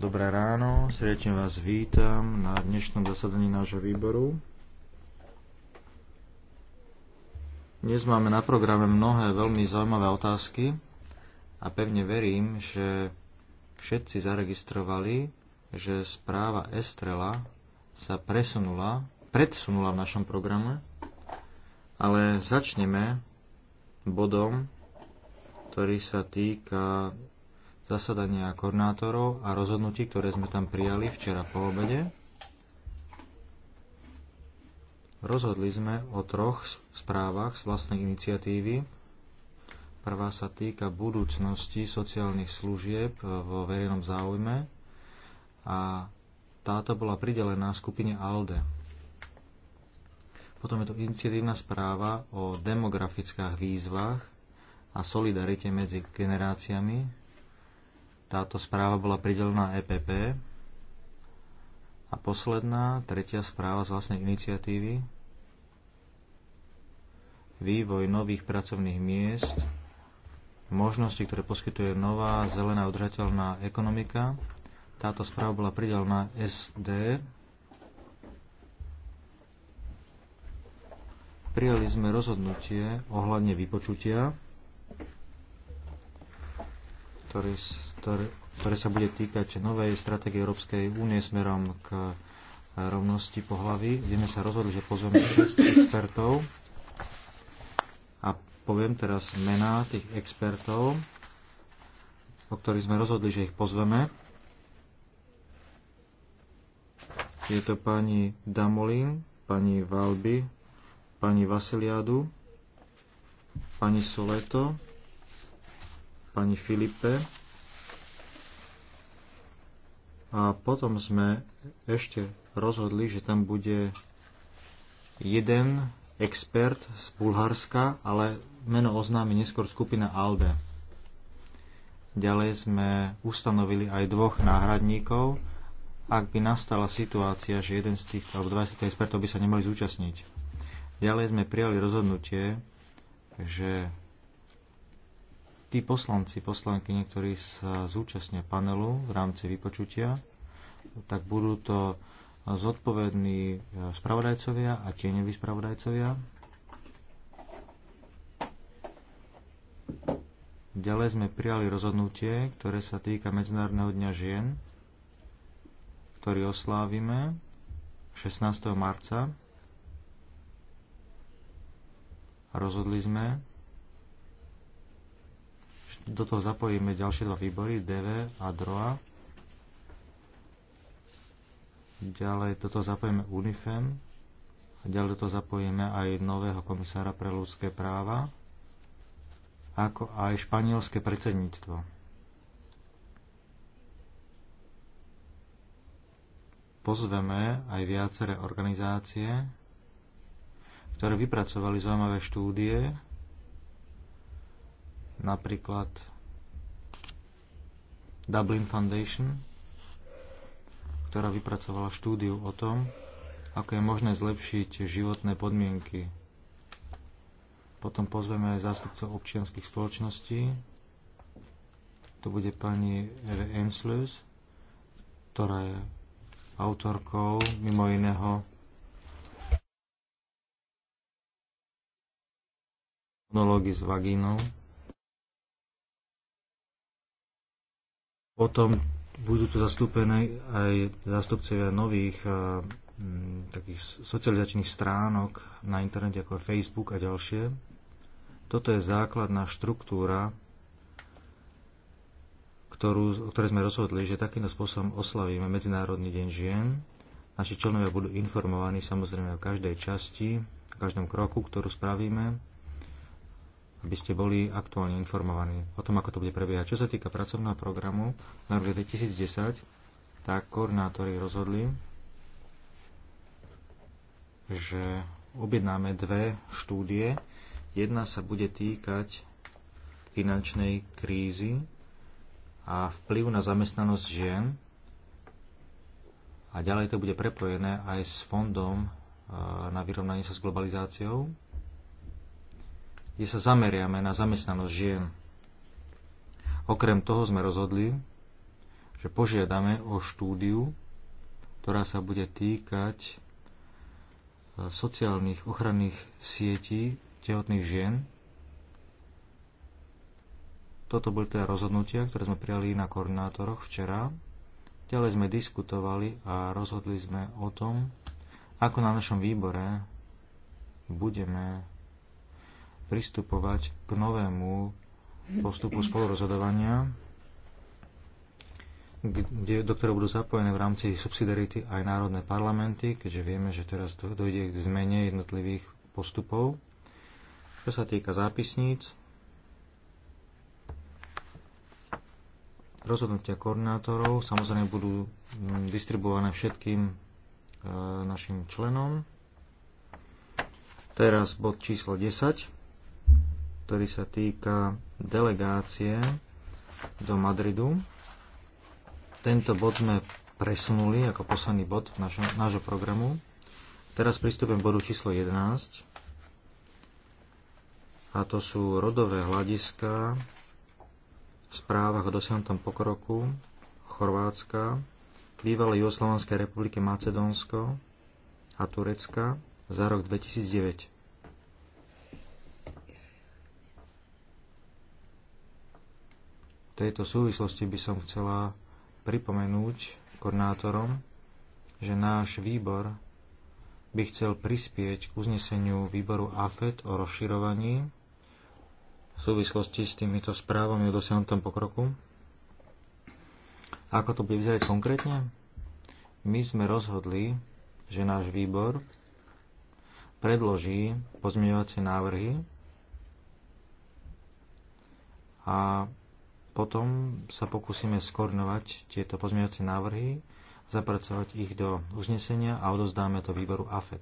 Dobré ráno, srdečne vás vítam na dnešnom zasadaní nášho výboru. Dnes máme na programe mnohé veľmi zaujímavé otázky a pevne verím, že všetci zaregistrovali, že správa Estrela sa presunula, predsunula v našom programe, ale začneme bodom ktorý sa týka zasadania koordinátorov a rozhodnutí, ktoré sme tam prijali včera po obede. Rozhodli sme o troch správach z vlastnej iniciatívy. Prvá sa týka budúcnosti sociálnych služieb e, vo verejnom záujme a táto bola pridelená skupine ALDE. Potom je to iniciatívna správa o demografických výzvach a solidarite medzi generáciami. Táto správa bola pridelená EPP. A posledná, tretia správa z vlastnej iniciatívy. Vývoj nových pracovných miest, možnosti, ktoré poskytuje nová zelená udržateľná ekonomika. Táto správa bola pridelená SD, prijali sme rozhodnutie ohľadne vypočutia ktoré, ktoré sa bude týkať novej stratégie Európskej únie smerom k e, rovnosti pohlaví, kde sme sa rozhodli, že pozveme 6 expertov a poviem teraz mená tých expertov, o ktorých sme rozhodli, že ich pozveme. Je to pani Damolin, pani Valby, pani Vasiliadu, pani Soleto, pani Filipe. A potom sme ešte rozhodli, že tam bude jeden expert z Bulharska, ale meno oznámi neskôr skupina ALDE. Ďalej sme ustanovili aj dvoch náhradníkov, ak by nastala situácia, že jeden z týchto alebo 20 expertov by sa nemali zúčastniť. Ďalej sme prijali rozhodnutie, že tí poslanci, poslanky, niektorí sa zúčastnia panelu v rámci vypočutia, tak budú to zodpovední e, spravodajcovia a tieňoví spravodajcovia. Ďalej sme prijali rozhodnutie, ktoré sa týka Medzinárodného dňa žien, ktorý oslávime 16. marca. Rozhodli sme, do toho zapojíme ďalšie dva výbory, DV a DROA. Ďalej do toho zapojíme UNIFEM a ďalej do toho zapojíme aj nového komisára pre ľudské práva, ako aj španielské predsedníctvo. Pozveme aj viaceré organizácie, ktoré vypracovali zaujímavé štúdie napríklad Dublin Foundation, ktorá vypracovala štúdiu o tom, ako je možné zlepšiť životné podmienky. Potom pozveme aj zástupcov občianských spoločností. To bude pani Eve Enslus, ktorá je autorkou mimo iného monológy s vagínou. Potom budú tu zastúpené aj zástupcovia nových a, eh, m, takých socializačných stránok na internete ako Facebook a ďalšie. Toto je základná štruktúra, ktorú, o ktorej sme rozhodli, že takýmto spôsobom oslavíme Medzinárodný deň žien. Naši členovia budú informovaní samozrejme o každej časti, o každom kroku, ktorú spravíme aby ste boli aktuálne informovaní o tom, ako to bude prebiehať. Čo sa týka pracovného programu na rok 2010, tak koordinátori rozhodli, že objednáme dve štúdie. Jedna sa bude týkať finančnej krízy a vplyv na zamestnanosť žien. A ďalej to bude prepojené aj s fondom eh, na vyrovnanie sa s globalizáciou kde sa zameriame na zamestnanosť žien. Okrem toho sme rozhodli, že požiadame o štúdiu, ktorá sa bude týkať e, sociálnych ochranných sietí tehotných žien. Toto boli teda rozhodnutia, ktoré sme prijali na koordinátoroch včera. Ďalej sme diskutovali a rozhodli sme o tom, ako na našom výbore budeme pristupovať k novému postupu spolurozhodovania, kde, do ktorého budú zapojené v rámci subsidiarity aj národné parlamenty, keďže vieme, že teraz dojde k zmene jednotlivých postupov. Čo sa týka zápisníc, rozhodnutia koordinátorov samozrejme budú mm, distribuované všetkým e, našim členom. Teraz bod číslo 10 ktorý sa týka delegácie do Madridu. Tento bod sme presunuli ako posledný bod našo, nášho programu. Teraz k bodu číslo 11. A to sú rodové hľadiska v správach o dosiahnutom pokroku Chorvátska, bývalej Jugoslovanskej republiky Macedónsko a Turecka za rok 2009. tejto súvislosti by som chcela pripomenúť koordinátorom, že náš výbor by chcel prispieť k uzneseniu výboru AFET o rozširovaní v súvislosti s týmito správami o dosiahnutom pokroku. Ako to bude vyzerať konkrétne? My sme rozhodli, že náš výbor predloží pozmeňovacie návrhy a potom sa pokúsime skoordinovať tieto pozmeňovacie návrhy, zapracovať ich do uznesenia a odozdáme to výboru AFET.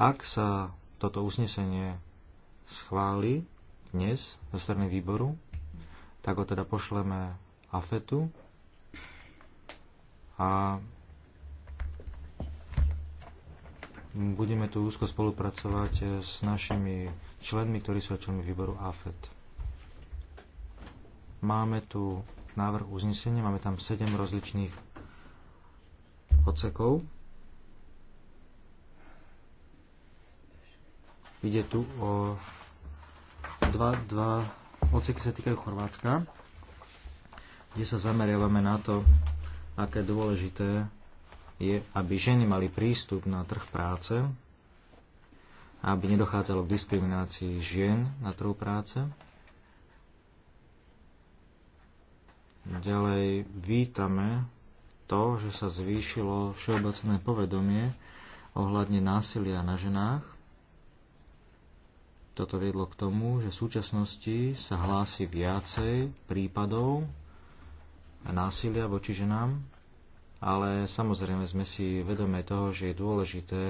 Ak sa toto uznesenie schváli dnes zo strany výboru, tak ho teda pošleme AFETu a budeme tu úzko spolupracovať s našimi členmi, ktorí sú členmi výboru AFET. Máme tu návrh uznesenia, máme tam 7 rozličných odsekov. Ide tu o dva, dva odseky sa týkajú Chorvátska, kde sa zameriavame na to, aké dôležité je, aby ženy mali prístup na trh práce aby nedochádzalo k diskriminácii žien na trhu práce. Ďalej vítame to, že sa zvýšilo všeobecné povedomie ohľadne násilia na ženách. Toto viedlo k tomu, že v súčasnosti sa hlási viacej prípadov násilia voči ženám, ale samozrejme sme si vedomé toho, že je dôležité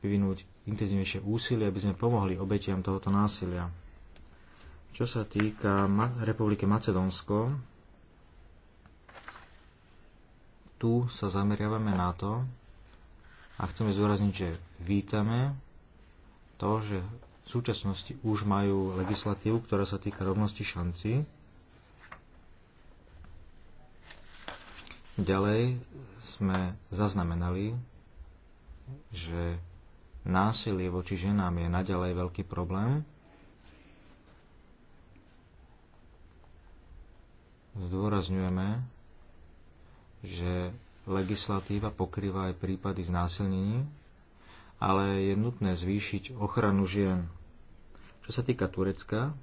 vyvinúť intenzívnejšie úsilie, aby sme pomohli obetiam tohoto násilia. Čo sa týka Republiky Macedónsko, tu sa zameriavame na to a chceme zúrazniť, že vítame to, že v súčasnosti už majú legislatívu, ktorá sa týka rovnosti šanci. Ďalej sme zaznamenali, že násilie voči ženám je naďalej veľký problém. Zdôrazňujeme, že legislatíva pokrýva aj prípady znásilnení, ale je nutné zvýšiť ochranu žien. Čo sa týka Turecka,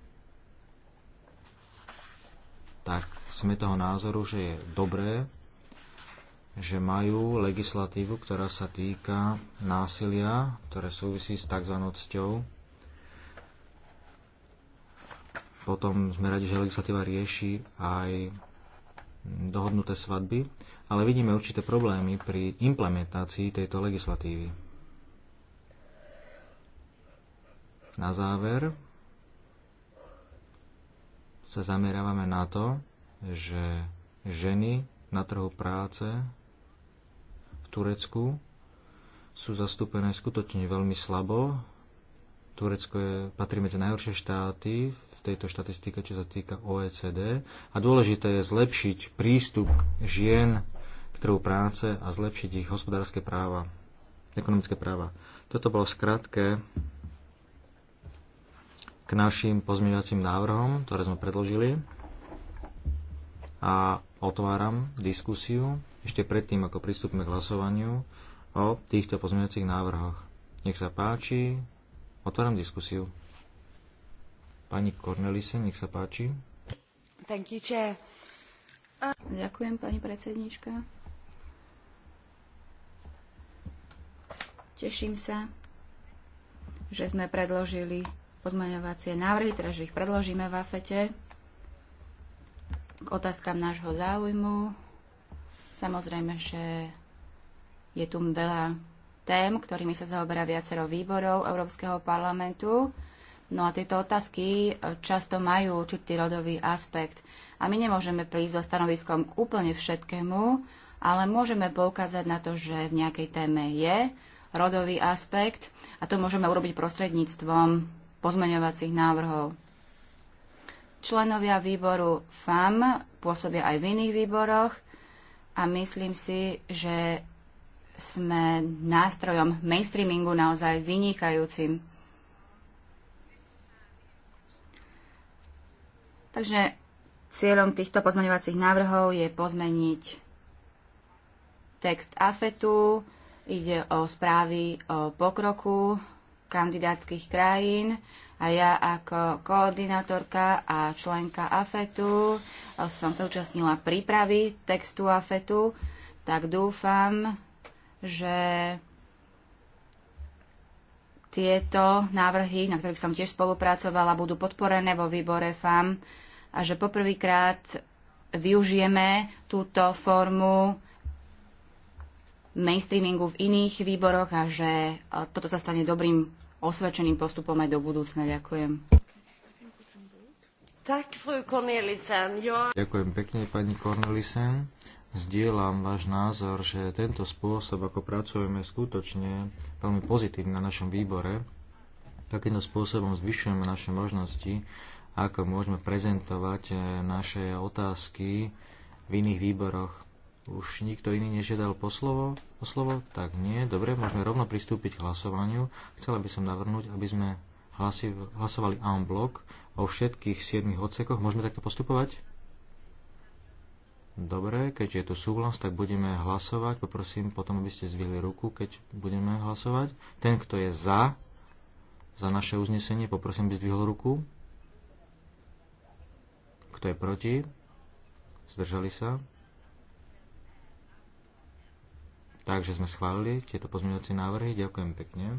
tak sme toho názoru, že je dobré že majú legislatívu, ktorá sa týka násilia, ktoré súvisí s tzv. cťou. Potom sme radi, že legislatíva rieši aj dohodnuté svadby, ale vidíme určité problémy pri implementácii tejto legislatívy. Na záver sa zamerávame na to, že ženy na trhu práce Turecku sú zastúpené skutočne veľmi slabo. Turecko je, patrí medzi najhoršie štáty v tejto štatistike, čo sa týka OECD. A dôležité je zlepšiť prístup žien k trhu práce a zlepšiť ich hospodárske práva, ekonomické práva. Toto bolo skratke k našim pozmeňovacím návrhom, ktoré sme predložili. A otváram diskusiu ešte predtým, ako pristúpime k hlasovaniu o týchto pozmeňujúcich návrhoch. Nech sa páči, otváram diskusiu. Pani Cornelisen, nech sa páči. Thank you, chair. Uh... Ďakujem, pani predsedníčka. Teším sa, že sme predložili pozmaňovacie návrhy, teda že ich predložíme v AFETE k otázkam nášho záujmu, Samozrejme, že je tu veľa tém, ktorými sa zaoberá viacero výborov Európskeho parlamentu. No a tieto otázky e, často majú určitý rodový aspekt. A my nemôžeme prísť so stanoviskom k úplne všetkému, ale môžeme poukázať na to, že v nejakej téme je rodový aspekt a to môžeme urobiť prostredníctvom pozmeňovacích návrhov. Členovia výboru FAM pôsobia aj v iných výboroch – a myslím si, že sme nástrojom mainstreamingu naozaj vynikajúcim. Takže cieľom týchto pozmeňovacích návrhov je pozmeniť text AFETu, ide o správy o pokroku kandidátskych krajín a ja ako koordinátorka a členka AFETu eh, som sa účastnila prípravy textu AFETu, tak dúfam, že tieto návrhy, na ktorých som tiež spolupracovala, budú podporené vo výbore FAM a že poprvýkrát využijeme túto formu mainstreamingu v iných výboroch a že eh, toto sa stane dobrým osvedčeným postupom aj do budúcna. Ďakujem. Ďakujem pekne, pani Cornelisen. Zdieľam váš názor, že tento spôsob, ako pracujeme, skutočne veľmi pozitívny na našom výbore. Takýmto spôsobom zvyšujeme naše možnosti, ako môžeme prezentovať eh, naše otázky v iných výboroch. Už nikto iný nežiadal po slovo, po slovo? Tak nie. Dobre, môžeme rovno pristúpiť k hlasovaniu. Chcela by som navrhnúť, aby sme hlasi, hlasovali en bloc o všetkých siedmých odsekoch. Môžeme takto postupovať? Dobre, keďže je tu súhlas, tak budeme hlasovať. Poprosím potom, aby ste zvihli ruku, keď budeme hlasovať. Ten, kto je za, za naše uznesenie, poprosím, aby zdvihol ruku. Kto je proti? Zdržali sa? Takže sme schválili tieto pozmeňovacie návrhy. Ďakujem pekne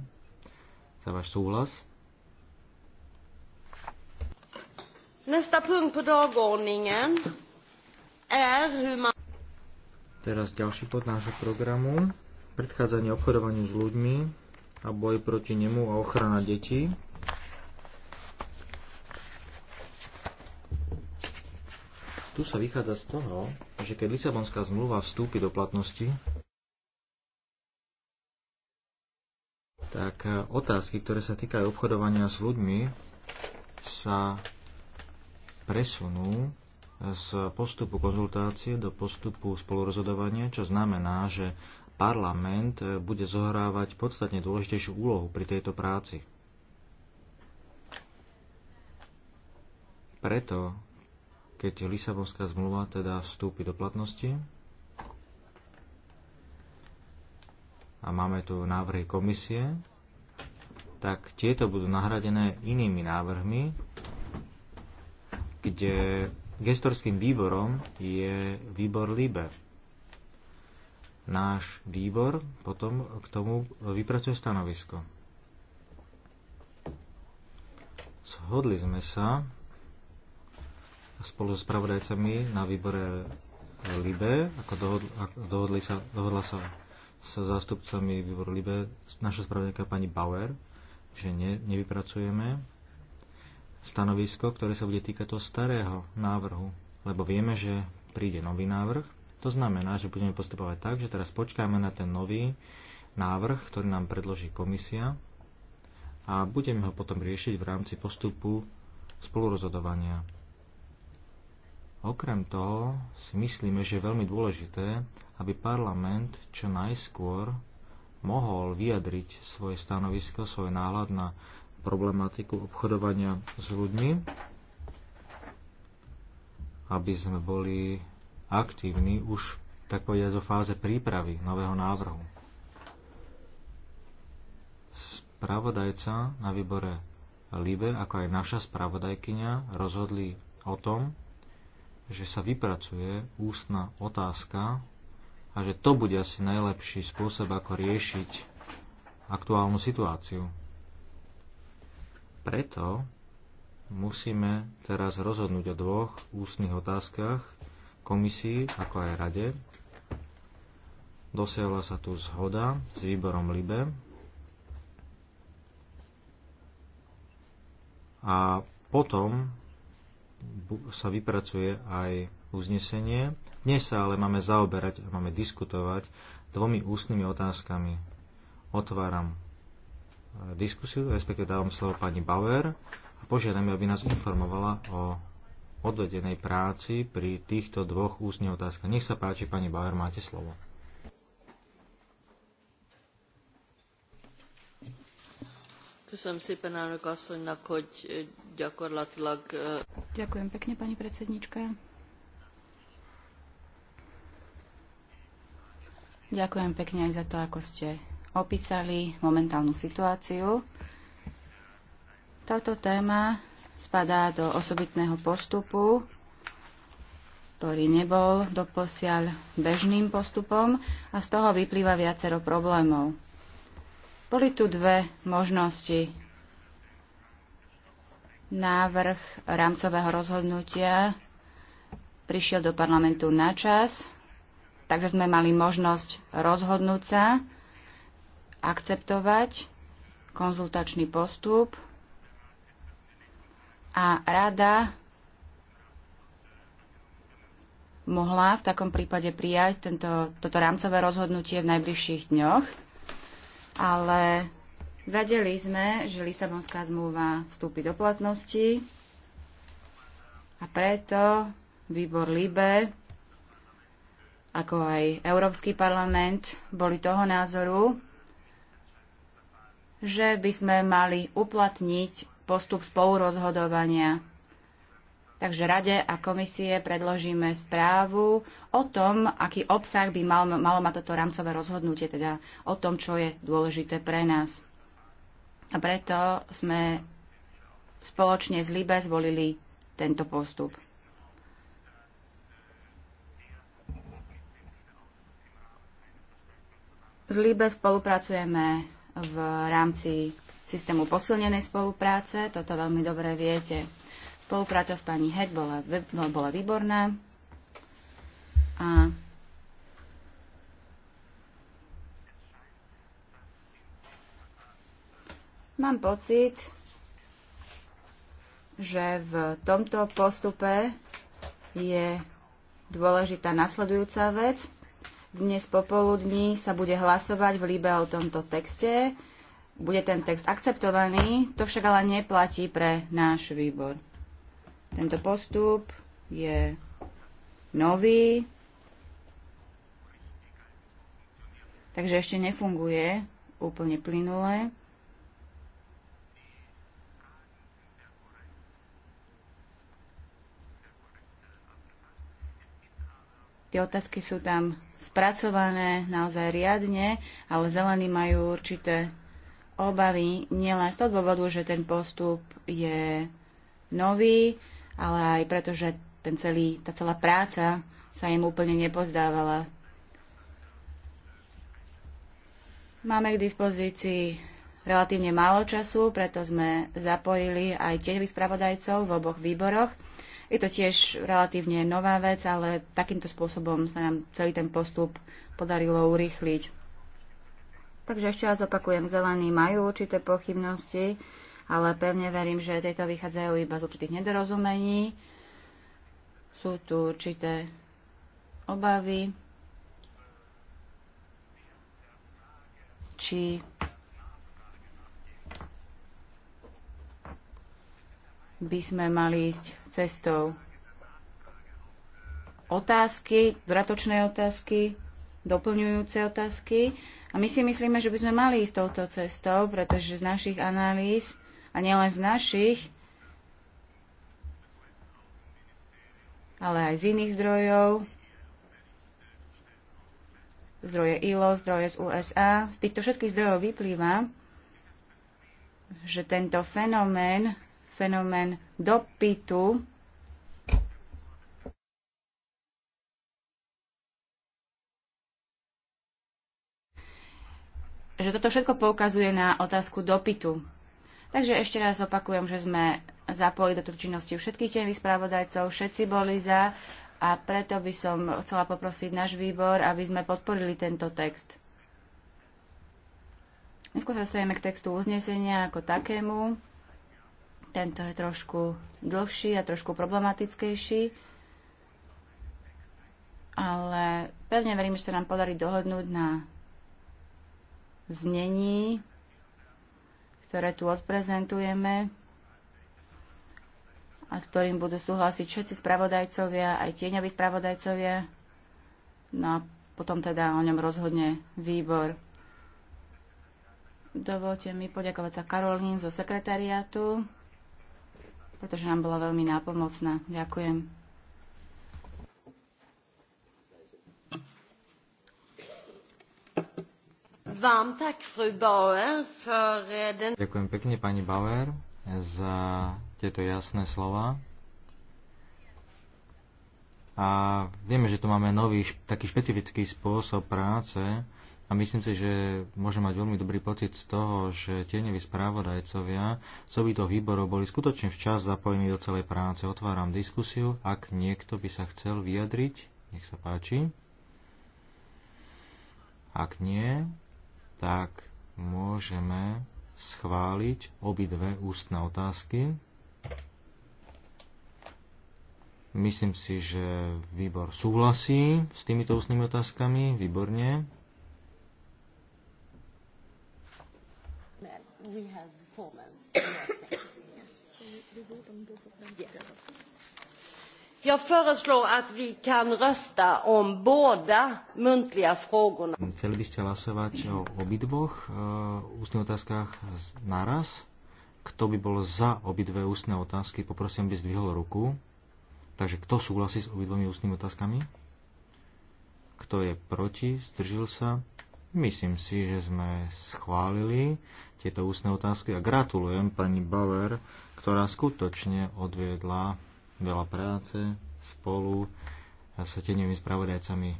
za váš súhlas. Nesta punkt po dagordningen er hur Teraz ďalší pod nášho programu. Predchádzanie obchodovaniu s ľuďmi a boj proti nemu a ochrana detí. Tu sa vychádza z toho, že keď Lisabonská zmluva vstúpi do platnosti, tak e, otázky, ktoré sa týkajú obchodovania s ľuďmi, sa presunú e, z postupu konzultácie do postupu spolurozhodovania, čo znamená, že parlament e, bude zohrávať podstatne dôležitejšiu úlohu pri tejto práci. Preto, keď Lisabonská zmluva teda vstúpi do platnosti, a máme tu návrhy komisie, tak tieto budú nahradené inými návrhmi, kde gestorským výborom je výbor LIBE. Náš výbor potom k tomu vypracuje stanovisko. Shodli sme sa spolu s pravodajcami na výbore LIBE, ako dohodli, dohodli sa, dohodla sa so zástupcami výboru LIBE naša spravodajka pani Bauer, že ne, nevypracujeme stanovisko, ktoré sa bude týkať toho starého návrhu, lebo vieme, že príde nový návrh. To znamená, že budeme postupovať tak, že teraz počkáme na ten nový návrh, ktorý nám predloží komisia a budeme ho potom riešiť v rámci postupu spolurozhodovania. Okrem toho si myslíme, že je veľmi dôležité, aby parlament čo najskôr mohol vyjadriť svoje stanovisko, svoj náhľad na problematiku obchodovania s ľuďmi, aby sme boli aktívni už, tak povedať, zo fáze prípravy nového návrhu. Spravodajca na výbore Libe, ako aj naša spravodajkyňa, rozhodli o tom, že sa vypracuje ústna otázka a že to bude asi najlepší spôsob, ako riešiť aktuálnu situáciu. Preto musíme teraz rozhodnúť o dvoch ústnych otázkach komisii, ako aj rade. Dosiahla sa tu zhoda s výborom LIBE a potom sa vypracuje aj uznesenie. Dnes sa ale máme zaoberať a máme diskutovať dvomi ústnymi otázkami. Otváram e, diskusiu, respektíve dávam slovo pani Bauer a požiadam, aby nás informovala o odvedenej práci pri týchto dvoch ústnych otázkach. Nech sa páči, pani Bauer, máte slovo. Ďakujem pekne, pani predsednička. Ďakujem pekne aj za to, ako ste opísali momentálnu situáciu. Táto téma spadá do osobitného postupu, ktorý nebol doposiaľ bežným postupom a z toho vyplýva viacero problémov. Boli tu dve možnosti. Návrh rámcového rozhodnutia prišiel do parlamentu na čas, takže sme mali možnosť rozhodnúť sa, akceptovať konzultačný postup a rada mohla v takom prípade prijať tento, toto rámcové rozhodnutie v najbližších dňoch ale vedeli sme, že Lisabonská zmluva vstúpi do platnosti a preto výbor LIBE ako aj Európsky parlament boli toho názoru, že by sme mali uplatniť postup spolurozhodovania Takže Rade a komisie predložíme správu o tom, aký obsah by mal, malo mať toto rámcové rozhodnutie, teda o tom, čo je dôležité pre nás. A preto sme spoločne s Libe zvolili tento postup. S Libe spolupracujeme v rámci systému posilnenej spolupráce, toto veľmi dobre viete. Spolupráca s pani Heck bola, no, bola výborná. A mám pocit, že v tomto postupe je dôležitá nasledujúca vec. Dnes popoludní sa bude hlasovať v Líbe o tomto texte. Bude ten text akceptovaný, to však ale neplatí pre náš výbor. Tento postup je nový, takže ešte nefunguje úplne plynule. Tie otázky sú tam spracované naozaj riadne, ale zelení majú určité obavy, nielen z toho dôvodu, že ten postup je nový, ale aj preto, že ten celý, tá celá práca sa im úplne nepozdávala. Máme k dispozícii relatívne málo času, preto sme zapojili aj tieňových spravodajcov v oboch výboroch. Je to tiež relatívne nová vec, ale takýmto spôsobom sa nám celý ten postup podarilo urýchliť. Takže ešte raz opakujem, zelení majú určité pochybnosti, ale pevne verím, že tieto vychádzajú iba z určitých nedorozumení. Sú tu určité obavy, či by sme mali ísť cestou otázky, dodatočné otázky, doplňujúce otázky. A my si myslíme, že by sme mali ísť touto cestou, pretože z našich analýz a nielen z našich, ale aj z iných zdrojov, zdroje ILO, zdroje z USA. Z týchto všetkých zdrojov vyplýva, že tento fenomén, fenomén dopytu, že toto všetko poukazuje na otázku dopytu. Takže ešte raz opakujem, že sme zapojili do tejto činnosti všetkých tieňových správodajcov, všetci boli za a preto by som chcela poprosiť náš výbor, aby sme podporili tento text. Neskôr sa dostaneme k textu uznesenia ako takému. Tento je trošku dlhší a trošku problematickejší, ale pevne verím, že sa nám podarí dohodnúť na znení ktoré tu odprezentujeme a s ktorým budú súhlasiť všetci spravodajcovia, aj tieňoví spravodajcovia. No a potom teda o ňom rozhodne výbor. Dovolte mi poďakovať sa Karolín zo sekretariátu, pretože nám bola veľmi nápomocná. Ďakujem. Eh, Ďakujem pekne pani Bauer za tieto jasné slova. A vieme, že tu máme nový taký špecifický spôsob práce a myslím si, že môžem mať veľmi dobrý pocit z toho, že tieňoví správodajcovia z obýtoch výborov boli skutočne včas zapojení do celej práce. Otváram diskusiu, ak niekto by sa chcel vyjadriť, nech sa páči. Ak nie, tak môžeme schváliť obidve ústne otázky. Myslím si, že výbor súhlasí s týmito ústnymi otázkami. Výborne. We have Jag föreslår att vi kan rösta om båda muntliga frågorna. Chceli by ste hlasovať o obidvoch uh, ústnych otázkach naraz? Kto by bol za obidve ústne otázky, poprosím, aby zdvihol ruku. Takže kto súhlasí s obidvomi ústnymi otázkami? Kto je proti? Zdržil sa? Myslím si, že sme schválili tieto ústne otázky a gratulujem pani Bauer, ktorá skutočne odviedla veľa práce spolu s tenými spravodajcami.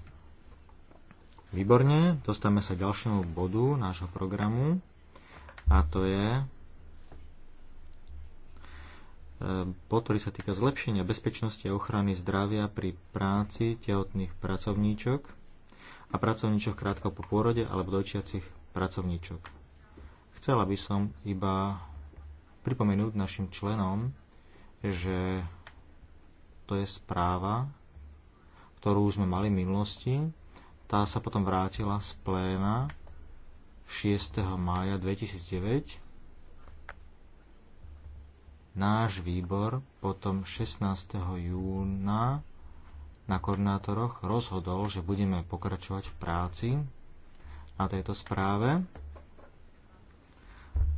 Výborne, dostávame sa k ďalšiemu bodu nášho programu a to je e, bod, ktorý sa týka zlepšenia bezpečnosti a ochrany zdravia pri práci tehotných pracovníčok a pracovníčok krátko po pôrode alebo dočiacich pracovníčok. Chcela by som iba pripomenúť našim členom, že to je správa, ktorú sme mali v minulosti. Tá sa potom vrátila z pléna 6. mája 2009. Náš výbor potom 16. júna na koordinátoroch rozhodol, že budeme pokračovať v práci na tejto správe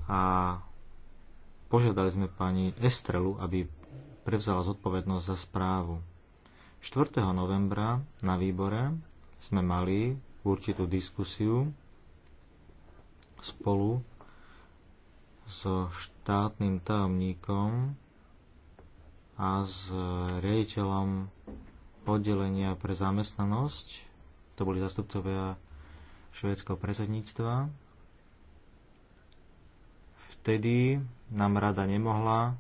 a požiadali sme pani Estrelu, aby prevzala zodpovednosť za správu. 4. novembra na výbore sme mali určitú diskusiu spolu so štátnym tajomníkom a s riaditeľom oddelenia pre zamestnanosť. To boli zastupcovia švedského predsedníctva. Vtedy nám rada nemohla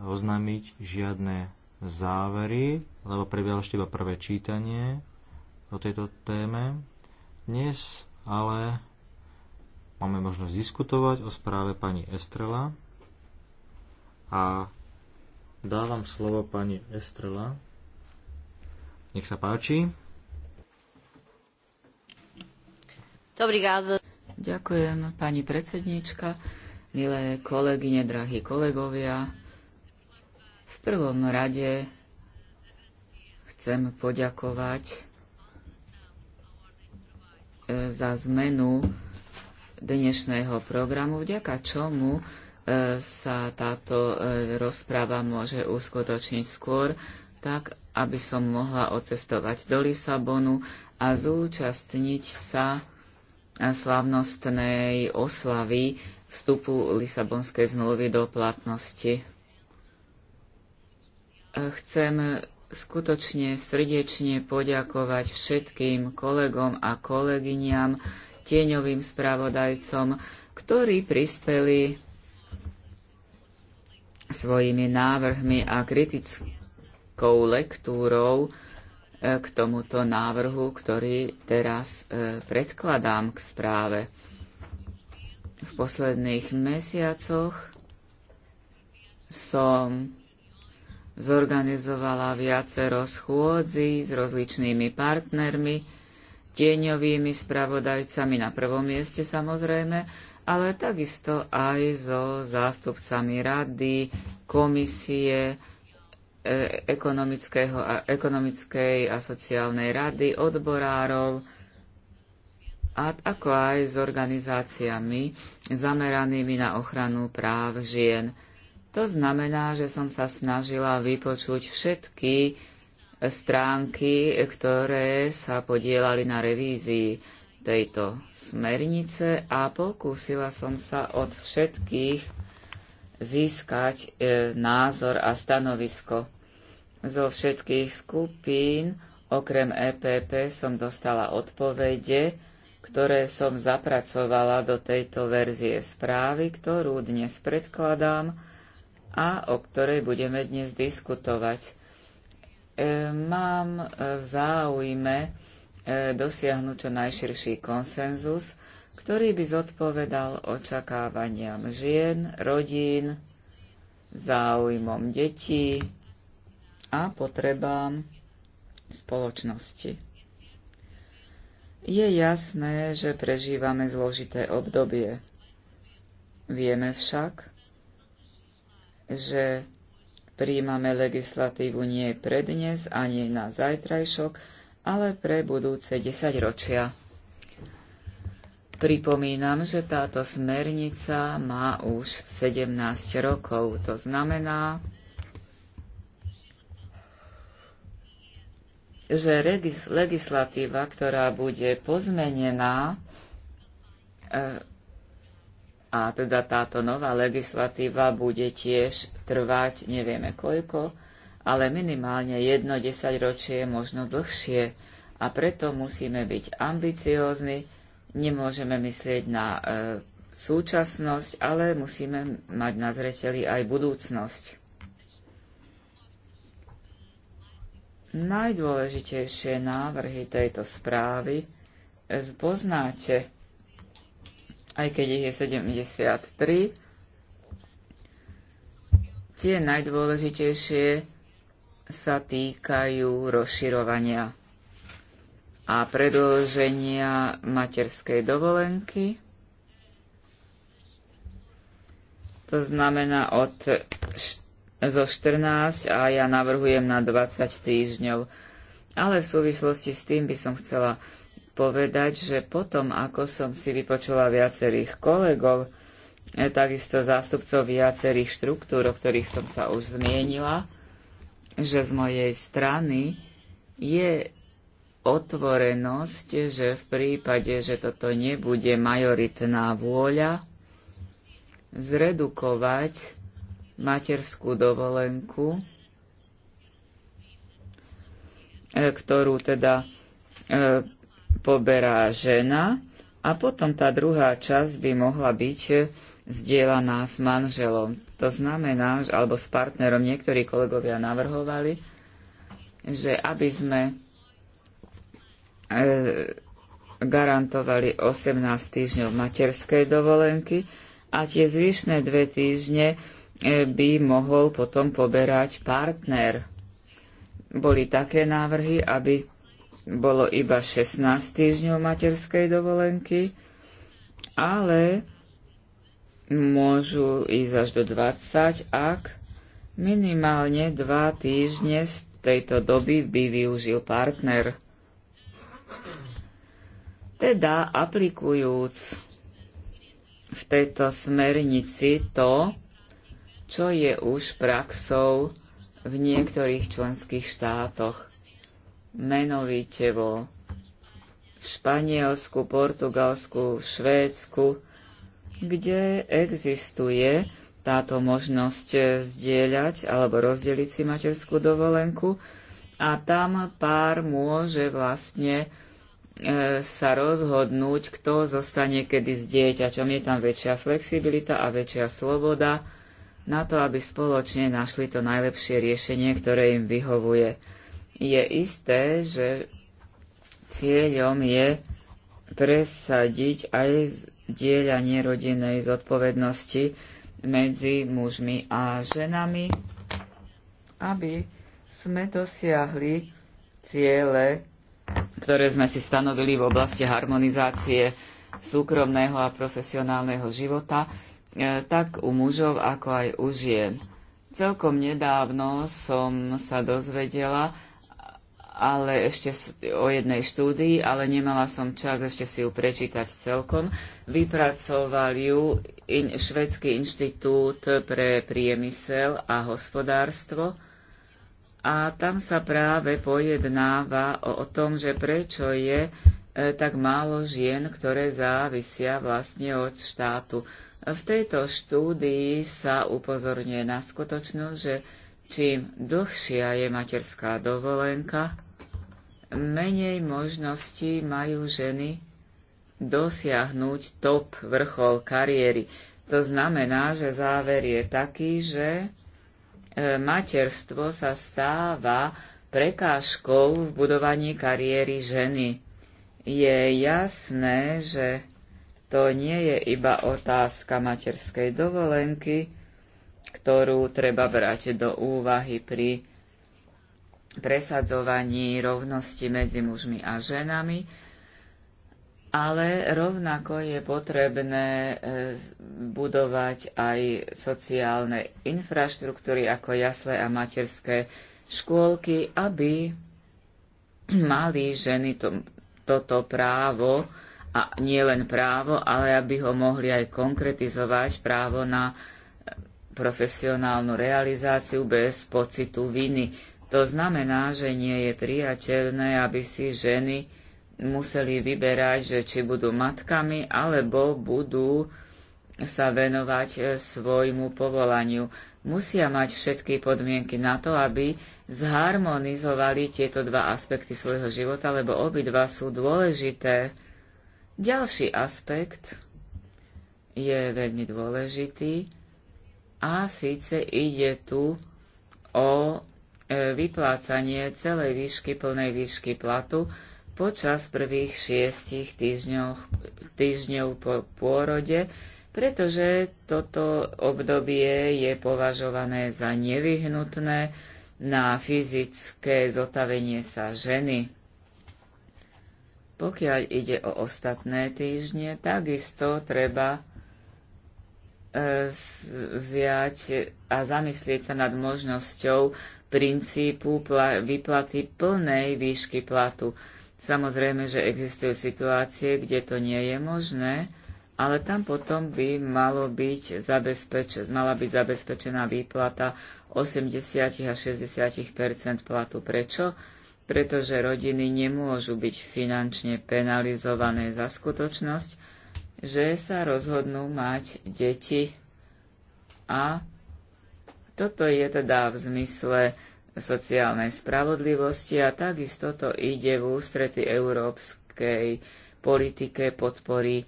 oznámiť žiadne závery, lebo prebiehalo ešte iba prvé čítanie o tejto téme. Dnes ale máme možnosť diskutovať o správe pani Estrela a dávam slovo pani Estrela. Nech sa páči. Ďakujem, pani predsednička, milé kolegyne, drahí kolegovia, v prvom rade chcem poďakovať e, za zmenu dnešného programu, vďaka čomu e, sa táto e, rozpráva môže uskutočniť skôr, tak aby som mohla odcestovať do Lisabonu a zúčastniť sa slavnostnej oslavy vstupu Lisabonskej zmluvy do platnosti. Chcem skutočne srdečne poďakovať všetkým kolegom a kolegyňam, tieňovým spravodajcom, ktorí prispeli svojimi návrhmi a kritickou lektúrou e, k tomuto návrhu, ktorý teraz e, predkladám k správe. V posledných mesiacoch som zorganizovala viacero schôdzi s rozličnými partnermi, tieňovými spravodajcami na prvom mieste samozrejme, ale takisto aj so zástupcami rady, komisie, e, ekonomického a, ekonomickej a sociálnej rady, odborárov, a ako aj s organizáciami zameranými na ochranu práv žien. To znamená, že som sa snažila vypočuť všetky stránky, ktoré sa podielali na revízii tejto smernice a pokúsila som sa od všetkých získať e, názor a stanovisko. Zo všetkých skupín, okrem EPP, som dostala odpovede, ktoré som zapracovala do tejto verzie správy, ktorú dnes predkladám a o ktorej budeme dnes diskutovať. E, mám e, v záujme e, dosiahnuť čo najširší konsenzus, ktorý by zodpovedal očakávaniam žien, rodín, záujmom detí a potrebám spoločnosti. Je jasné, že prežívame zložité obdobie. Vieme však, že príjmame legislatívu nie pre dnes ani na zajtrajšok, ale pre budúce desaťročia. Pripomínam, že táto smernica má už 17 rokov. To znamená, že legislatíva, ktorá bude pozmenená, e, a teda táto nová legislatíva bude tiež trvať nevieme koľko, ale minimálne jedno desaťročie, možno dlhšie. A preto musíme byť ambiciózni, nemôžeme myslieť na e, súčasnosť, ale musíme mať na zreteli aj budúcnosť. Najdôležitejšie návrhy tejto správy e, poznáte aj keď ich je 73. Tie najdôležitejšie sa týkajú rozširovania a predĺženia materskej dovolenky. To znamená od, zo 14 a ja navrhujem na 20 týždňov. Ale v súvislosti s tým by som chcela povedať, že potom, ako som si vypočula viacerých kolegov, e, takisto zástupcov viacerých štruktúr, o ktorých som sa už zmienila, že z mojej strany je otvorenosť, že v prípade, že toto nebude majoritná vôľa, zredukovať materskú dovolenku, e, ktorú teda e, poberá žena a potom tá druhá časť by mohla byť zdieľaná s manželom. To znamená, alebo s partnerom, niektorí kolegovia navrhovali, že aby sme e, garantovali 18 týždňov materskej dovolenky a tie zvyšné dve týždne e, by mohol potom poberať partner. Boli také návrhy, aby bolo iba 16 týždňov materskej dovolenky, ale môžu ísť až do 20, ak minimálne 2 týždne z tejto doby by využil partner. Teda aplikujúc v tejto smernici to, čo je už praxou v niektorých členských štátoch menovite vo Španielsku, Portugalsku, Švédsku, kde existuje táto možnosť zdieľať alebo rozdeliť si materskú dovolenku a tam pár môže vlastne e, sa rozhodnúť, kto zostane kedy s dieťaťom. Je tam väčšia flexibilita a väčšia sloboda na to, aby spoločne našli to najlepšie riešenie, ktoré im vyhovuje. Je isté, že cieľom je presadiť aj dielanie rodinnej zodpovednosti medzi mužmi a ženami, aby sme dosiahli ciele, ktoré sme si stanovili v oblasti harmonizácie súkromného a profesionálneho života, e, tak u mužov, ako aj u žien. Celkom nedávno som sa dozvedela, ale ešte o jednej štúdii, ale nemala som čas ešte si ju prečítať celkom. Vypracoval ju in, Švedský inštitút pre priemysel a hospodárstvo a tam sa práve pojednáva o, o tom, že prečo je e, tak málo žien, ktoré závisia vlastne od štátu. V tejto štúdii sa upozorňuje na skutočnosť, že Čím dlhšia je materská dovolenka, menej možností majú ženy dosiahnuť top vrchol kariéry. To znamená, že záver je taký, že e, materstvo sa stáva prekážkou v budovaní kariéry ženy. Je jasné, že to nie je iba otázka materskej dovolenky, ktorú treba brať do úvahy pri presadzovaní rovnosti medzi mužmi a ženami, ale rovnako je potrebné e, budovať aj sociálne infraštruktúry ako jasle a materské škôlky, aby mali ženy to, toto právo, a nie len právo, ale aby ho mohli aj konkretizovať právo na profesionálnu realizáciu bez pocitu viny. To znamená, že nie je priateľné, aby si ženy museli vyberať, že či budú matkami alebo budú sa venovať e, svojmu povolaniu. Musia mať všetky podmienky na to, aby zharmonizovali tieto dva aspekty svojho života, lebo obidva sú dôležité. Ďalší aspekt je veľmi dôležitý a síce ide tu o e, vyplácanie celej výšky plnej výšky platu počas prvých šiestich týždňov, týždňov po pôrode, pretože toto obdobie je považované za nevyhnutné na fyzické zotavenie sa ženy. Pokiaľ ide o ostatné týždne, takisto treba zjať a zamyslieť sa nad možnosťou princípu vyplaty plnej výšky platu. Samozrejme, že existujú situácie, kde to nie je možné, ale tam potom by malo byť zabezpeč- mala byť zabezpečená výplata 80 až 60 platu. Prečo? Pretože rodiny nemôžu byť finančne penalizované za skutočnosť, že sa rozhodnú mať deti. A toto je teda v zmysle sociálnej spravodlivosti a takisto to ide v ústrety európskej politike podpory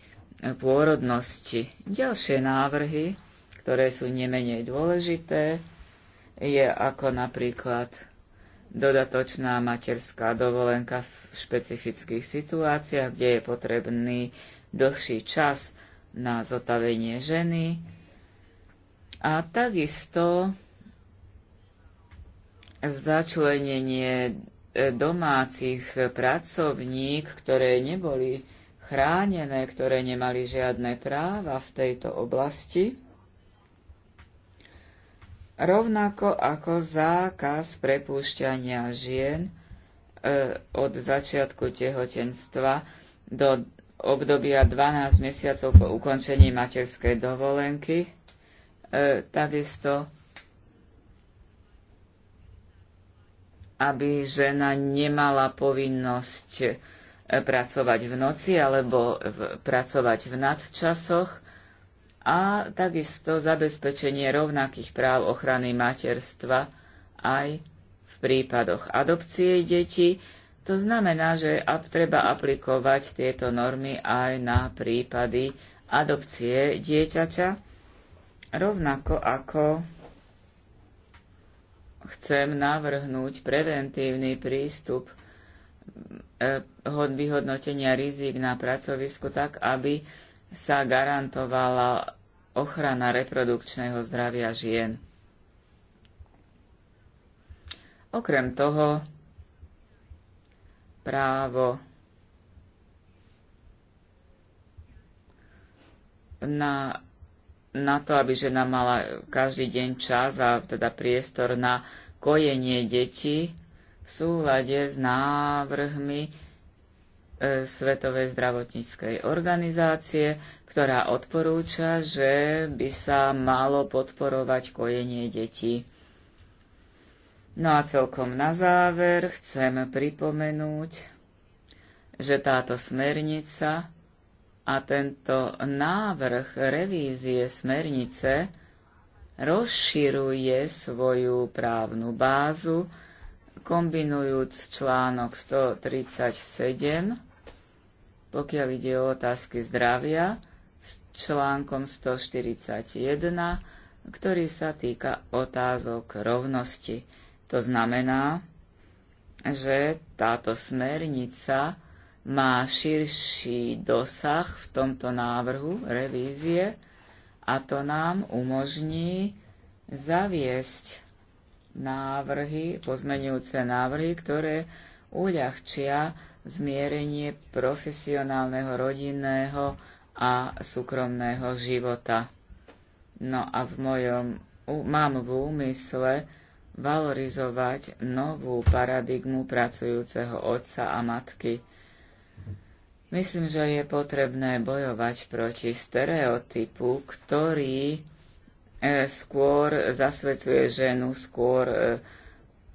pôrodnosti. Ďalšie návrhy, ktoré sú nemenej dôležité, je ako napríklad dodatočná materská dovolenka v špecifických situáciách, kde je potrebný dlhší čas na zotavenie ženy a takisto začlenenie e, domácich pracovník, ktoré neboli chránené, ktoré nemali žiadne práva v tejto oblasti, rovnako ako zákaz prepúšťania žien e, od začiatku tehotenstva do obdobia 12 mesiacov po ukončení materskej dovolenky. E, takisto, aby žena nemala povinnosť e, pracovať v noci alebo v, pracovať v nadčasoch a takisto zabezpečenie rovnakých práv ochrany materstva aj v prípadoch adopcie detí, to znamená, že treba aplikovať tieto normy aj na prípady adopcie dieťaťa, rovnako ako chcem navrhnúť preventívny prístup e, vyhodnotenia rizik na pracovisku tak, aby sa garantovala ochrana reprodukčného zdravia žien. Okrem toho, právo na, na to, aby žena mala každý deň čas a teda priestor na kojenie detí v súlade s návrhmi e, Svetovej zdravotníckej organizácie, ktorá odporúča, že by sa malo podporovať kojenie detí. No a celkom na záver chcem pripomenúť, že táto smernica a tento návrh revízie smernice rozširuje svoju právnu bázu, kombinujúc článok 137, pokiaľ ide o otázky zdravia, s článkom 141, ktorý sa týka otázok rovnosti. To znamená, že táto smernica má širší dosah v tomto návrhu revízie a to nám umožní zaviesť návrhy, pozmenujúce návrhy, ktoré uľahčia zmierenie profesionálneho, rodinného a súkromného života. No a v mojom, mám v úmysle valorizovať novú paradigmu pracujúceho otca a matky. Myslím, že je potrebné bojovať proti stereotypu, ktorý e, skôr zasvedcuje ženu, skôr e,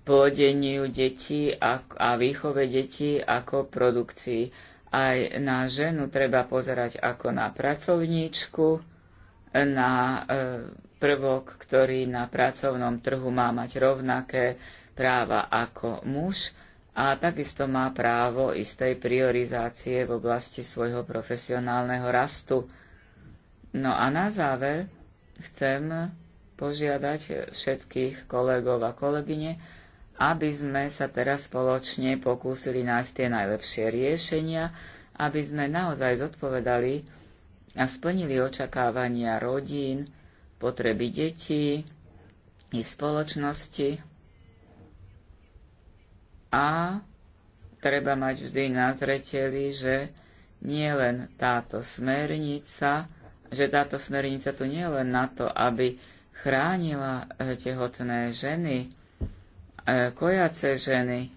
plodeniu detí a výchove detí ako produkcii. Aj na ženu treba pozerať ako na pracovníčku, na e, prvok, ktorý na pracovnom trhu má mať rovnaké práva ako muž a takisto má právo istej priorizácie v oblasti svojho profesionálneho rastu. No a na záver chcem požiadať všetkých kolegov a kolegyne, aby sme sa teraz spoločne pokúsili nájsť tie najlepšie riešenia, aby sme naozaj zodpovedali a splnili očakávania rodín, potreby detí i spoločnosti a treba mať vždy na zreteli, že nie len táto smernica, že táto smernica tu nie len na to, aby chránila eh, tehotné ženy, eh, kojace ženy,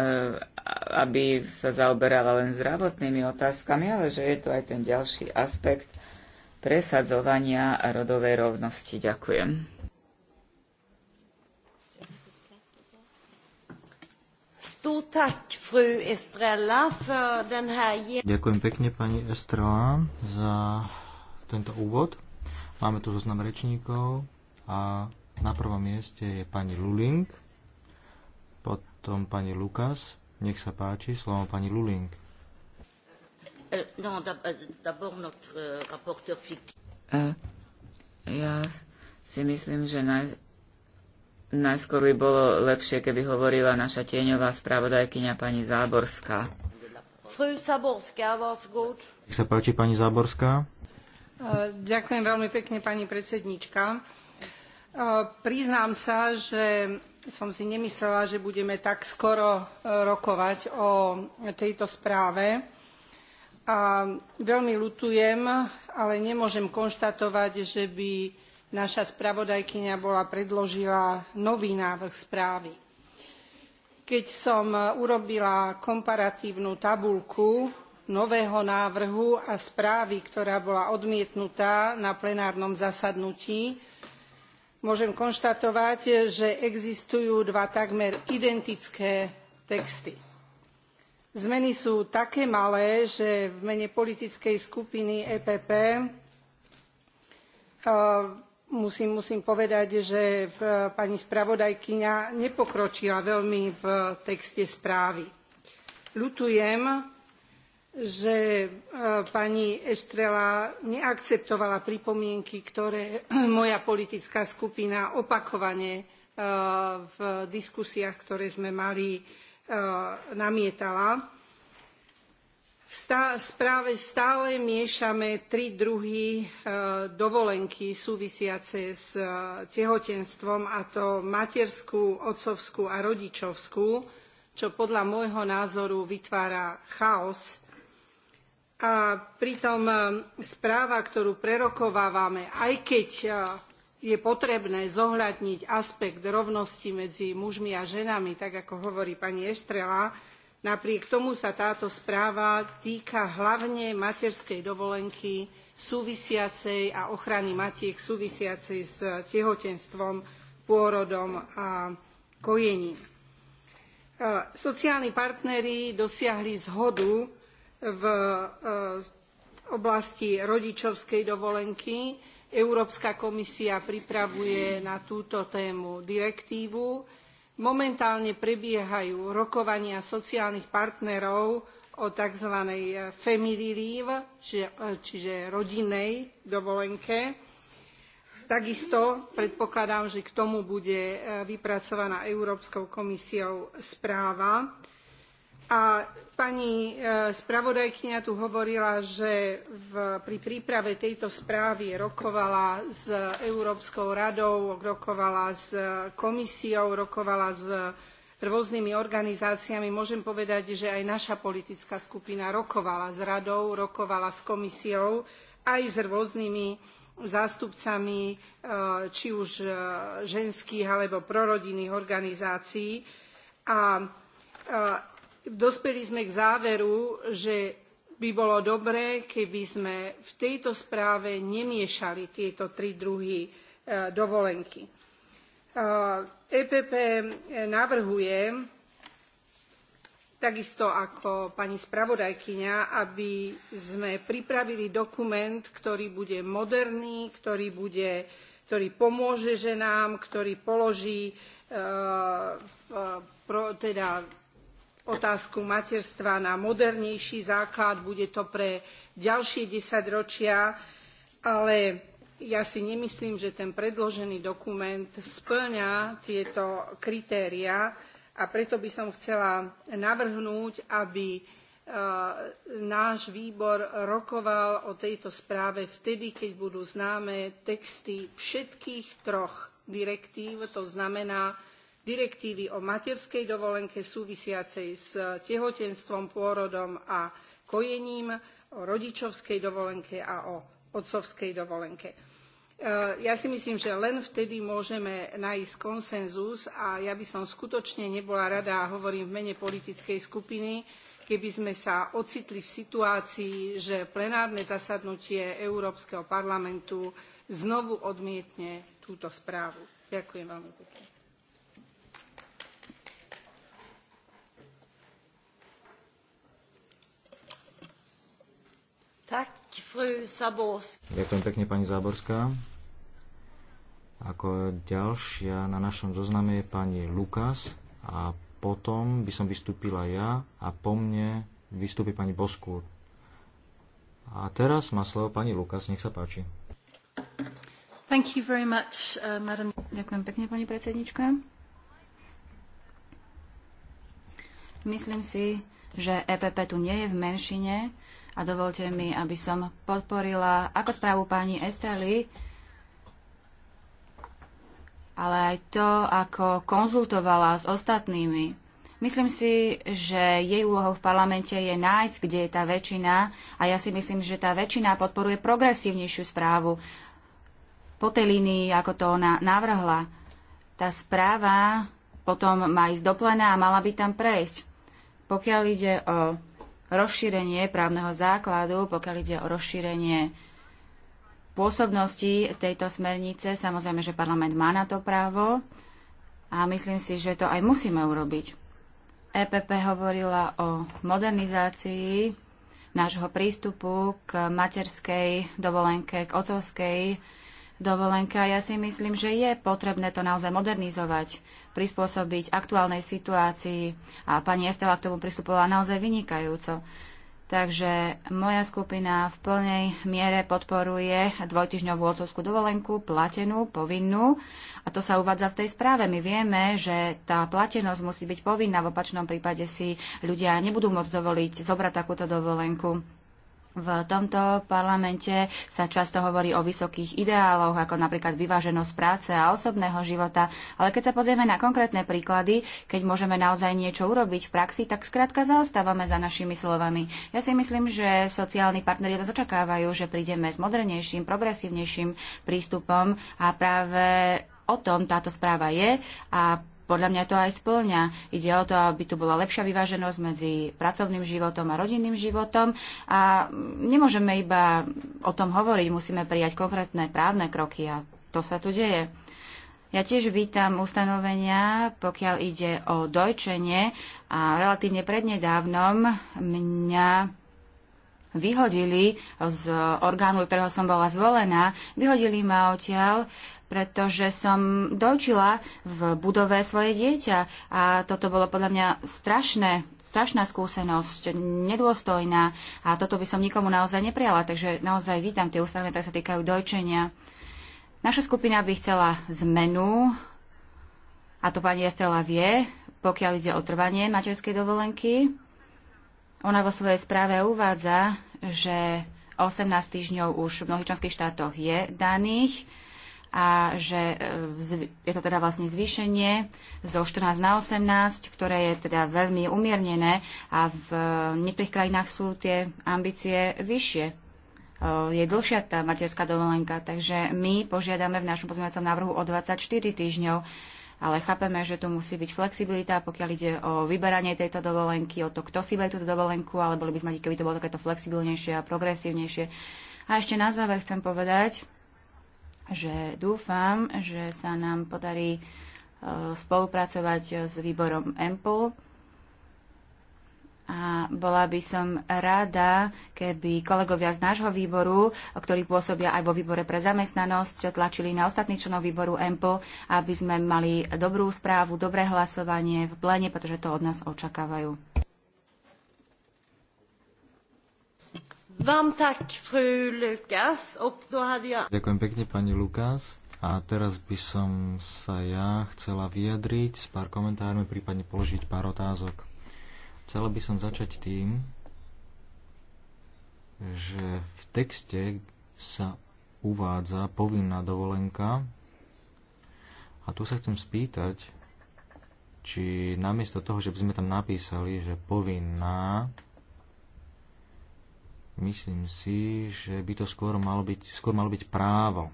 eh, aby sa zaoberala len zdravotnými otázkami, ale že je to aj ten ďalší aspekt presadzovania rodovej rovnosti. Ďakujem. Ďakujem pekne pani Estrela za tento úvod. Máme tu zoznam rečníkov a na prvom mieste je pani Luling, potom pani Lukas, nech sa páči, slovo pani Luling. Euh, euh, euh, e, ja si myslím, že naj, najskôr by bolo lepšie, keby hovorila naša tieňová spravodajkyňa pani Záborská. Nech sa páči, pani Záborská. E, ďakujem veľmi pekne, pani predsednička. E, priznám sa, že som si nemyslela, že budeme tak skoro e, rokovať o tejto správe. A veľmi ľutujem, ale nemôžem konštatovať, že by naša spravodajkyňa bola predložila nový návrh správy. Keď som urobila komparatívnu tabuľku nového návrhu a správy, ktorá bola odmietnutá na plenárnom zasadnutí, môžem konštatovať že existujú dva takmer identické texty. zmeny sú také malé že v mene politickej skupiny epp eh, musím povedať že eh, pani spravodajkyňa nepokročila veľmi v texte správy. ľutujem že e, pani Estrela neakceptovala pripomienky, ktoré moja politická skupina opakovane e, v diskusiách, ktoré sme mali, e, namietala. V správe stále miešame tri druhy dovolenky súvisiace s tehotenstvom, a to materskú, otcovskú a rodičovskú, čo podľa môjho názoru vytvára chaos a pritom e, správa, ktorú prerokovávame, aj keď e, je potrebné zohľadniť aspekt rovnosti medzi mužmi a ženami, tak ako hovorí pani Estrela, napriek tomu sa táto správa týka hlavne materskej dovolenky súvisiacej a ochrany matiek súvisiacej s tehotenstvom, pôrodom a kojením. E, sociálni partneri dosiahli zhodu v eh, oblasti rodičovskej dovolenky. Európska komisia pripravuje na túto tému direktívu. Momentálne prebiehajú rokovania sociálnych partnerov o tzv. family leave, eh, čiže rodinnej dovolenke. Takisto predpokladám, že k tomu bude eh, vypracovaná Európskou komisiou správa. A Pani e, spravodajkyňa tu hovorila, že pri príprave tejto správy rokovala s Európskou radou, rokovala s komisiou, rokovala s rôznymi organizáciami. Môžem povedať, že aj naša politická skupina rokovala s radou, rokovala s komisiou, aj s rôznymi zástupcami e, či už e, ženských alebo prorodinných organizácií. A dospeli sme k záveru že by bolo dobré keby sme v tejto správe nemiešali tieto tri druhy e, dovolenky. epp e navrhuje takisto ako pani spravodajkyňa aby sme pripravili dokument ktorý bude moderný ktorý, pomôže ženám ktorý položí e, teda otázku materstva na modernejší základ, bude to pre ďalšie desaťročia, ale ja si nemyslím, že ten predložený dokument splňa tieto kritériá a preto by som chcela navrhnúť, aby e, náš výbor rokoval o tejto správe vtedy, keď budú známe texty všetkých troch direktív, to znamená direktívy o materskej dovolenke súvisiacej s tehotenstvom, pôrodom a kojením, o rodičovskej dovolenke a o otcovskej dovolenke. E, ja si myslím, že len vtedy môžeme nájsť konsenzus a ja by som skutočne nebola rada, a hovorím v mene politickej skupiny, keby sme sa ocitli v situácii, že plenárne zasadnutie Európskeho parlamentu znovu odmietne túto správu. Ďakujem veľmi pekne. Tak, fru Ďakujem pekne, pani Záborská. Ako ďalšia na našom zozname je pani Lukas a potom by som vystúpila ja a po mne vystúpi pani Bosku. A teraz má slovo pani Lukas, nech sa páči. Thank you very much, uh, madam. Ďakujem pekne, pani predsednička. Myslím si, že EPP tu nie je v menšine a dovolte mi, aby som podporila ako správu pani Estrely, ale aj to, ako konzultovala s ostatnými. Myslím si, že jej úlohou v parlamente je nájsť, kde je tá väčšina a ja si myslím, že tá väčšina podporuje progresívnejšiu správu po tej línii, ako to ona navrhla. Tá správa potom má ísť do plena a mala by tam prejsť. Pokiaľ ide o rozšírenie právneho základu, pokiaľ ide o rozšírenie pôsobnosti tejto smernice. Samozrejme, že parlament má na to právo a myslím si, že to aj musíme urobiť. EPP hovorila o modernizácii nášho prístupu k materskej dovolenke, k otcovskej dovolenka. Ja si myslím, že je potrebné to naozaj modernizovať, prispôsobiť aktuálnej situácii. A pani Estela k tomu pristupovala naozaj vynikajúco. Takže moja skupina v plnej miere podporuje dvojtyžňovú otcovskú dovolenku, platenú, povinnú. A to sa uvádza v tej správe. My vieme, že tá platenosť musí byť povinná, v opačnom prípade si ľudia nebudú môcť dovoliť zobrať takúto dovolenku. V tomto parlamente sa často hovorí o vysokých ideáloch, ako napríklad vyváženosť práce a osobného života, ale keď sa pozrieme na konkrétne príklady, keď môžeme naozaj niečo urobiť v praxi, tak skrátka zaostávame za našimi slovami. Ja si myslím, že sociálni partneri nás očakávajú, že prídeme s modernejším, progresívnejším prístupom a práve o tom táto správa je a podľa mňa to aj splňa. Ide o to, aby tu bola lepšia vyváženosť medzi pracovným životom a rodinným životom a nemôžeme iba o tom hovoriť, musíme prijať konkrétne právne kroky a to sa tu deje. Ja tiež vítam ustanovenia, pokiaľ ide o dojčenie a relatívne prednedávnom mňa vyhodili z orgánu, ktorého som bola zvolená, vyhodili ma odtiaľ pretože som dojčila v budove svoje dieťa a toto bolo podľa mňa strašné, strašná skúsenosť, nedôstojná a toto by som nikomu naozaj neprijala, takže naozaj vítam tie ústavy, ktoré sa týkajú dojčenia. Naša skupina by chcela zmenu, a to pani Estrela vie, pokiaľ ide o trvanie materskej dovolenky. Ona vo svojej správe uvádza, že 18 týždňov už v mnohých členských štátoch je daných a že e, je to teda vlastne zvýšenie zo 14 na 18, ktoré je teda veľmi umiernené a v e, niektorých krajinách sú tie ambície vyššie e, je dlhšia tá materská dovolenka, takže my požiadame v našom pozmeňovacom návrhu o 24 týždňov, ale chápeme, že tu musí byť flexibilita, pokiaľ ide o vyberanie tejto dovolenky, o to, kto si berie túto dovolenku, ale boli by sme keby to bolo takéto flexibilnejšie a progresívnejšie. A ešte na záver chcem povedať, že dúfam, že sa nám podarí e, spolupracovať s výborom EMPL. A bola by som rada, keby kolegovia z nášho výboru, ktorí pôsobia aj vo výbore pre zamestnanosť, tlačili na ostatných členov výboru EMPL, aby sme mali dobrú správu, dobré hlasovanie v plene, pretože to od nás očakávajú. Ďakujem pekne, pani Lukas. A teraz by som sa ja chcela vyjadriť s pár komentármi, prípadne položiť pár otázok. Chcela by som začať tým, že v texte sa uvádza povinná dovolenka a tu sa chcem spýtať, či namiesto toho, že by sme tam napísali, že povinná Myslím si, že by to skôr malo byť, skôr malo byť právo.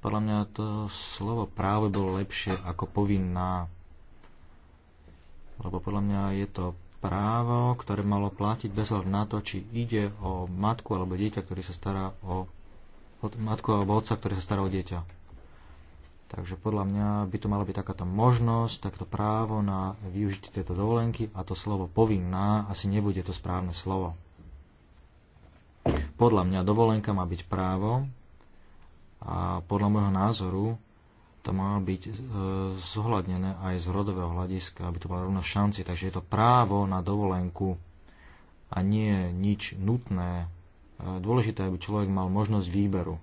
Podľa mňa to slovo právo bolo lepšie ako povinná. Lebo podľa mňa je to právo, ktoré malo platiť bez hľadu na to, či ide o matku alebo dieťa, ktorý sa stará o matku alebo otca, ktorý sa stará o dieťa. Takže podľa mňa by to mala byť takáto možnosť, takto právo na využitie tejto dovolenky a to slovo povinná asi nebude to správne slovo. Podľa mňa dovolenka má byť právo a podľa môjho názoru to má byť e, zohľadnené aj z rodového hľadiska, aby to bola rovná šanci. Takže je to právo na dovolenku a nie nič nutné. E, dôležité, aby človek mal možnosť výberu.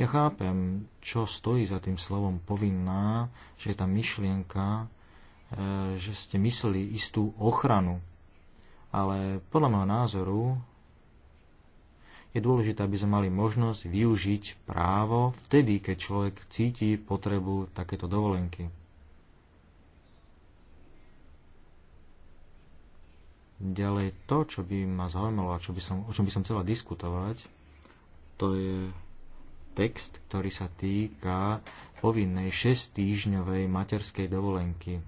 Ja chápem, čo stojí za tým slovom povinná, že je tá myšlienka, e, že ste mysleli istú ochranu ale podľa môjho názoru je dôležité, aby sme mali možnosť využiť právo vtedy, keď človek cíti potrebu takéto dovolenky. Ďalej to, čo by ma zaujímalo a čo by som, o čom by som chcela diskutovať, to je text, ktorý sa týka povinnej 6-týždňovej materskej dovolenky.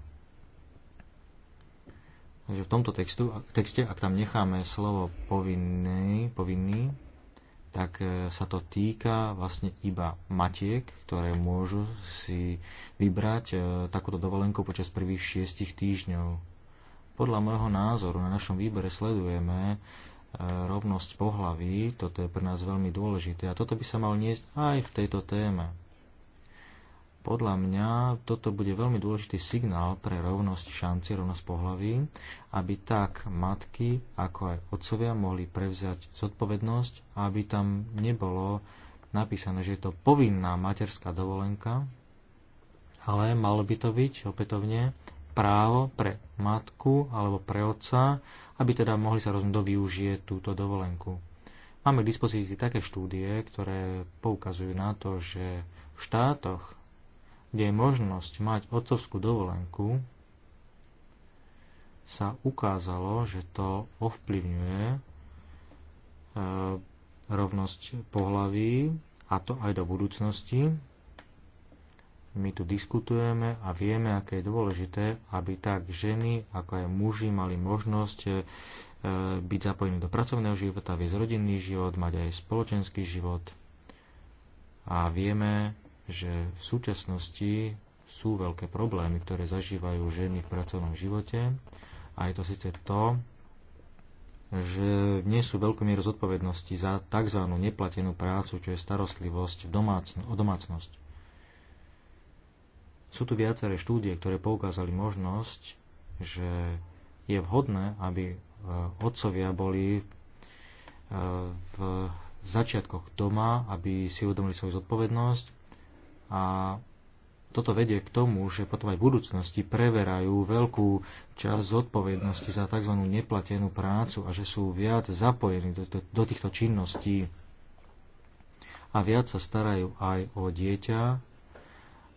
Takže v tomto textu, texte, ak tam necháme slovo povinný, povinný, tak e, sa to týka vlastne iba matiek, ktoré môžu si vybrať e, takúto dovolenku počas prvých šiestich týždňov. Podľa môjho názoru na našom výbere sledujeme e, rovnosť pohlaví, toto je pre nás veľmi dôležité a toto by sa mal niesť aj v tejto téme. Podľa mňa toto bude veľmi dôležitý signál pre rovnosť šanci, rovnosť pohlaví, aby tak matky, ako aj otcovia mohli prevziať zodpovednosť, aby tam nebolo napísané, že je to povinná materská dovolenka, ale malo by to byť opätovne právo pre matku alebo pre otca, aby teda mohli sa rozhodnúť, kto využije túto dovolenku. Máme k dispozícii také štúdie, ktoré poukazujú na to, že v štátoch, kde je možnosť mať otcovskú dovolenku, sa ukázalo, že to ovplyvňuje e, rovnosť pohlaví a to aj do budúcnosti. My tu diskutujeme a vieme, aké je dôležité, aby tak ženy, ako aj muži mali možnosť e, byť zapojení do pracovného života, viesť rodinný život, mať aj spoločenský život. A vieme, že v súčasnosti sú veľké problémy, ktoré zažívajú ženy v pracovnom živote a je to síce to, že nie sú veľkú mieru zodpovednosti za tzv. neplatenú prácu, čo je starostlivosť v domácno, o domácnosť. Sú tu viaceré štúdie, ktoré poukázali možnosť, že je vhodné, aby e, otcovia boli e, v začiatkoch doma, aby si uvedomili svoju zodpovednosť a toto vedie k tomu, že potom aj v budúcnosti preverajú veľkú časť zodpovednosti za tzv. neplatenú prácu a že sú viac zapojení do, do, do týchto činností a viac sa starajú aj o dieťa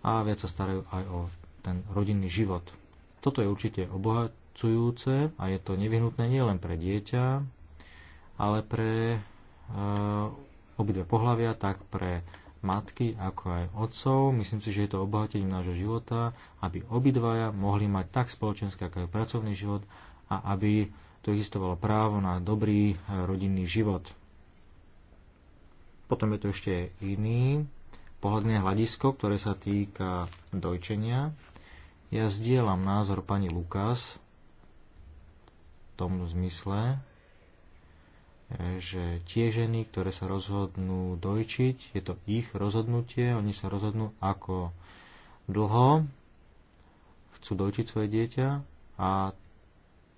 a viac sa starajú aj o ten rodinný život. Toto je určite obohacujúce a je to nevyhnutné nielen pre dieťa, ale pre e, obidve pohľavia, tak pre matky, ako aj otcov. Myslím si, že je to obohatením nášho života, aby obidvaja mohli mať tak spoločenský, ako aj pracovný život a aby tu existovalo právo na dobrý eh, rodinný život. Potom je tu ešte iný pohľadné hľadisko, ktoré sa týka dojčenia. Ja zdieľam názor pani Lukas v tom zmysle, že tie ženy, ktoré sa rozhodnú dojčiť, je to ich rozhodnutie, oni sa rozhodnú, ako dlho chcú dojčiť svoje dieťa a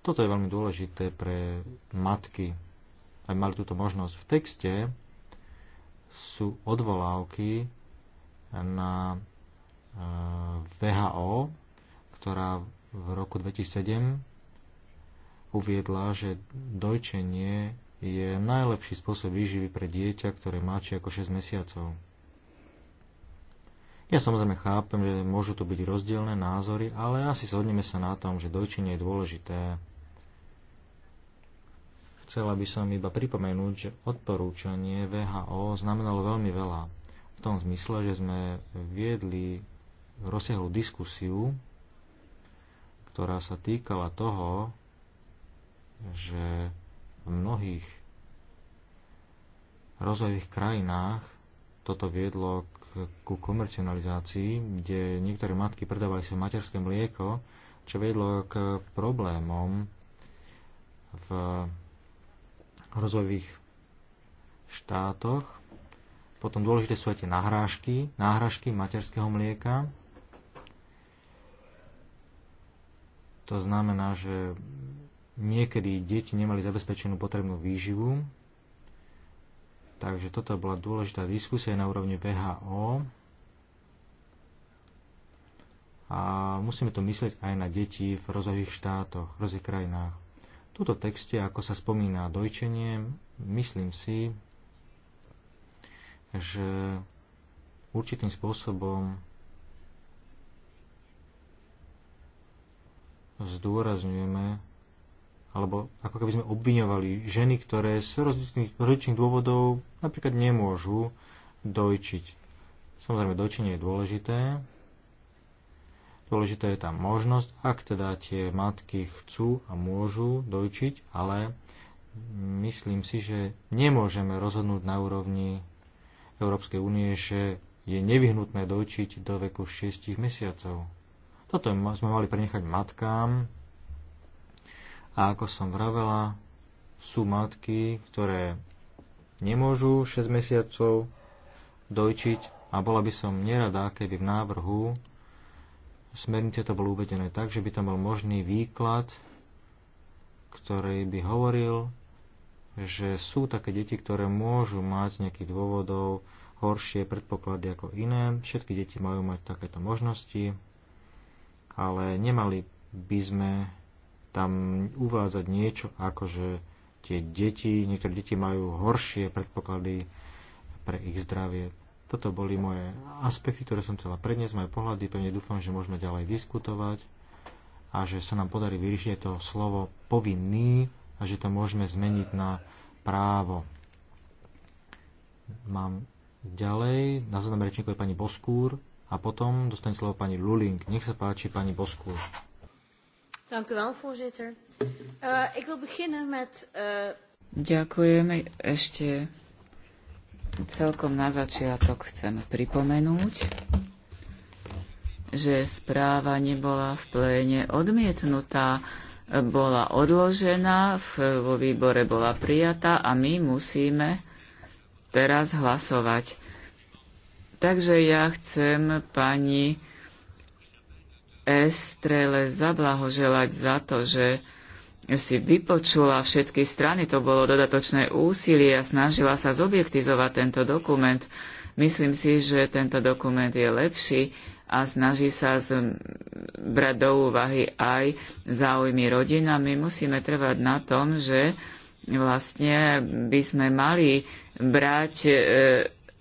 toto je veľmi dôležité pre matky, aby mali túto možnosť. V texte sú odvolávky na e, VHO, ktorá v roku 2007 uviedla, že dojčenie je najlepší spôsob výživy pre dieťa, ktoré je mladšie ako 6 mesiacov. Ja samozrejme chápem, že môžu tu byť rozdielne názory, ale asi zhodneme sa na tom, že dojčenie je dôležité. Chcela by som iba pripomenúť, že odporúčanie VHO znamenalo veľmi veľa. V tom zmysle, že sme viedli rozsiahlu diskusiu, ktorá sa týkala toho, že v mnohých rozvojových krajinách toto viedlo k, ku komercionalizácii, kde niektoré matky predávali svoje materské mlieko, čo viedlo k problémom v rozvojových štátoch. Potom dôležité sú aj tie nahrážky, nahrážky materského mlieka. To znamená, že niekedy deti nemali zabezpečenú potrebnú výživu. Takže toto bola dôležitá diskusia na úrovni VHO. A musíme to myslieť aj na deti v rozvojových štátoch, v rozvojových krajinách. V tuto texte, ako sa spomína dojčenie, myslím si, že určitým spôsobom zdôrazňujeme alebo ako keby sme obviňovali ženy, ktoré z rozličných, rozličných dôvodov napríklad nemôžu dojčiť. Samozrejme, dojčenie je dôležité. Dôležitá je tá možnosť, ak teda tie matky chcú a môžu dojčiť, ale myslím si, že nemôžeme rozhodnúť na úrovni Európskej únie, že je nevyhnutné dojčiť do veku 6 mesiacov. Toto sme mali prenechať matkám, a ako som vravela, sú matky, ktoré nemôžu 6 mesiacov dojčiť a bola by som nerada, keby v návrhu smernice to bolo uvedené tak, že by tam bol možný výklad, ktorý by hovoril, že sú také deti, ktoré môžu mať z nejakých dôvodov horšie predpoklady ako iné. Všetky deti majú mať takéto možnosti, ale nemali by sme tam uvádzať niečo ako, že tie deti, niektoré deti majú horšie predpoklady pre ich zdravie. Toto boli moje aspekty, ktoré som chcela predniesť, moje pohľady. Pevne dúfam, že môžeme ďalej diskutovať a že sa nám podarí vyriešiť to slovo povinný a že to môžeme zmeniť na právo. Mám ďalej, na zoznam rečníku je pani Boskúr a potom dostane slovo pani Luling. Nech sa páči pani Boskúr. Dank u wel, voorzitter. Uh, ik wil beginnen met... Uh... Ďakujem ešte celkom na začiatok chcem pripomenúť, že správa nebola v pléne odmietnutá, bola odložená, vo výbore bola prijatá a my musíme teraz hlasovať. Takže ja chcem pani Estrele zablahoželať za to, že si vypočula všetky strany, to bolo dodatočné úsilie a snažila sa zobjektizovať tento dokument. Myslím si, že tento dokument je lepší a snaží sa z, brať do úvahy aj záujmy rodinami. my musíme trvať na tom, že vlastne by sme mali brať e,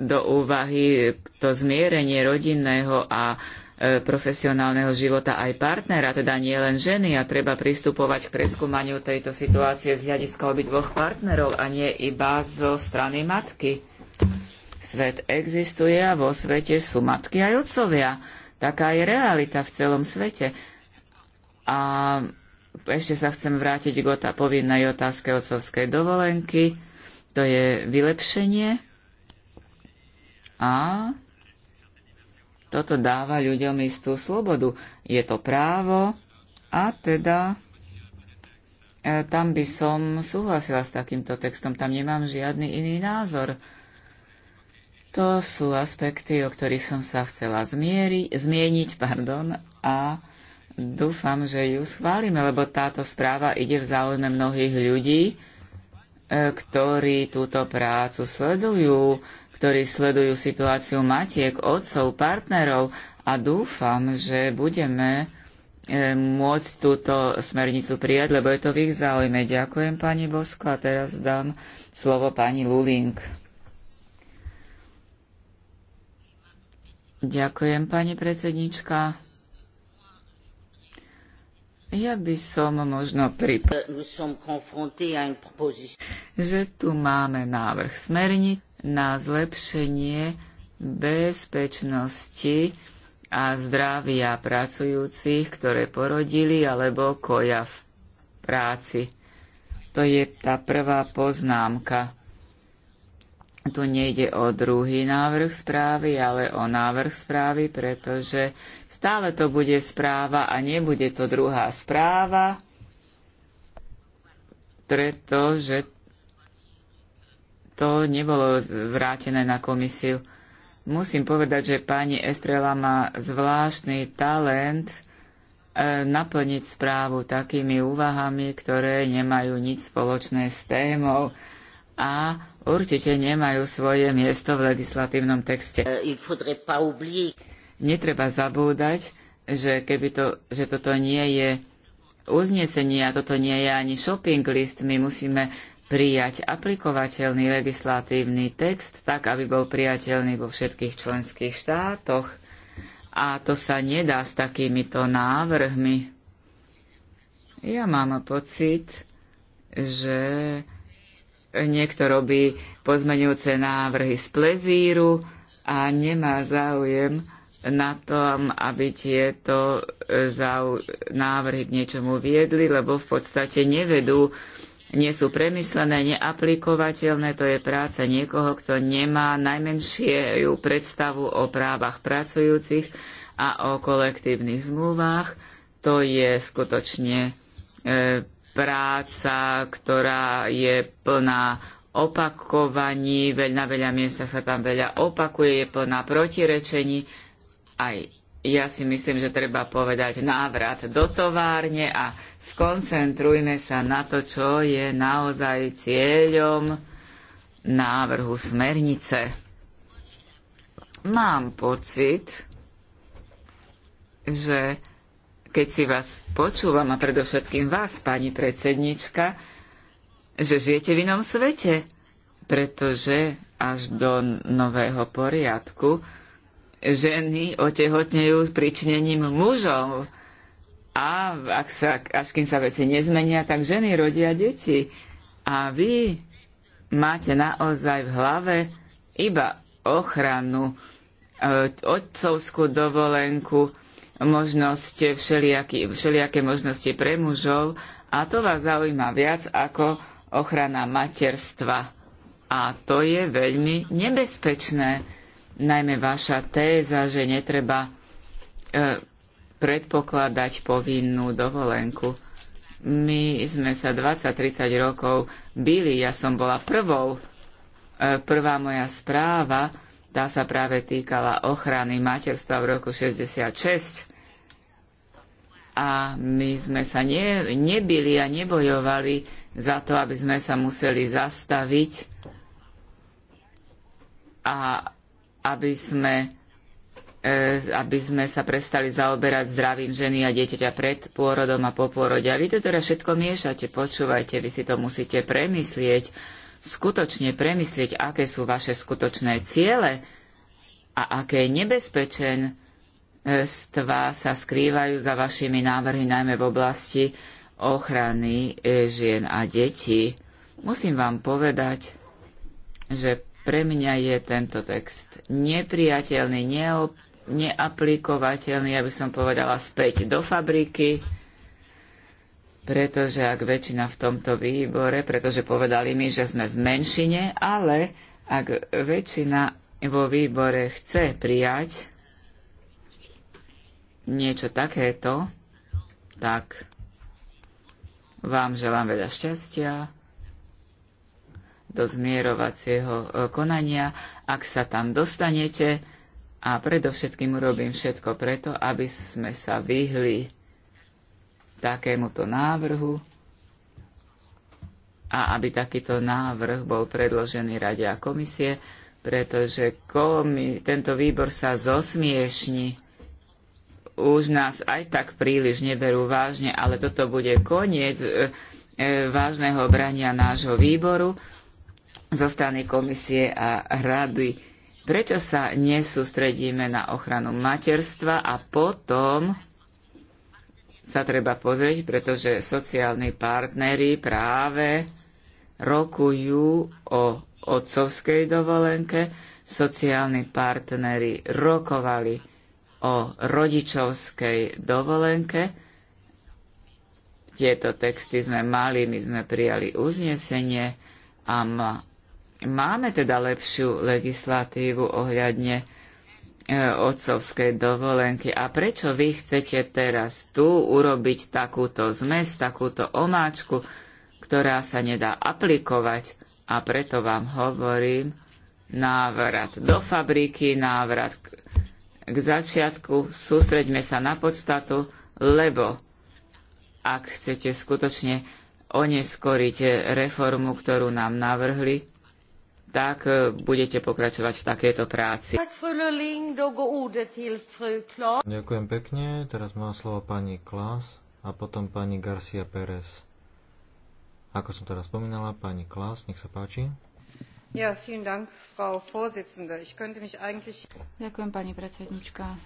do úvahy to zmierenie rodinného a E, profesionálneho života aj partnera, teda nie len ženy a treba pristupovať k preskúmaniu tejto situácie z hľadiska obidvoch partnerov a nie iba zo strany matky. Svet existuje a vo svete sú matky aj otcovia. Taká je realita v celom svete. A ešte sa chcem vrátiť k otá- povinnej otázke otcovskej dovolenky. To je vylepšenie. A toto dáva ľuďom istú slobodu. Je to právo a teda e, tam by som súhlasila s takýmto textom. Tam nemám žiadny iný názor. To sú aspekty, o ktorých som sa chcela zmieri, zmieniť pardon, a dúfam, že ju schválime, lebo táto správa ide v záujme mnohých ľudí, e, ktorí túto prácu sledujú, ktorí sledujú situáciu matiek, otcov, partnerov a dúfam, že budeme e, môcť túto smernicu prijať, lebo je to v ich záujme. Ďakujem pani Bosko a teraz dám slovo pani Lulink. Ďakujem pani predsednička. Ja by som možno pripravil, že tu máme návrh smernic na zlepšenie bezpečnosti a zdravia pracujúcich, ktoré porodili alebo koja v práci. To je tá prvá poznámka. Tu nejde o druhý návrh správy, ale o návrh správy, pretože stále to bude správa a nebude to druhá správa, pretože to nebolo vrátené na komisiu. Musím povedať, že pani Estrela má zvláštny talent e, naplniť správu takými úvahami, ktoré nemajú nič spoločné s témou a určite nemajú svoje miesto v legislatívnom texte. E, Netreba zabúdať, že, keby to, že toto nie je uznesenie a toto nie je ani shopping list. My musíme prijať aplikovateľný legislatívny text tak, aby bol priateľný vo všetkých členských štátoch. A to sa nedá s takýmito návrhmi. Ja mám pocit, že niekto robí pozmeňujúce návrhy z plezíru a nemá záujem na tom, aby tieto návrhy k niečomu viedli, lebo v podstate nevedú nie sú premyslené, neaplikovateľné, to je práca niekoho, kto nemá najmenšiu predstavu o právach pracujúcich a o kolektívnych zmluvách. To je skutočne e, práca, ktorá je plná opakovaní, na veľa miesta sa tam veľa opakuje, je plná protirečení. Aj ja si myslím, že treba povedať návrat do továrne a skoncentrujme sa na to, čo je naozaj cieľom návrhu smernice. Mám pocit, že keď si vás počúvam a predovšetkým vás, pani predsednička, že žijete v inom svete, pretože až do nového poriadku ženy otehotnejú pričinením mužov. A ak sa, až kým sa veci nezmenia, tak ženy rodia deti. A vy máte naozaj v hlave iba ochranu, e, otcovskú dovolenku, možnosť, všelijaký, všelijaké možnosti pre mužov a to vás zaujíma viac ako ochrana materstva. A to je veľmi nebezpečné najmä vaša téza, že netreba e, predpokladať povinnú dovolenku. My sme sa 20-30 rokov byli, ja som bola prvou. E, prvá moja správa, tá sa práve týkala ochrany materstva v roku 66. A my sme sa ne, nebili a nebojovali za to, aby sme sa museli zastaviť a aby sme, e, aby sme sa prestali zaoberať zdravím ženy a dieťaťa pred pôrodom a po pôrode. A vy to teda všetko miešate, počúvajte, vy si to musíte premyslieť, skutočne premyslieť, aké sú vaše skutočné ciele a aké nebezpečenstva e, sa skrývajú za vašimi návrhy, najmä v oblasti ochrany e, žien a detí. Musím vám povedať, že pre mňa je tento text nepriateľný, neop- neaplikovateľný, aby som povedala späť do fabriky, pretože ak väčšina v tomto výbore, pretože povedali mi, že sme v menšine, ale ak väčšina vo výbore chce prijať niečo takéto, tak vám želám veľa šťastia do zmierovacieho e, konania, ak sa tam dostanete a predovšetkým urobím všetko preto, aby sme sa vyhli takémuto návrhu a aby takýto návrh bol predložený Rade a komisie, pretože komi- tento výbor sa zosmiešni. Už nás aj tak príliš neberú vážne, ale toto bude koniec e, e, vážneho brania nášho výboru zo strany komisie a rady. Prečo sa nesústredíme na ochranu materstva a potom sa treba pozrieť, pretože sociálni partnery práve rokujú o otcovskej dovolenke, sociálni partnery rokovali o rodičovskej dovolenke. Tieto texty sme mali, my sme prijali uznesenie a Máme teda lepšiu legislatívu ohľadne e, otcovskej dovolenky. A prečo vy chcete teraz tu urobiť takúto zmes, takúto omáčku, ktorá sa nedá aplikovať? A preto vám hovorím, návrat do fabriky, návrat k, k začiatku, sústreďme sa na podstatu, lebo ak chcete skutočne oneskoriť reformu, ktorú nám navrhli, tak e, budete pokračovať v takejto práci. Ďakujem pekne. Teraz má slovo pani Klas a potom pani Garcia Pérez. Ako som teraz spomínala, pani Klas, nech sa páči. Ja, vielen Dank, Frau Vorsitzende. Ich könnte mich eigentlich... Ďakujem, pani predsednička.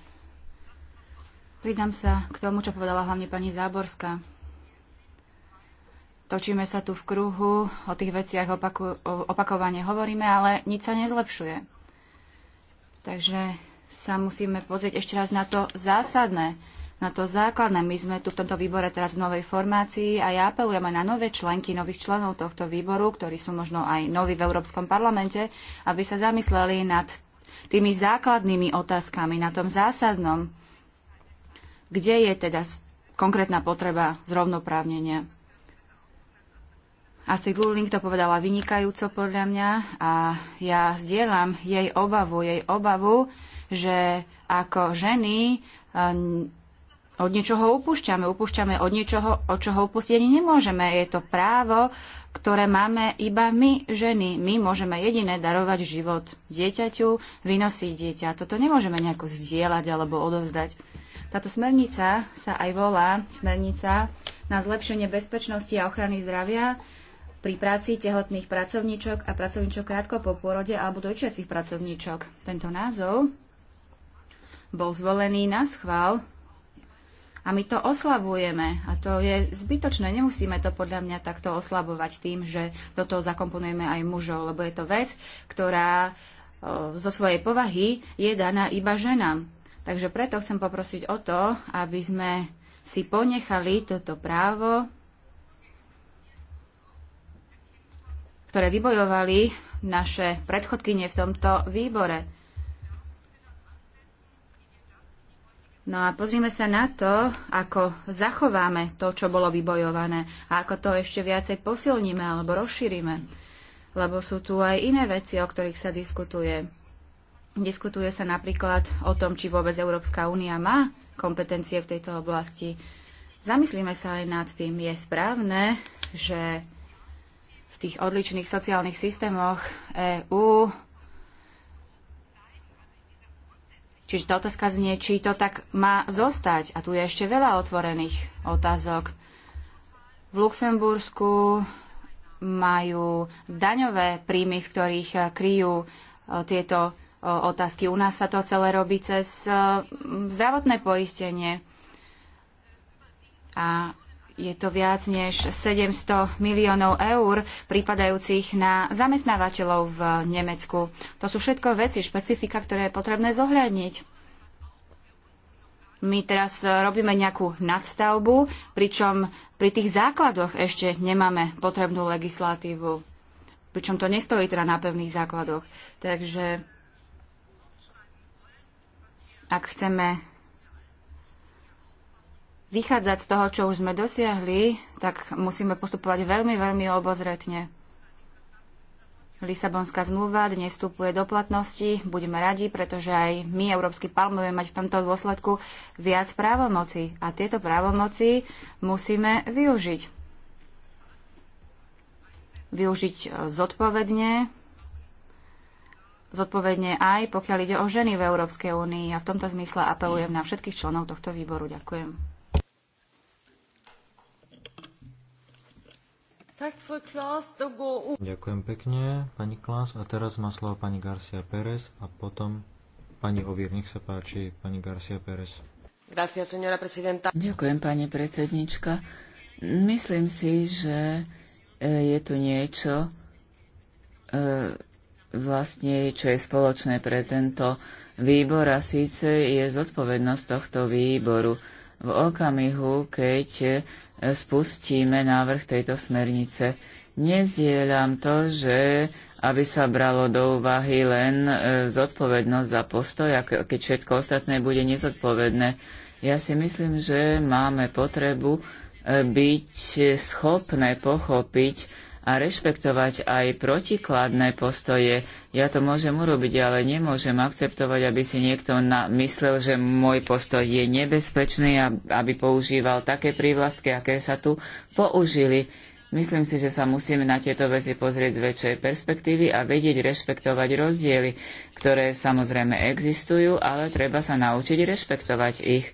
Pridám sa k tomu, čo povedala hlavne pani Záborská. Točíme sa tu v kruhu, o tých veciach opaku, opakovane hovoríme, ale nič sa nezlepšuje. Takže sa musíme pozrieť ešte raz na to zásadné, na to základné. My sme tu v tomto výbore teraz v novej formácii a ja apelujem aj na nové členky, nových členov tohto výboru, ktorí sú možno aj noví v Európskom parlamente, aby sa zamysleli nad tými základnými otázkami, na tom zásadnom, kde je teda konkrétna potreba zrovnoprávnenia. Astrid Lulling to povedala vynikajúco podľa mňa a ja zdieľam jej obavu, jej obavu, že ako ženy ehm, od niečoho upúšťame, upúšťame od niečoho, od čoho upustiť ani nemôžeme. Je to právo, ktoré máme iba my, ženy. My môžeme jediné darovať život dieťaťu, vynosiť dieťa. Toto nemôžeme nejako zdieľať alebo odovzdať. Táto smernica sa aj volá smernica na zlepšenie bezpečnosti a ochrany zdravia pri práci tehotných pracovníčok a pracovníčok krátko po pôrode alebo dojčiacich pracovníčok. Tento názov bol zvolený na schvál a my to oslavujeme a to je zbytočné. Nemusíme to podľa mňa takto oslabovať tým, že do toho zakomponujeme aj mužov, lebo je to vec, ktorá zo svojej povahy je daná iba ženám. Takže preto chcem poprosiť o to, aby sme si ponechali toto právo ktoré vybojovali naše predchodkynie v tomto výbore. No a pozrime sa na to, ako zachováme to, čo bolo vybojované a ako to ešte viacej posilníme alebo rozšírime. Lebo sú tu aj iné veci, o ktorých sa diskutuje. Diskutuje sa napríklad o tom, či vôbec Európska únia má kompetencie v tejto oblasti. Zamyslíme sa aj nad tým, je správne, že tých odličných sociálnych systémoch EÚ. Čiže tá otázka znie, či to tak má zostať. A tu je ešte veľa otvorených otázok. V Luxembursku majú daňové príjmy, z ktorých eh, kryjú eh, tieto eh, otázky. U nás sa to celé robí cez zdravotné poistenie. A je to viac než 700 miliónov eur prípadajúcich na zamestnávateľov v Nemecku. To sú všetko veci, špecifika, ktoré je potrebné zohľadniť. My teraz robíme nejakú nadstavbu, pričom pri tých základoch ešte nemáme potrebnú legislatívu. Pričom to nestojí teda na pevných základoch. Takže ak chceme vychádzať z toho, čo už sme dosiahli, tak musíme postupovať veľmi, veľmi obozretne. Lisabonská zmluva dnes vstupuje do platnosti. Budeme radi, pretože aj my, Európsky parlament, budeme mať v tomto dôsledku viac právomoci. A tieto právomoci musíme využiť. Využiť e, zodpovedne, zodpovedne aj pokiaľ ide o ženy v Európskej únii. A v tomto zmysle apelujem na všetkých členov tohto výboru. Ďakujem. Ďakujem pekne, pani Klas. A teraz má slovo pani Garcia Pérez a potom pani Ovier. Nech sa páči, pani Garcia Pérez. Gracias, Ďakujem, pani predsednička. Myslím si, že e, je tu niečo, e, vlastne, čo je spoločné pre tento výbor a síce je zodpovednosť tohto výboru v okamihu, keď e, spustíme návrh tejto smernice. Nezdieľam to, že aby sa bralo do úvahy len e, zodpovednosť za postoj, keď všetko ostatné bude nezodpovedné. Ja si myslím, že máme potrebu e, byť schopné pochopiť, a rešpektovať aj protikladné postoje. Ja to môžem urobiť, ale nemôžem akceptovať, aby si niekto na- myslel, že môj postoj je nebezpečný a aby používal také prívlastky, aké sa tu použili. Myslím si, že sa musíme na tieto veci pozrieť z väčšej perspektívy a vedieť rešpektovať rozdiely, ktoré samozrejme existujú, ale treba sa naučiť rešpektovať ich.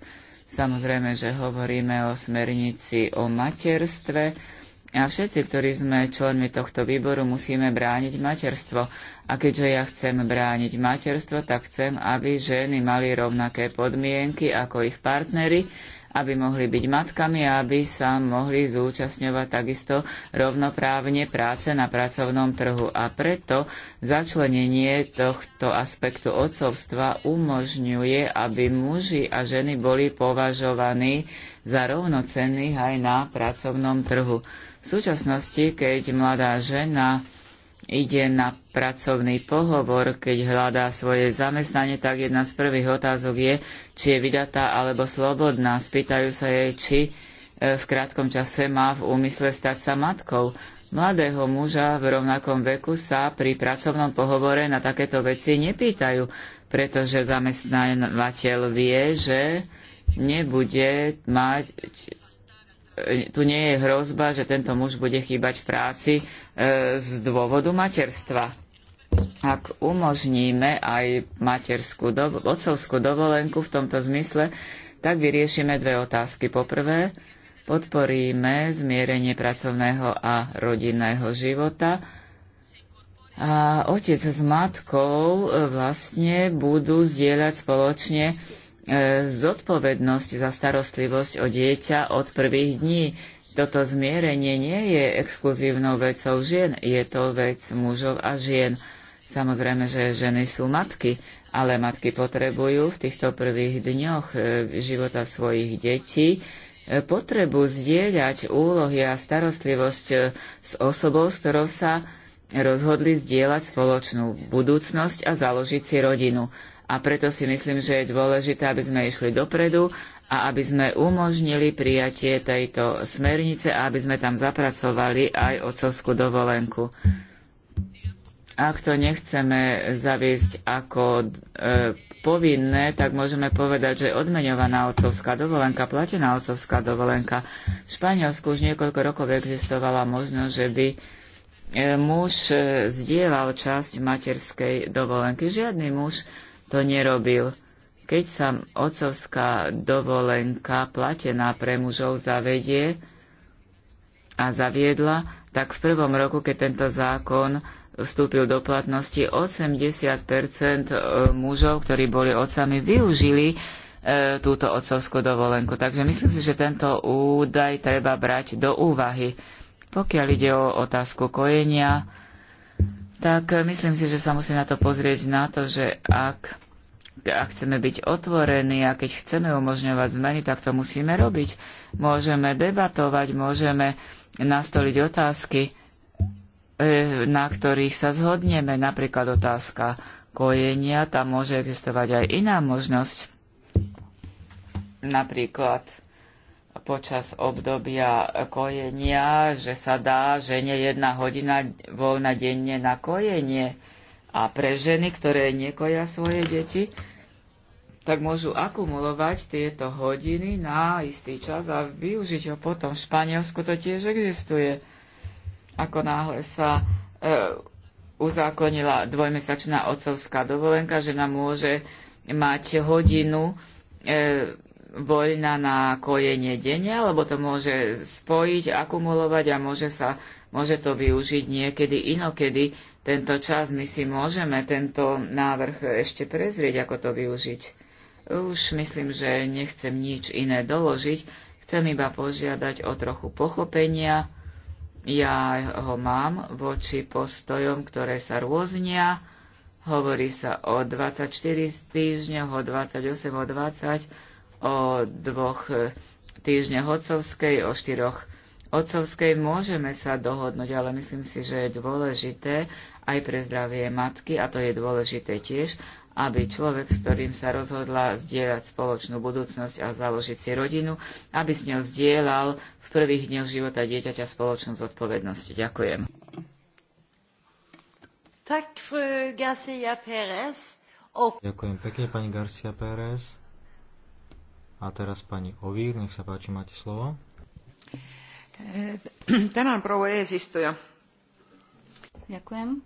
Samozrejme, že hovoríme o smernici o materstve, a všetci, ktorí sme členmi tohto výboru, musíme brániť materstvo. A keďže ja chcem brániť materstvo, tak chcem, aby ženy mali rovnaké podmienky ako ich partnery, aby mohli byť matkami a aby sa mohli zúčastňovať takisto rovnoprávne práce na pracovnom trhu. A preto začlenenie tohto aspektu odcovstva umožňuje, aby muži a ženy boli považovaní za rovnocenných aj na pracovnom trhu. V súčasnosti, keď mladá žena ide na pracovný pohovor, keď hľadá svoje zamestnanie, tak jedna z prvých otázok je, či je vydatá alebo slobodná. Spýtajú sa jej, či e, v krátkom čase má v úmysle stať sa matkou. Mladého muža v rovnakom veku sa pri pracovnom pohovore na takéto veci nepýtajú, pretože zamestnávateľ vie, že nebude mať tu nie je hrozba, že tento muž bude chýbať v práci e, z dôvodu materstva. Ak umožníme aj materskú do, otcovskú dovolenku v tomto zmysle, tak vyriešime dve otázky. Poprvé, podporíme zmierenie pracovného a rodinného života a otec s matkou e, vlastne budú zdieľať spoločne E, zodpovednosť za starostlivosť o dieťa od prvých dní. Toto zmierenie nie je exkluzívnou vecou žien, je to vec mužov a žien. Samozrejme, že ženy sú matky, ale matky potrebujú v týchto prvých dňoch e, života svojich detí e, potrebu zdieľať úlohy a starostlivosť s osobou, s ktorou sa rozhodli zdieľať spoločnú budúcnosť a založiť si rodinu a preto si myslím, že je dôležité, aby sme išli dopredu a aby sme umožnili prijatie tejto smernice a aby sme tam zapracovali aj otcovskú dovolenku. Ak to nechceme zaviesť ako e, povinné, tak môžeme povedať, že odmeňovaná otcovská dovolenka, platená otcovská dovolenka. V Španielsku už niekoľko rokov existovala možnosť, že by e, muž e, zdieľal časť materskej dovolenky. Žiadny muž to nerobil. Keď sa ocovská dovolenka platená pre mužov zavedie a zaviedla, tak v prvom roku, keď tento zákon vstúpil do platnosti, 80 e, mužov, ktorí boli otcami, využili e, túto ocovskú dovolenku. Takže myslím si, že tento údaj treba brať do úvahy. Pokiaľ ide o otázku kojenia, tak eh, myslím si, že sa musí na to pozrieť na to, že ak, ak chceme byť otvorení a keď chceme umožňovať zmeny, tak to musíme robiť. Môžeme debatovať, môžeme nastoliť otázky, eh, na ktorých sa zhodneme, napríklad otázka kojenia, tam môže existovať aj iná možnosť. Napríklad počas obdobia kojenia, že sa dá žene jedna hodina voľna denne na kojenie. A pre ženy, ktoré nekoja svoje deti, tak môžu akumulovať tieto hodiny na istý čas a využiť ho potom. V Španielsku to tiež existuje. Ako náhle sa e, uzákonila dvojmesačná otcovská dovolenka, žena môže mať hodinu e, voľna na kojenie denne, alebo to môže spojiť, akumulovať a môže, sa, môže to využiť niekedy inokedy. Tento čas my si môžeme tento návrh ešte prezrieť, ako to využiť. Už myslím, že nechcem nič iné doložiť. Chcem iba požiadať o trochu pochopenia. Ja ho mám voči postojom, ktoré sa rôznia. Hovorí sa o 24 týždňoch, o 28, o 20 o dvoch e, týždňoch otcovskej, o štyroch otcovskej môžeme sa dohodnúť, ale myslím si, že je dôležité aj pre zdravie matky, a to je dôležité tiež, aby človek, s ktorým sa rozhodla zdieľať spoločnú budúcnosť a založiť si rodinu, aby s ňou zdieľal v prvých dňoch života dieťaťa spoločnú zodpovednosť. Ďakujem. Tak, Ďakujem pekne, pani Garcia Pérez. A teraz pani Ovír, nech sa páči, máte slovo. Eh, tänan, proua eesistuja. Ďakujem.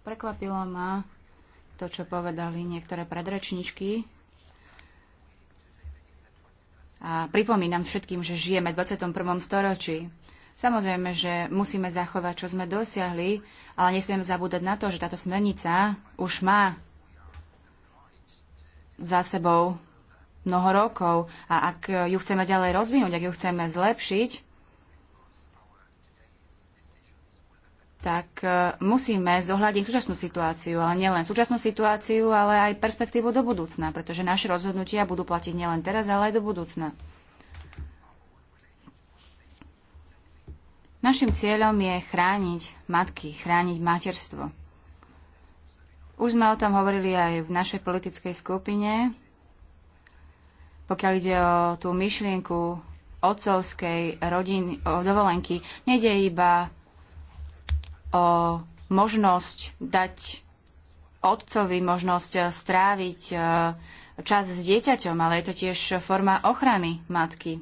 Prekvapilo ma to, čo povedali niektoré predrečničky. A pripomínam všetkým, že žijeme v 21. storočí. Samozrejme, že musíme zachovať, čo sme dosiahli, ale nesmieme zabúdať na to, že táto smernica už má za sebou mnoho rokov a ak ju chceme ďalej rozvinúť, ak ju chceme zlepšiť, tak e, musíme zohľadiť súčasnú situáciu, ale nielen súčasnú situáciu, ale aj perspektívu do budúcna, pretože naše rozhodnutia budú platiť nielen teraz, ale aj do budúcna. Našim cieľom je chrániť matky, chrániť materstvo. Už sme o tom hovorili aj v našej politickej skupine. Pokiaľ ide o tú myšlienku otcovskej rodiny, o dovolenky, nejde iba o možnosť dať otcovi možnosť stráviť e, čas s dieťaťom, ale je to tiež forma ochrany matky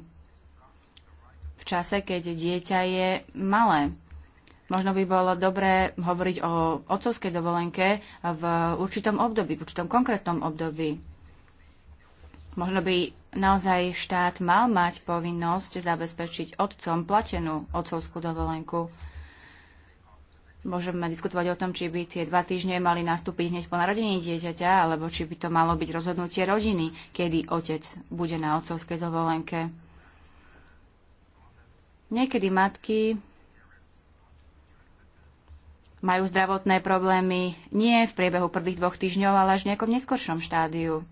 v čase, keď dieťa je malé. Možno by bolo dobré hovoriť o otcovskej dovolenke v určitom období, v určitom konkrétnom období. Možno by naozaj štát mal mať povinnosť zabezpečiť otcom platenú otcovskú dovolenku. Môžeme diskutovať o tom, či by tie dva týždne mali nastúpiť hneď po narodení dieťaťa, alebo či by to malo byť rozhodnutie rodiny, kedy otec bude na otcovskej dovolenke. Niekedy matky majú zdravotné problémy nie v priebehu prvých dvoch týždňov, ale až v nejakom neskoršom štádiu.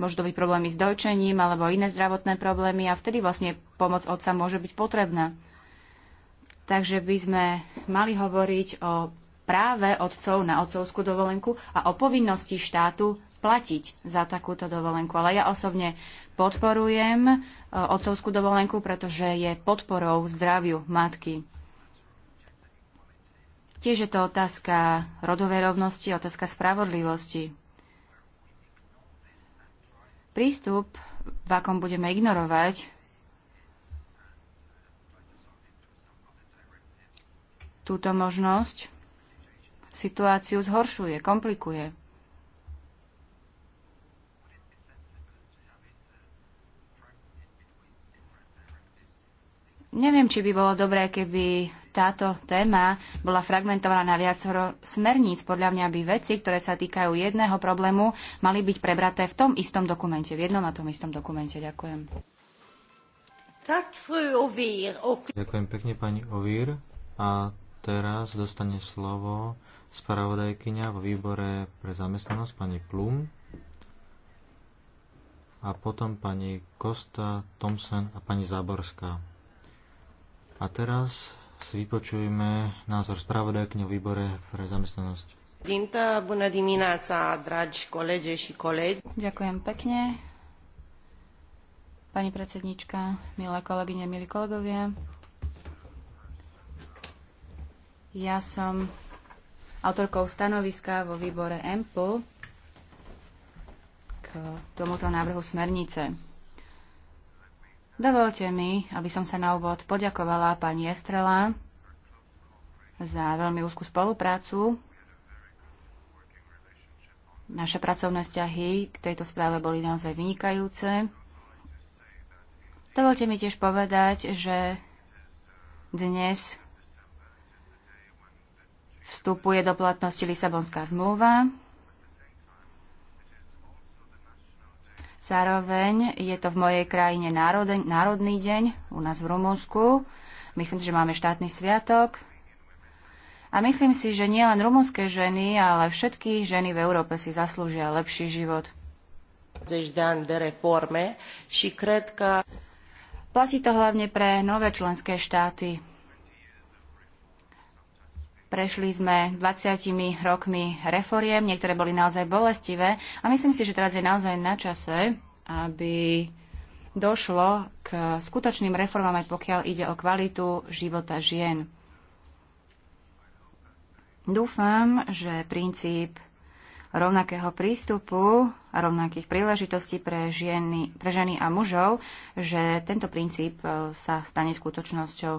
Môžu to byť problémy s dojčením alebo iné zdravotné problémy a vtedy vlastne pomoc otca môže byť potrebná. Takže by sme mali hovoriť o práve otcov na otcovskú dovolenku a o povinnosti štátu platiť za takúto dovolenku. Ale ja osobne podporujem Eh, otcovskú dovolenku, pretože je podporou zdraviu matky. Tiež je to otázka rodovej rovnosti, otázka spravodlivosti. Prístup, v akom budeme ignorovať túto možnosť, situáciu zhoršuje, komplikuje. Neviem, či by bolo dobré, keby táto téma bola fragmentovaná na viacero smerníc. Podľa mňa by veci, ktoré sa týkajú jedného problému, mali byť prebraté v tom istom dokumente, v jednom a tom istom dokumente. Ďakujem. Ďakujem pekne pani Ovír. A teraz dostane slovo spravodajkyňa vo výbore pre zamestnanosť pani Plum a potom pani Kosta, Thompson a pani Záborská. A teraz si vypočujeme názor spravodajkne o výbore pre zamestnanosť. Ďakujem pekne. Pani predsednička, milé kolegyne, milí kolegovia. Ja som autorkou stanoviska vo výbore EMPL k tomuto návrhu smernice. Dovolte mi, aby som sa na úvod poďakovala pani Estrela za veľmi úzkú spoluprácu. Naše pracovné vzťahy k tejto správe boli naozaj vynikajúce. Dovolte mi tiež povedať, že dnes vstupuje do platnosti Lisabonská zmluva. Zároveň je to v mojej krajine národe, Národný deň, u nás v Rumunsku. Myslím, že máme štátny sviatok. A myslím si, že nie len rumunské ženy, ale všetky ženy v Európe si zaslúžia lepší život. Platí to hlavne pre nové členské štáty. Prešli sme 20 rokmi reforiem, niektoré boli naozaj bolestivé a myslím si, že teraz je naozaj na čase, aby došlo k skutočným reformám, aj pokiaľ ide o kvalitu života žien. Dúfam, že princíp rovnakého prístupu a rovnakých príležitostí pre, žieny, pre ženy a mužov, že tento princíp e, sa stane skutočnosťou.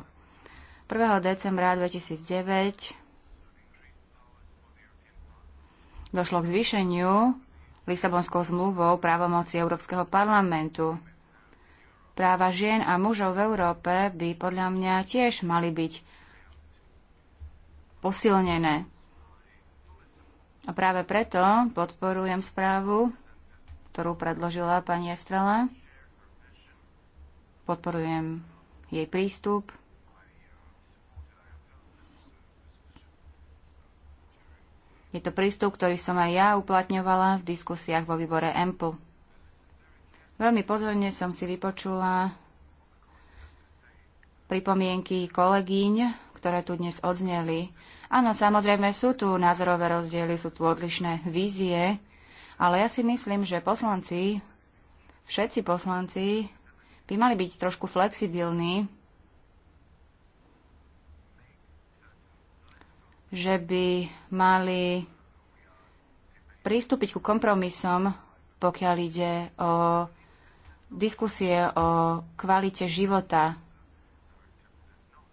1. decembra 2009 došlo k zvýšeniu Lisabonskou zmluvou právomoci Európskeho parlamentu. Práva žien a mužov v Európe by podľa mňa tiež mali byť posilnené. A práve preto podporujem správu, ktorú predložila pani Estrela. Podporujem jej prístup, Je to prístup, ktorý som aj ja uplatňovala v diskusiách vo výbore EMPL. Veľmi pozorne som si vypočula pripomienky kolegyň, ktoré tu dnes odzneli. Áno, samozrejme sú tu názorové rozdiely, sú tu odlišné vízie, ale ja si myslím, že poslanci, všetci poslanci, by mali byť trošku flexibilní že by mali pristúpiť ku kompromisom, pokiaľ ide o diskusie o kvalite života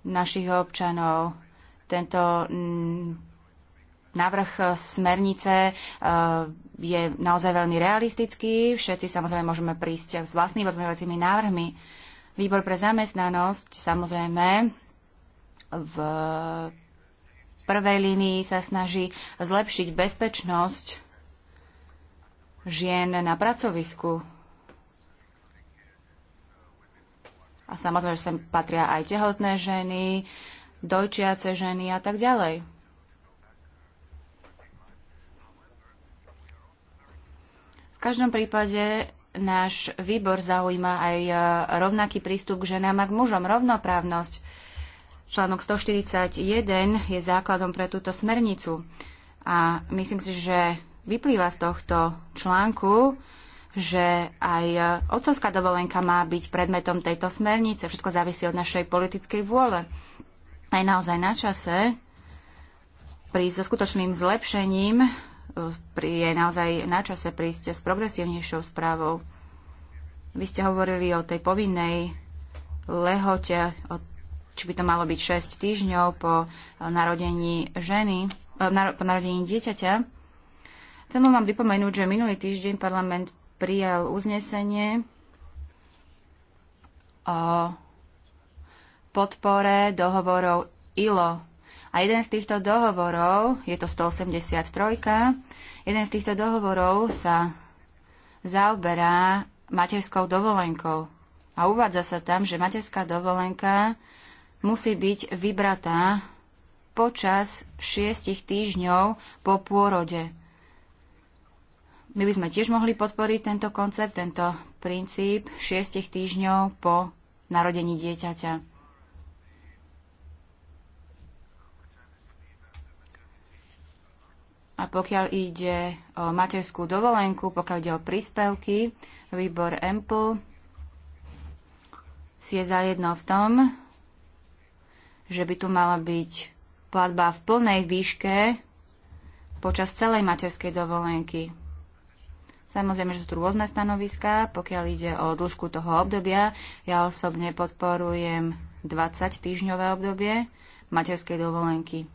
našich občanov. Tento mm, návrh smernice eh, je naozaj veľmi realistický. Všetci samozrejme môžeme prísť s vlastnými pozmeňovacími návrhmi. Výbor pre zamestnanosť samozrejme v prvej línii sa snaží zlepšiť bezpečnosť žien na pracovisku. A samozrejme, že sem patria aj tehotné ženy, dojčiace ženy a tak ďalej. V každom prípade náš výbor zaujíma aj rovnaký prístup k ženám a k mužom, rovnoprávnosť. Článok 141 je základom pre túto smernicu a myslím si, že vyplýva z tohto článku, že aj otcovská dovolenka má byť predmetom tejto smernice. Všetko závisí od našej politickej vôle. Aj naozaj na čase prísť so skutočným zlepšením, e, je naozaj na čase prísť s progresívnejšou správou. Vy ste hovorili o tej povinnej lehote, o či by to malo byť 6 týždňov po eh, narodení ženy, eh, po narodení dieťaťa. Chcem vám pripomenúť, že minulý týždeň parlament prijal uznesenie o podpore dohovorov ILO. A jeden z týchto dohovorov, je to 183, jeden z týchto dohovorov sa zaoberá materskou dovolenkou. A uvádza sa tam, že materská dovolenka musí byť vybratá počas šiestich týždňov po pôrode. My by sme tiež mohli podporiť tento koncept, tento princíp šiestich týždňov po narodení dieťaťa. A pokiaľ ide o materskú dovolenku, pokiaľ ide o príspevky, výbor EMPL si je zajedno v tom, že by tu mala byť platba v plnej výške počas celej materskej dovolenky. Samozrejme, že sú tu rôzne stanoviská, pokiaľ ide o dĺžku toho obdobia. Ja osobne podporujem 20 týždňové obdobie materskej dovolenky.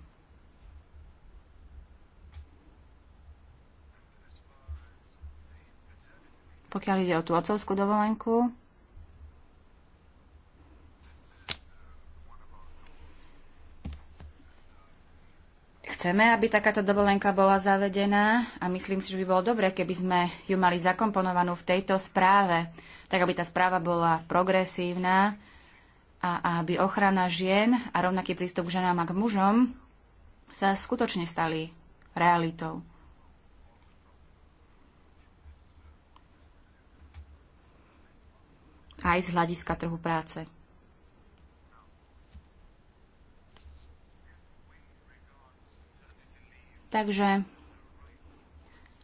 Pokiaľ ide o tú otcovskú dovolenku, chceme, aby takáto dovolenka bola zavedená a myslím si, že by bolo dobré, keby sme ju mali zakomponovanú v tejto správe, tak aby tá správa bola progresívna a aby ochrana žien a rovnaký prístup k ženám a k mužom sa skutočne stali realitou. Aj z hľadiska trhu práce. Takže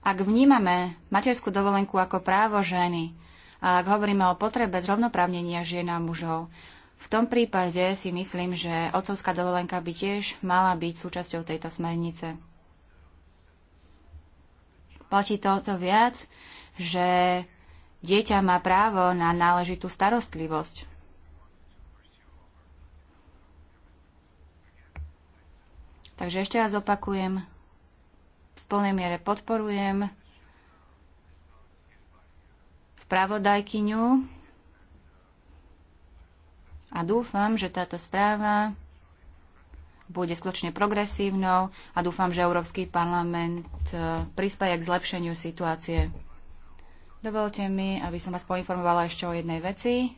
ak vnímame materskú dovolenku ako právo ženy a ak hovoríme o potrebe zrovnoprávnenia žien a mužov, v tom prípade si myslím, že otcovská dovolenka by tiež mala byť súčasťou tejto smernice. Platí to to viac, že dieťa má právo na náležitú starostlivosť. Takže ešte raz opakujem, plnej miere podporujem spravodajkyňu a dúfam, že táto správa bude skutočne progresívnou a dúfam, že Európsky parlament e, prispieje k zlepšeniu situácie. Dovolte mi, aby som vás poinformovala ešte o jednej veci,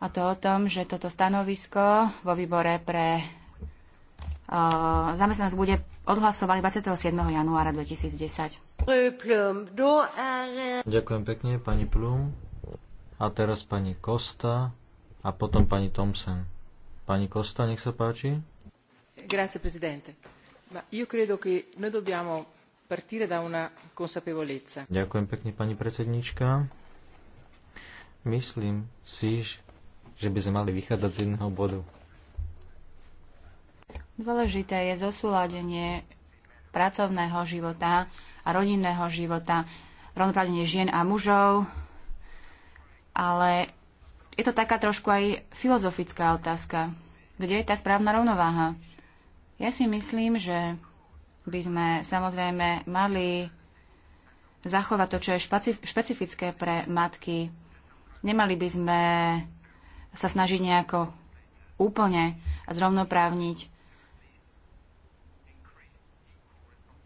a to o tom, že toto stanovisko vo výbore pre zamestnanosť bude odhlasovaný 27. januára 2010. Ďakujem pekne, pani Plum. A teraz pani Kosta a potom pani Thompson. Pani Kosta, nech sa páči. Grazie, presidente. Ma io credo che noi dobbiamo partire da una consapevolezza. Ďakujem pekne, pani predsednička. Myslím si, že by sme mali vychádzať z jedného bodu Dôležité je zosúladenie pracovného života a rodinného života, rovnoprávnenie žien a mužov, ale je to taká trošku aj filozofická otázka. Kde je tá správna rovnováha? Ja si myslím, že by sme samozrejme mali zachovať to, čo je špecifické pre matky. Nemali by sme sa snažiť nejako úplne zrovnoprávniť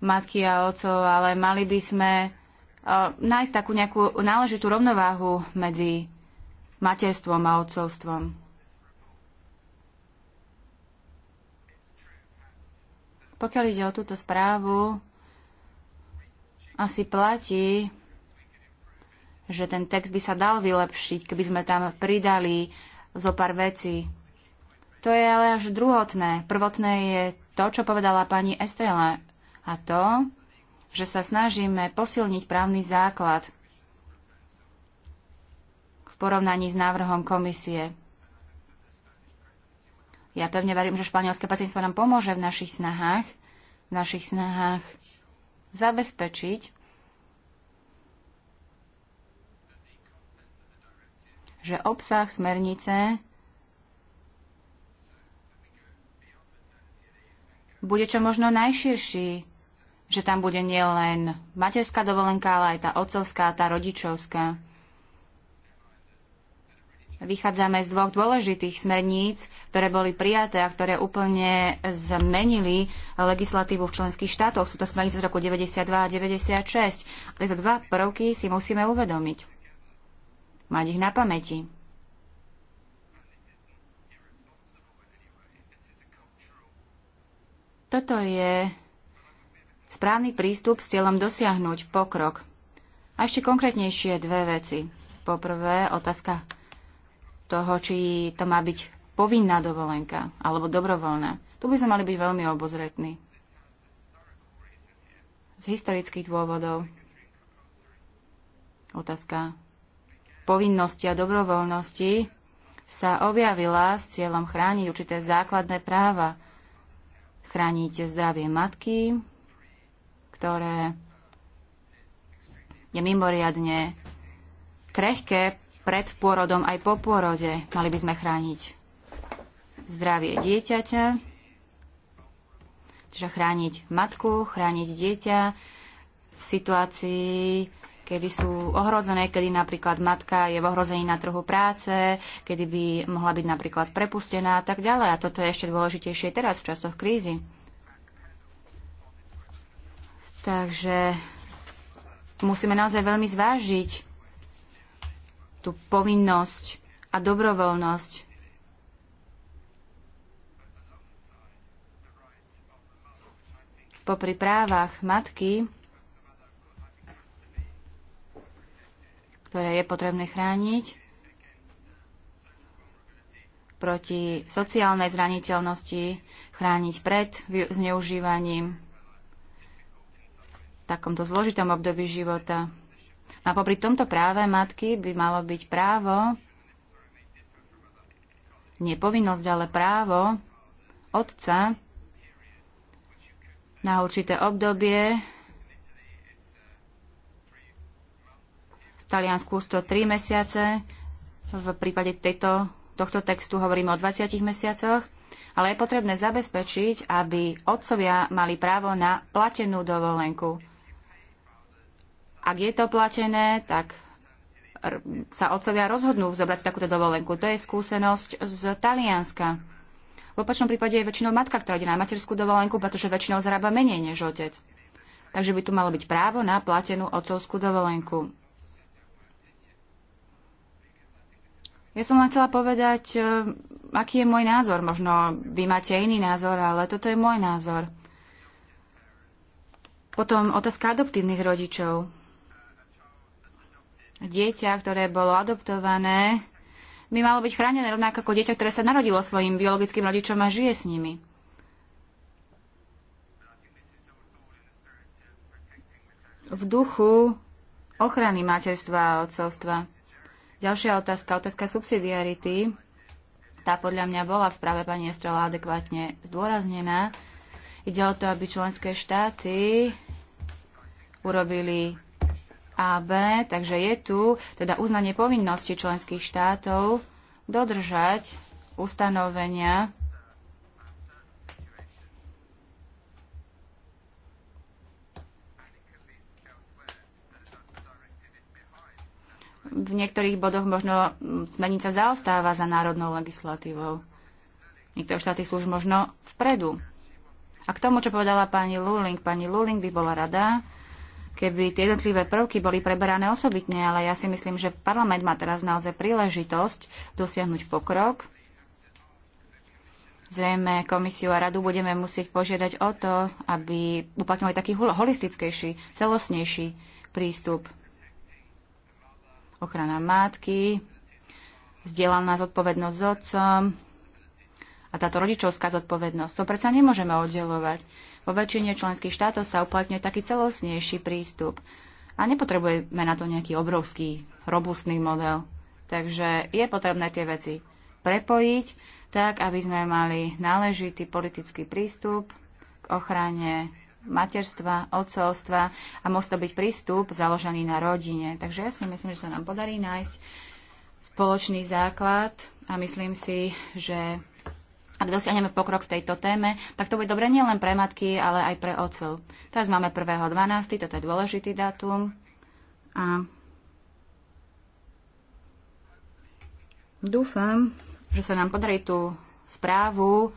matky a otcov, ale mali by sme eh, nájsť takú nejakú náležitú rovnováhu medzi materstvom a otcovstvom. Pokiaľ ide o túto správu, asi platí, že ten text by sa dal vylepšiť, keby sme tam pridali zo pár vecí. To je ale až druhotné. Prvotné je to, čo povedala pani Estrela, a to, že sa snažíme posilniť právny základ v porovnaní s návrhom komisie. Ja pevne verím, že španielské pacientstvo nám pomôže v našich snahách, v našich snahách zabezpečiť, že obsah smernice bude čo možno najširší že tam bude nielen materská dovolenka, ale aj tá otcovská, tá rodičovská. Vychádzame z dvoch dôležitých smerníc, ktoré boli prijaté a ktoré úplne zmenili legislatívu v členských štátoch. Sú to smernice z roku 92 a 96. A tieto dva prvky si musíme uvedomiť. Mať ich na pamäti. Toto je správny prístup s cieľom dosiahnuť pokrok. A ešte konkrétnejšie dve veci. Poprvé, otázka toho, či to má byť povinná dovolenka alebo dobrovoľná. Tu by sme mali byť veľmi obozretní. Z historických dôvodov. Otázka povinnosti a dobrovoľnosti sa objavila s cieľom chrániť určité základné práva. Chrániť zdravie matky, ktoré je mimoriadne krehké pred pôrodom aj po pôrode. Mali by sme chrániť zdravie dieťaťa, čiže chrániť matku, chrániť dieťa v situácii, kedy sú ohrozené, kedy napríklad matka je v ohrození na trhu práce, kedy by mohla byť napríklad prepustená a tak ďalej. A toto je ešte dôležitejšie teraz v časoch krízy. Takže musíme naozaj veľmi zvážiť tú povinnosť a dobrovoľnosť popri právach matky, ktoré je potrebné chrániť proti sociálnej zraniteľnosti, chrániť pred zneužívaním takomto zložitom období života. No a popri tomto práve matky by malo byť právo, nie povinnosť, ale právo otca na určité obdobie. V Taliansku 103 mesiace, v prípade tejto, tohto textu hovoríme o 20 mesiacoch, ale je potrebné zabezpečiť, aby otcovia mali právo na platenú dovolenku ak je to platené, tak sa otcovia rozhodnú zobrať takúto dovolenku. To je skúsenosť z Talianska. V opačnom prípade je väčšinou matka, ktorá ide na materskú dovolenku, pretože väčšinou zarába menej než otec. Takže by tu malo byť právo na platenú otcovskú dovolenku. Ja som len chcela povedať, e, aký je môj názor. Možno vy máte iný názor, ale toto je môj názor. Potom otázka adoptívnych rodičov dieťa, ktoré bolo adoptované, by malo byť chránené rovnako ako dieťa, ktoré sa narodilo svojim biologickým rodičom a žije s nimi. V duchu ochrany materstva a otcovstva. Ďalšia otázka, otázka subsidiarity. Tá podľa mňa bola v správe pani Estrela adekvátne zdôraznená. Ide o to, aby členské štáty urobili a B, takže je tu teda uznanie povinnosti členských štátov dodržať ustanovenia v niektorých bodoch možno smernica zaostáva za národnou legislatívou. Niektoré štáty sú už možno vpredu. A k tomu, čo povedala pani Luling, pani Luling by bola rada, keby tie jednotlivé prvky boli preberané osobitne, ale ja si myslím, že parlament má teraz naozaj príležitosť dosiahnuť pokrok. Zrejme komisiu a radu budeme musieť požiadať o to, aby uplatnili taký holistickejší, celosnejší prístup. Ochrana matky, vzdielaná zodpovednosť s otcom a táto rodičovská zodpovednosť. To predsa nemôžeme oddelovať. Vo väčšine členských štátov sa uplatňuje taký celosnejší prístup. A nepotrebujeme na to nejaký obrovský, robustný model. Takže je potrebné tie veci prepojiť, tak aby sme mali náležitý politický prístup k ochrane materstva, otcovstva a môže to byť prístup založený na rodine. Takže ja si myslím, že sa nám podarí nájsť spoločný základ a myslím si, že ak dosiahneme pokrok v tejto téme, tak to bude dobre nielen pre matky, ale aj pre otcov. Teraz máme 1.12., toto je dôležitý dátum. A dúfam, že sa nám podarí tú správu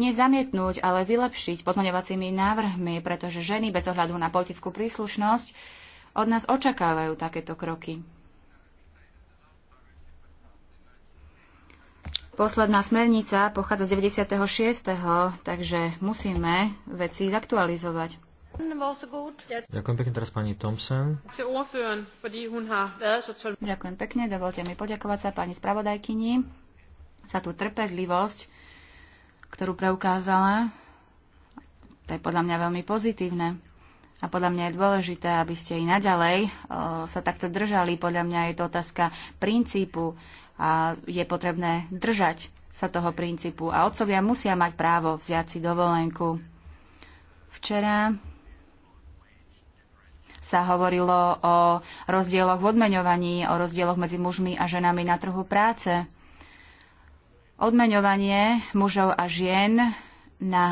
nezamietnúť, ale vylepšiť pozmeňovacími návrhmi, pretože ženy bez ohľadu na politickú príslušnosť od nás očakávajú takéto kroky. Posledná smernica pochádza z 96., takže musíme veci zaktualizovať. Ďakujem pekne teraz pani Thompson. Ďakujem pekne, dovolte mi poďakovať sa pani spravodajkyni za tú trpezlivosť, ktorú preukázala. To je podľa mňa veľmi pozitívne. A podľa mňa je dôležité, aby ste i naďalej eh, sa takto držali. Podľa mňa je to otázka princípu a je potrebné držať sa toho princípu a otcovia musia mať právo vziať si dovolenku. Včera sa hovorilo o rozdieloch v odmeňovaní, o rozdieloch medzi mužmi a ženami na trhu práce. Odmeňovanie mužov a žien na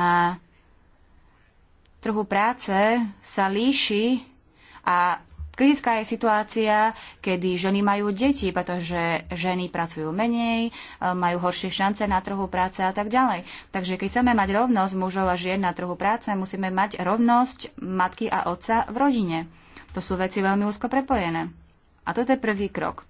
trhu práce sa líši a Kritická je situácia, kedy ženy majú deti, pretože ženy pracujú menej, e, majú horšie šance na trhu práce a tak ďalej. Takže keď chceme mať rovnosť mužov a žien na trhu práce, musíme mať rovnosť matky a otca v rodine. To sú veci veľmi úzko prepojené. A to je prvý krok.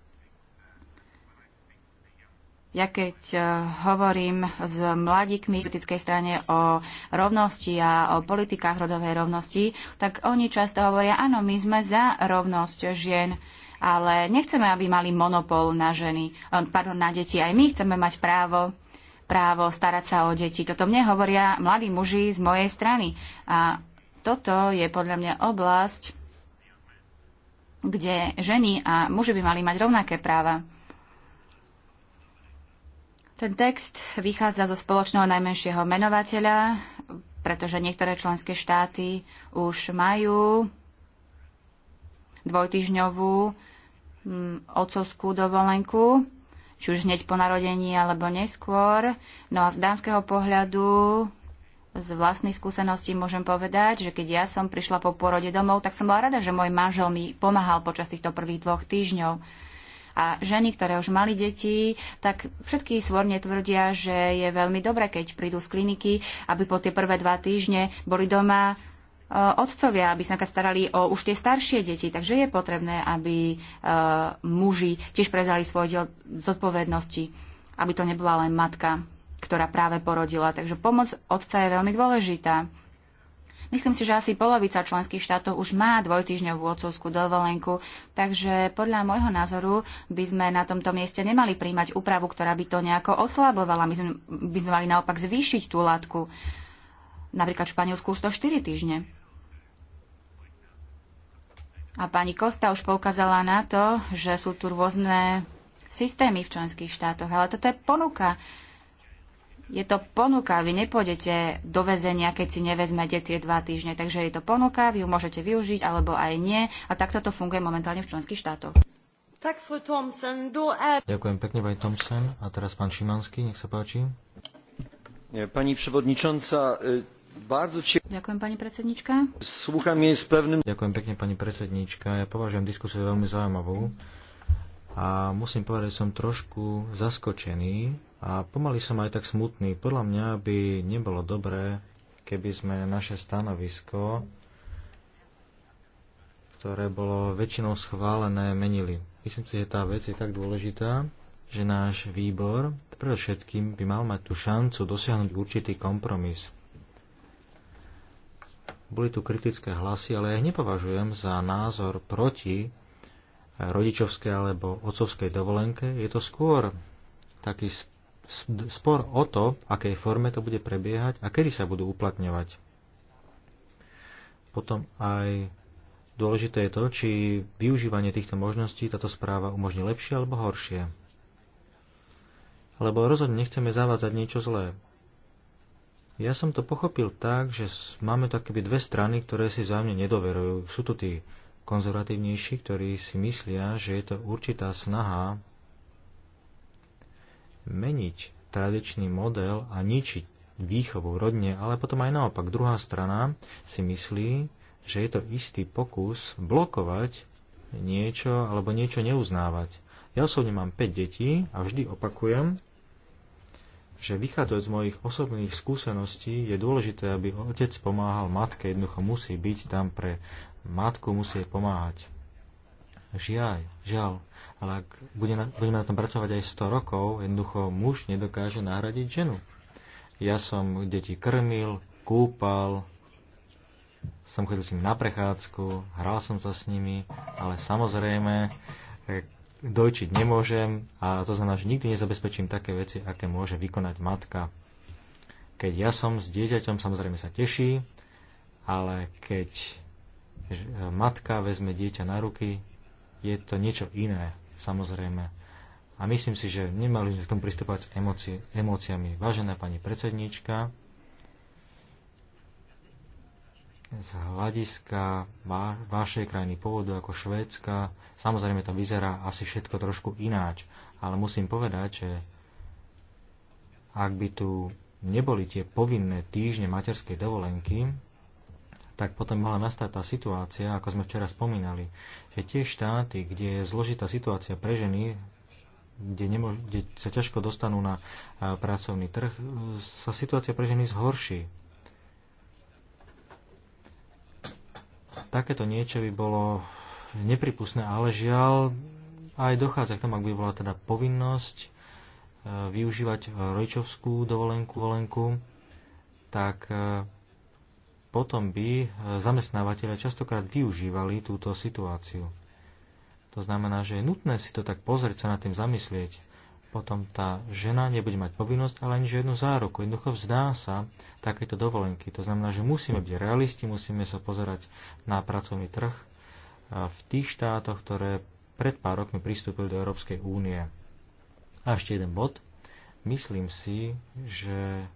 Ja keď e, hovorím s mladíkmi v politickej strane o rovnosti a o politikách rodovej rovnosti, tak oni často hovoria, áno, my sme za rovnosť žien, ale nechceme, aby mali monopol na ženy, e, pardon, na deti. Aj my chceme mať právo právo starať sa o deti. Toto mne hovoria mladí muži z mojej strany. A toto je podľa mňa oblasť, kde ženy a muži by mali mať rovnaké práva. Ten text vychádza zo spoločného najmenšieho menovateľa, pretože niektoré členské štáty už majú dvojtyžňovú mm, otcovskú dovolenku, či už hneď po narodení alebo neskôr. No a z dánskeho pohľadu z vlastnej skúsenosti môžem povedať, že keď ja som prišla po porode domov, tak som bola rada, že môj manžel mi pomáhal počas týchto prvých dvoch týždňov. A ženy, ktoré už mali deti, tak všetky svorne tvrdia, že je veľmi dobré, keď prídu z kliniky, aby po tie prvé dva týždne boli doma e, otcovia, aby sa starali o už tie staršie deti. Takže je potrebné, aby e, muži tiež prezali svoj diel zodpovednosti, aby to nebola len matka, ktorá práve porodila. Takže pomoc otca je veľmi dôležitá. Myslím si, že asi polovica členských štátov už má dvojtyžňovú odcovskú dovolenku, takže podľa môjho názoru by sme na tomto mieste nemali príjmať úpravu, ktorá by to nejako oslabovala. My sme, by sme mali naopak zvýšiť tú látku. Napríklad v Španielsku 104 týždne. A pani Kosta už poukázala na to, že sú tu rôzne systémy v členských štátoch, ale toto je ponuka je to ponuka, vy nepôjdete do väzenia, keď si nevezmete tie dva týždne. Takže je to ponuka, vy ju môžete využiť alebo aj nie. A takto to funguje momentálne v členských štátoch. Tak, Thompson, Ďakujem pekne, pani Thompson. A teraz pán Šimanský, nech sa páči. Pani przewodnicząca, bardzo cię... Ďakujem, pani predsednička. Słucham jej z pewnym... Ďakujem pekne, pani predsednička. Ja považujem diskusiu veľmi zaujímavú. A musím povedať, že som trošku zaskočený, a pomaly som aj tak smutný. Podľa mňa by nebolo dobré, keby sme naše stanovisko, ktoré bolo väčšinou schválené, menili. Myslím si, že tá vec je tak dôležitá, že náš výbor predovšetkým by mal mať tú šancu dosiahnuť určitý kompromis. Boli tu kritické hlasy, ale ja ich nepovažujem za názor proti rodičovskej alebo otcovskej dovolenke. Je to skôr taký spor o to, akej forme to bude prebiehať a kedy sa budú uplatňovať. Potom aj dôležité je to, či využívanie týchto možností táto správa umožní lepšie alebo horšie. Lebo rozhodne nechceme zavádzať niečo zlé. Ja som to pochopil tak, že máme tak keby dve strany, ktoré si vzájomne nedoverujú. Sú to tí konzervatívnejší, ktorí si myslia, že je to určitá snaha meniť tradičný model a ničiť výchovu rodne, ale potom aj naopak druhá strana si myslí, že je to istý pokus blokovať niečo alebo niečo neuznávať. Ja osobne mám 5 detí a vždy opakujem, že vychádzať z mojich osobných skúseností je dôležité, aby otec pomáhal matke, jednoducho musí byť tam pre matku, musí pomáhať. Žiaj, žiaľ, ale ak bude na, budeme na tom pracovať aj 100 rokov, jednoducho muž nedokáže nahradiť ženu. Ja som deti krmil, kúpal, som chodil s nimi na prechádzku, hral som sa s nimi, ale samozrejme e, dojčiť nemôžem a to znamená, že nikdy nezabezpečím také veci, aké môže vykonať matka. Keď ja som s dieťaťom, samozrejme sa teší, ale keď e, matka vezme dieťa na ruky, je to niečo iné samozrejme. A myslím si, že nemali sme k tomu pristúpať s emóci- emóciami. Vážená pani predsedníčka, z hľadiska va- vašej krajiny pôvodu ako Švédska, samozrejme to vyzerá asi všetko trošku ináč, ale musím povedať, že ak by tu neboli tie povinné týždne materskej dovolenky, tak potom mohla nastať tá situácia, ako sme včera spomínali, že tie štáty, kde je zložitá situácia pre ženy, kde, nemo, kde sa ťažko dostanú na pracovný trh, e, sa situácia pre ženy zhorší. Takéto niečo by bolo nepripustné, ale žiaľ aj dochádza k tomu, ak by bola teda povinnosť e, využívať rojčovskú dovolenku, volenku, tak e, potom by e, zamestnávateľe častokrát využívali túto situáciu. To znamená, že je nutné si to tak pozrieť, sa nad tým zamyslieť. Potom tá žena nebude mať povinnosť, ale ani žiadnu záruku. Jednoducho vzdá sa takéto dovolenky. To znamená, že musíme byť realisti, musíme sa pozerať na pracovný trh e, v tých štátoch, ktoré pred pár rokmi pristúpili do Európskej únie. A ešte jeden bod. Myslím si, že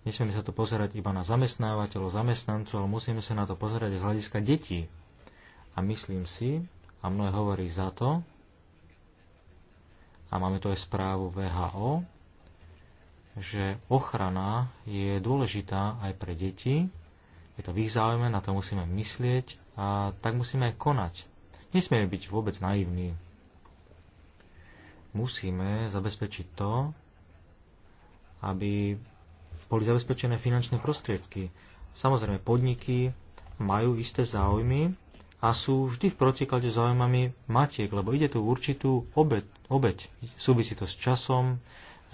Nesmieme sa to pozerať iba na zamestnávateľov, zamestnancov, ale musíme sa na to pozerať z hľadiska detí. A myslím si, a mnohé hovorí za to, a máme tu aj správu VHO, že ochrana je dôležitá aj pre deti, je to v ich záujme, na to musíme myslieť a tak musíme aj konať. Nesmieme byť vôbec naivní. Musíme zabezpečiť to, aby boli zabezpečené finančné prostriedky. Samozrejme, podniky majú isté záujmy a sú vždy v protiklade záujmami matiek, lebo ide tu určitú obeď. obeď. Súvisí to s časom,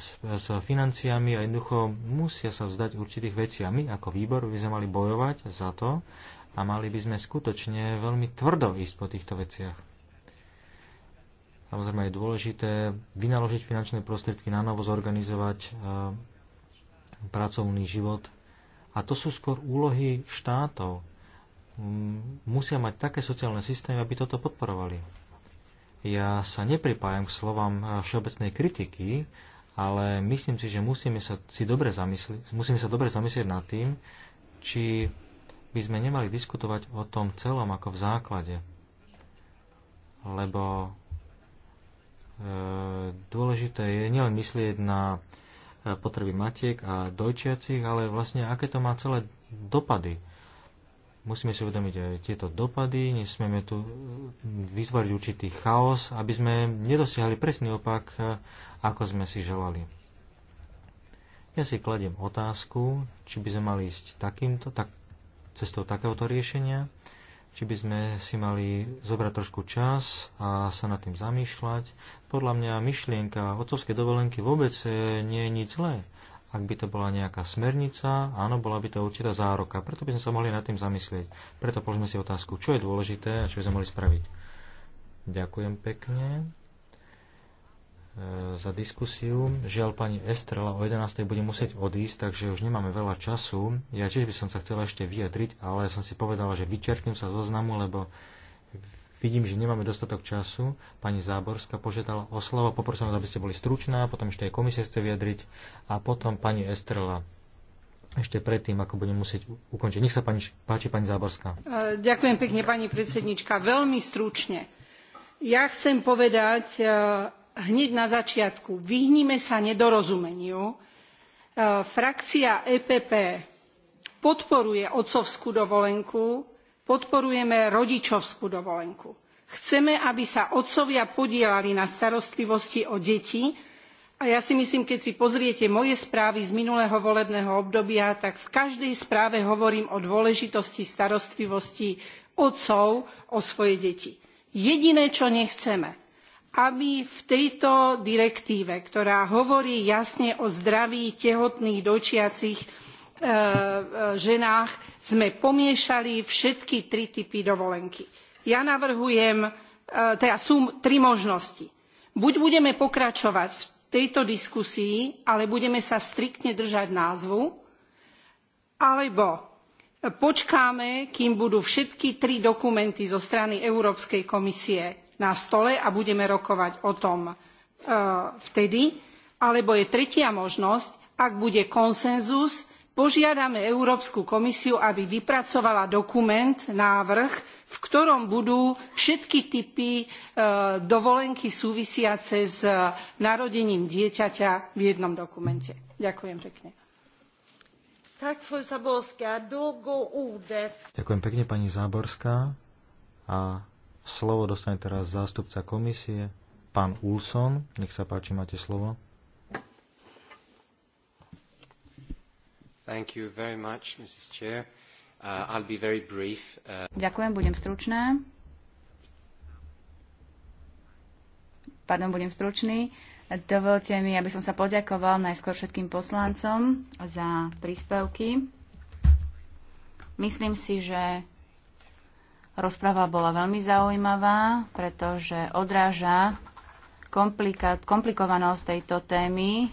s, s financiami a jednoducho musia sa vzdať určitých vecí. A my ako výbor by sme mali bojovať za to a mali by sme skutočne veľmi tvrdo ísť po týchto veciach. Samozrejme je dôležité vynaložiť finančné prostriedky, na novo zorganizovať pracovný život. A to sú skôr úlohy štátov. Musia mať také sociálne systémy, aby toto podporovali. Ja sa nepripájam k slovám e, všeobecnej kritiky, ale myslím si, že musíme sa, si dobre zamysli- musíme sa dobre zamyslieť nad tým, či by sme nemali diskutovať o tom celom ako v základe. Lebo e, dôležité je nielen myslieť na E, potreby matiek a dojčiacich, ale vlastne aké to má celé dopady. Musíme si uvedomiť aj tieto dopady, nesmieme tu e, vytvoriť určitý chaos, aby sme nedosiahli presný opak, e, ako sme si želali. Ja si kladiem otázku, či by sme mali ísť takýmto, tak, cestou takéhoto riešenia, či by sme si mali zobrať trošku čas a sa nad tým zamýšľať. Podľa mňa myšlienka otcovskej dovolenky vôbec e, nie je nič zlé. Ak by to bola nejaká smernica, áno, bola by to určitá zároka. Preto by sme sa mohli nad tým zamyslieť. Preto položme si otázku, čo je dôležité a čo by sme mohli spraviť. Ďakujem pekne. E, za diskusiu. Žiaľ, pani Estrela o 11. bude musieť odísť, takže už nemáme veľa času. Ja tiež by som sa chcela ešte vyjadriť, ale som si povedala, že vyčerknem sa zoznamu, lebo vidím, že nemáme dostatok času. Pani Záborská požiadala o slovo, poprosím vás, aby ste boli stručná, potom ešte aj komisia chce vyjadriť a potom pani Estrela ešte predtým, ako budem musieť ukončiť. Nech sa pani, páči, pani Záborská. E, ďakujem pekne, pani predsednička. Veľmi stručne. Ja chcem povedať, e, hneď na začiatku vyhnime sa nedorozumeniu e, frakcia epp podporuje otcovskú dovolenku podporujeme rodičovskú dovolenku chceme aby sa otcovia podieľali na starostlivosti o deti a ja si myslím keď si pozriete moje správy z minulého volebného obdobia tak v každej správe hovorím o dôležitosti starostlivosti otcov o svoje deti. jediné čo nechceme aby v tejto direktíve, ktorá hovorí jasne o zdraví tehotných dočiacich e, e, ženách, sme pomiešali všetky tri typy dovolenky. Ja navrhujem, e, teda sú tri možnosti. Buď budeme pokračovať v tejto diskusii, ale budeme sa striktne držať názvu, alebo počkáme, kým budú všetky tri dokumenty zo strany Európskej komisie na stole a budeme rokovať o tom e, vtedy alebo je tretia možnosť ak bude konsenzus požiadame európsku komisiu aby vypracovala dokument návrh v ktorom budú všetky typy e, dovolenky súvisiace s narodením dieťaťa v jednom dokumente. ďakujem pekne. Ďakujem pekne pani Záborská a Slovo dostane teraz zástupca komisie, pán Ulson. Nech sa páči, máte slovo. Thank you very much, Mrs. Chair. Uh, I'll be very brief. Uh... Ďakujem, budem stručná. Pardon, budem stručný. Dovolte mi, aby som sa poďakoval najskôr všetkým poslancom za príspevky. Myslím si, že Rozprava bola veľmi zaujímavá, pretože odráža komplikovanosť tejto témy.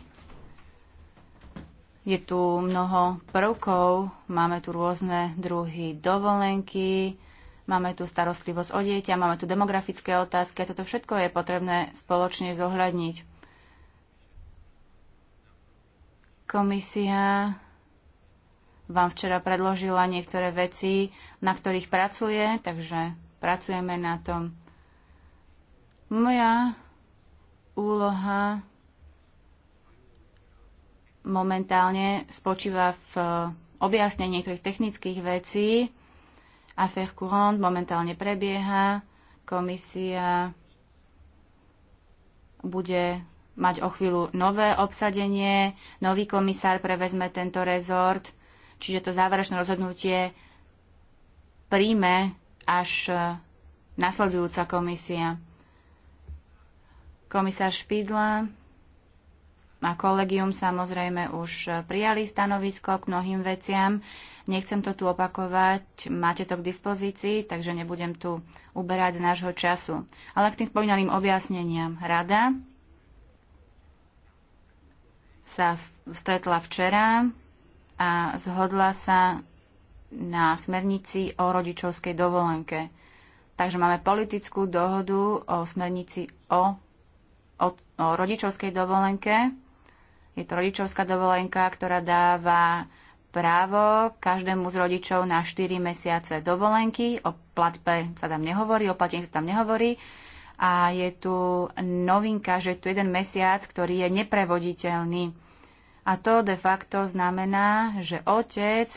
Je tu mnoho prvkov, máme tu rôzne druhy dovolenky, máme tu starostlivosť o dieťa, máme tu demografické otázky a toto všetko je potrebné spoločne zohľadniť. Komisia vám včera predložila niektoré veci, na ktorých pracuje, takže pracujeme na tom. Moja úloha momentálne spočíva v objasnení niektorých technických vecí. Affaire Courant momentálne prebieha. Komisia bude mať o chvíľu nové obsadenie. Nový komisár prevezme tento rezort Čiže to záverečné rozhodnutie príjme až e, nasledujúca komisia. Komisár Špidla a kolegium samozrejme už e, prijali stanovisko k mnohým veciam. Nechcem to tu opakovať, máte to k dispozícii, takže nebudem tu uberať z nášho času. Ale k tým spomínaným objasneniam. Rada sa stretla včera a zhodla sa na smernici o rodičovskej dovolenke. Takže máme politickú dohodu o smernici o, o, o rodičovskej dovolenke. Je to rodičovská dovolenka, ktorá dáva právo každému z rodičov na 4 mesiace dovolenky. O platbe sa tam nehovorí, o platení sa tam nehovorí. A je tu novinka, že je tu jeden mesiac, ktorý je neprevoditeľný a to de facto znamená, že otec,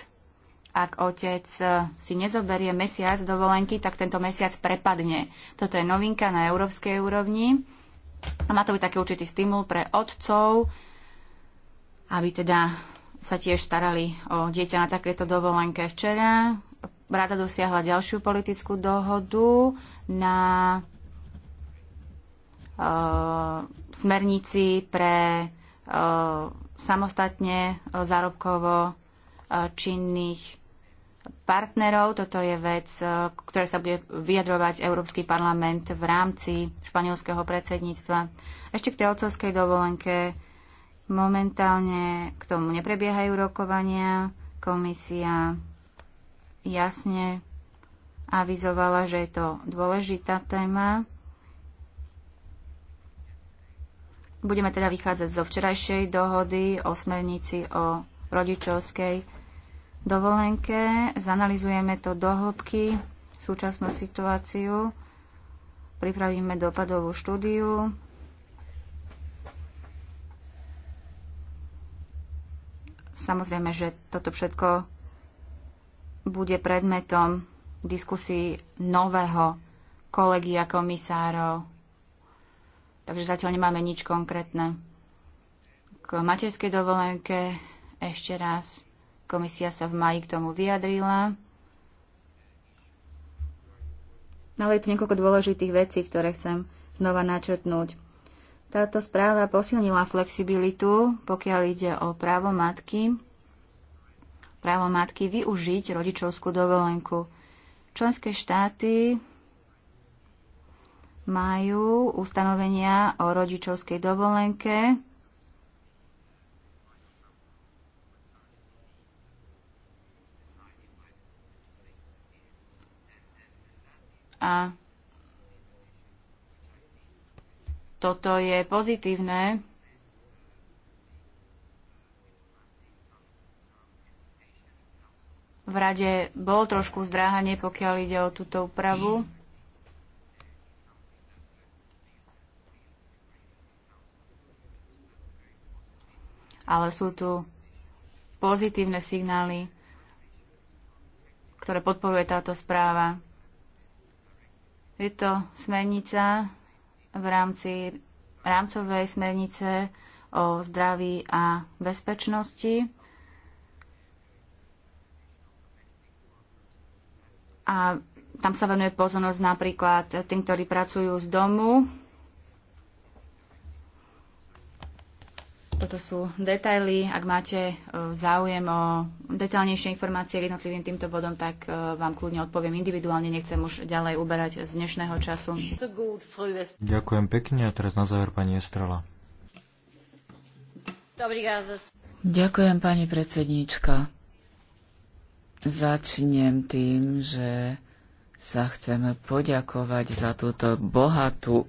ak otec e, si nezoberie mesiac dovolenky, tak tento mesiac prepadne. Toto je novinka na európskej úrovni. A má to byť taký určitý stimul pre otcov, aby teda sa tiež starali o dieťa na takéto dovolenke. Včera rada dosiahla ďalšiu politickú dohodu na e, smernici pre e, samostatne e, zárobkovo e, činných partnerov. Toto je vec, e, ktoré sa bude vyjadrovať Európsky parlament v rámci španielského predsedníctva. Ešte k tej otcovskej dovolenke. Momentálne k tomu neprebiehajú rokovania. Komisia jasne avizovala, že je to dôležitá téma Budeme teda vychádzať zo včerajšej dohody o smernici o rodičovskej dovolenke. Zanalizujeme to do hĺbky, súčasnú situáciu, pripravíme dopadovú štúdiu, Samozrejme, že toto všetko bude predmetom diskusí nového kolegia komisárov Takže zatiaľ nemáme nič konkrétne. K materskej dovolenke ešte raz. Komisia sa v maji k tomu vyjadrila. Ale je tu niekoľko dôležitých vecí, ktoré chcem znova načrtnúť. Táto správa posilnila flexibilitu, pokiaľ ide o právo matky, právo matky využiť rodičovskú dovolenku. Členské štáty majú ustanovenia o rodičovskej dovolenke, A toto je pozitívne. V rade bolo trošku zdráhanie, pokiaľ ide o túto úpravu. ale sú tu pozitívne signály, ktoré podporuje táto správa. Je to smernica v rámci rámcovej smernice o zdraví a bezpečnosti. A tam sa venuje pozornosť napríklad tým, ktorí pracujú z domu, Toto sú detaily. Ak máte e, záujem o detailnejšie informácie k jednotlivým týmto bodom, tak e, vám kľudne odpoviem individuálne. Nechcem už ďalej uberať z dnešného času. Ďakujem pekne a teraz na záver pani Estrela. Ďakujem pani predsedníčka. Začnem tým, že sa chceme poďakovať za túto bohatú,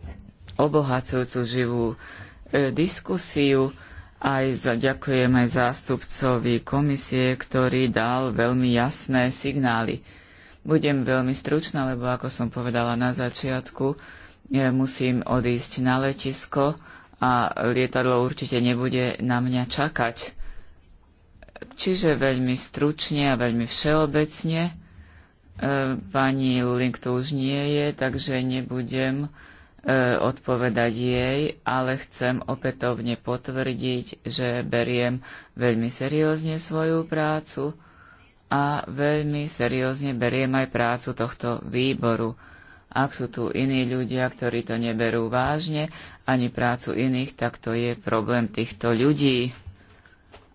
obohacujúcu živú e, diskusiu. Aj za, ďakujem aj zástupcovi komisie, ktorý dal veľmi jasné signály. Budem veľmi stručná, lebo ako som povedala na začiatku, ja musím odísť na letisko a lietadlo určite nebude na mňa čakať. Čiže veľmi stručne a veľmi všeobecne. E, pani Luling tu už nie je, takže nebudem E, odpovedať jej, ale chcem opätovne potvrdiť, že beriem veľmi seriózne svoju prácu a veľmi seriózne beriem aj prácu tohto výboru. Ak sú tu iní ľudia, ktorí to neberú vážne, ani prácu iných, tak to je problém týchto ľudí.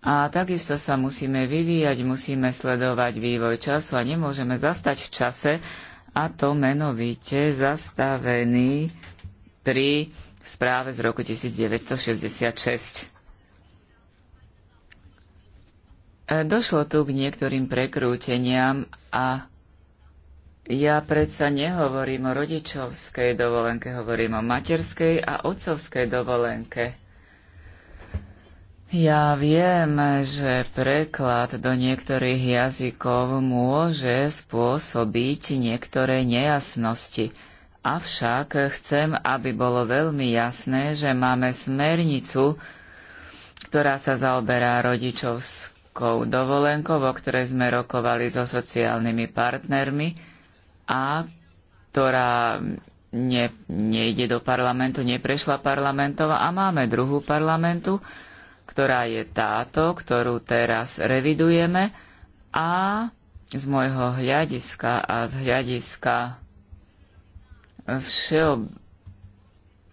A takisto sa musíme vyvíjať, musíme sledovať vývoj času a nemôžeme zastať v čase, a to menovite zastavený pri správe z roku 1966. E, došlo tu k niektorým prekrúteniam a ja predsa nehovorím o rodičovskej dovolenke, hovorím o materskej a otcovskej dovolenke. Ja viem, že preklad do niektorých jazykov môže spôsobiť niektoré nejasnosti. Avšak chcem, aby bolo veľmi jasné, že máme smernicu, ktorá sa zaoberá rodičovskou dovolenkou, o ktorej sme rokovali so sociálnymi partnermi a ktorá ne, nejde do parlamentu, neprešla parlamentom a máme druhú parlamentu, ktorá je táto, ktorú teraz revidujeme a z môjho hľadiska a z hľadiska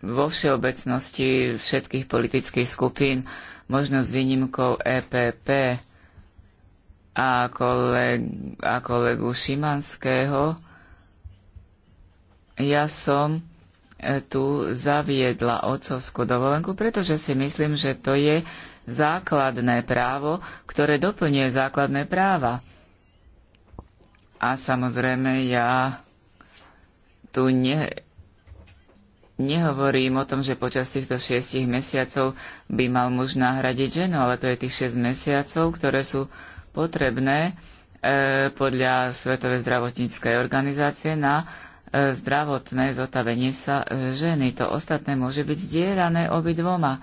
vo všeobecnosti všetkých politických skupín, možno s výnimkou EPP a, koleg, a kolegu Šimanského, ja som e, tu zaviedla otcovskú dovolenku, pretože si myslím, že to je základné právo, ktoré doplňuje základné práva. A samozrejme ja tu ne, nehovorím o tom, že počas týchto šiestich mesiacov by mal muž nahradiť ženu, ale to je tých 6 mesiacov, ktoré sú potrebné e, podľa Svetovej zdravotníckej organizácie na e, zdravotné zotavenie sa e, ženy. To ostatné môže byť zdierané obidvoma.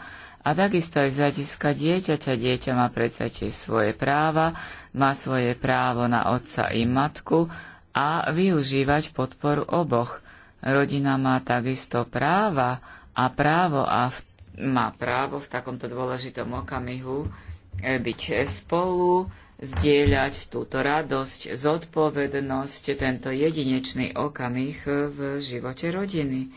A takisto aj z hľadiska dieťaťa. Dieťa má predsa tiež svoje práva, má svoje právo na otca i matku a využívať podporu oboch. Rodina má takisto práva a právo a v, má právo v takomto dôležitom okamihu e, byť spolu, zdieľať túto radosť, zodpovednosť, tento jedinečný okamih v živote rodiny.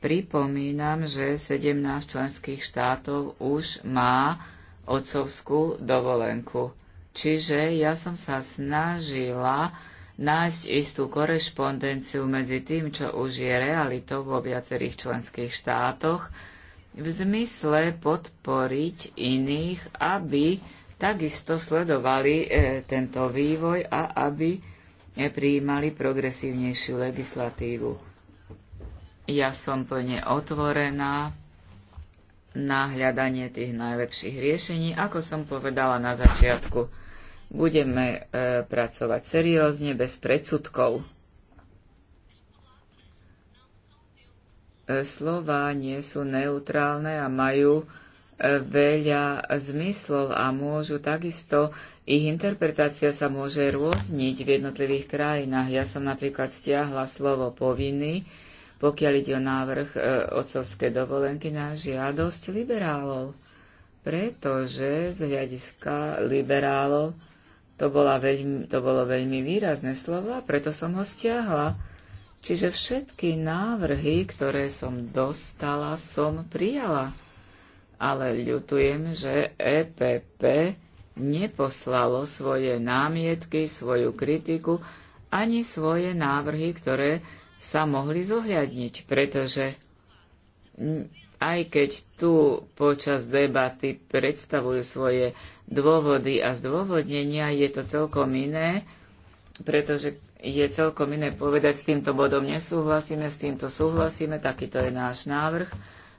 Pripomínam, že 17 členských štátov už má otcovskú dovolenku. Čiže ja som sa snažila nájsť istú korešpondenciu medzi tým, čo už je realitou vo viacerých členských štátoch, v zmysle podporiť iných, aby takisto sledovali e, tento vývoj a aby e, prijímali progresívnejšiu legislatívu. Ja som plne otvorená na hľadanie tých najlepších riešení, ako som povedala na začiatku. Budeme e, pracovať seriózne, bez predsudkov. E, slova nie sú neutrálne a majú e, veľa zmyslov a môžu takisto, ich interpretácia sa môže rôzniť v jednotlivých krajinách. Ja som napríklad stiahla slovo povinný, pokiaľ ide o návrh e, dovolenky na žiadosť liberálov. Pretože z hľadiska liberálov to, bola veľmi, to bolo veľmi výrazné slovo a preto som ho stiahla. Čiže všetky návrhy, ktoré som dostala, som prijala. Ale ľutujem, že EPP neposlalo svoje námietky, svoju kritiku, ani svoje návrhy, ktoré sa mohli zohľadniť, pretože aj keď tu počas debaty predstavujú svoje dôvody a zdôvodnenia, je to celkom iné, pretože je celkom iné povedať, s týmto bodom nesúhlasíme, s týmto súhlasíme, takýto je náš návrh,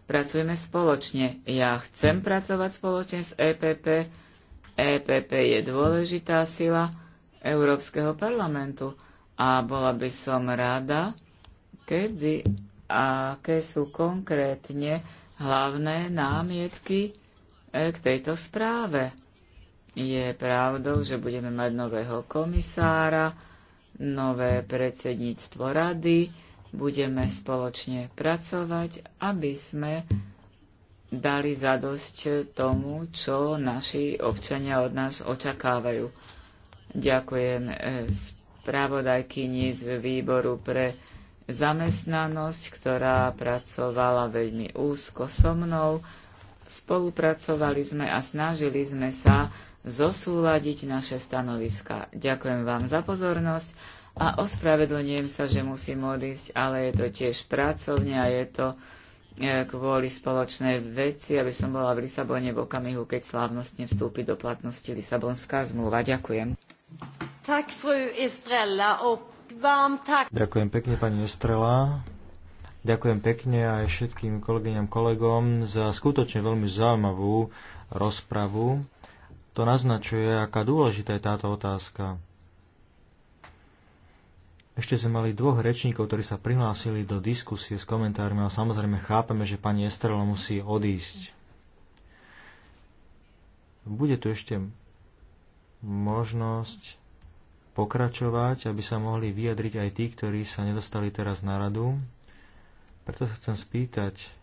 pracujeme spoločne. Ja chcem pracovať spoločne s EPP, EPP je dôležitá sila Európskeho parlamentu a bola by som rada, keby a aké sú konkrétne hlavné námietky e, k tejto správe. Je pravdou, že budeme mať nového komisára, nové predsedníctvo rady, budeme spoločne pracovať, aby sme dali zadosť tomu, čo naši občania od nás očakávajú. Ďakujem e, spravodajkyni z výboru pre zamestnanosť, ktorá pracovala veľmi úzko so mnou. Spolupracovali sme a snažili sme sa zosúladiť naše stanoviska. Ďakujem vám za pozornosť a ospravedlňujem sa, že musím odísť, ale je to tiež pracovne a je to e, kvôli spoločnej veci, aby som bola v Lisabone v okamihu, keď slávnostne vstúpi do platnosti Lisabonská zmluva. Ďakujem. Tak, fru Estrella, op vám tak... Ďakujem pekne, pani Estrela. Ďakujem pekne aj všetkým kolegyňam, kolegom za skutočne veľmi zaujímavú rozpravu. To naznačuje, aká dôležitá je táto otázka. Ešte sme mali dvoch rečníkov, ktorí sa prihlásili do diskusie s komentármi, ale samozrejme chápeme, že pani Estrela musí odísť. Bude tu ešte možnosť pokračovať, aby sa mohli vyjadriť aj tí, ktorí sa nedostali teraz na radu. Preto sa chcem spýtať,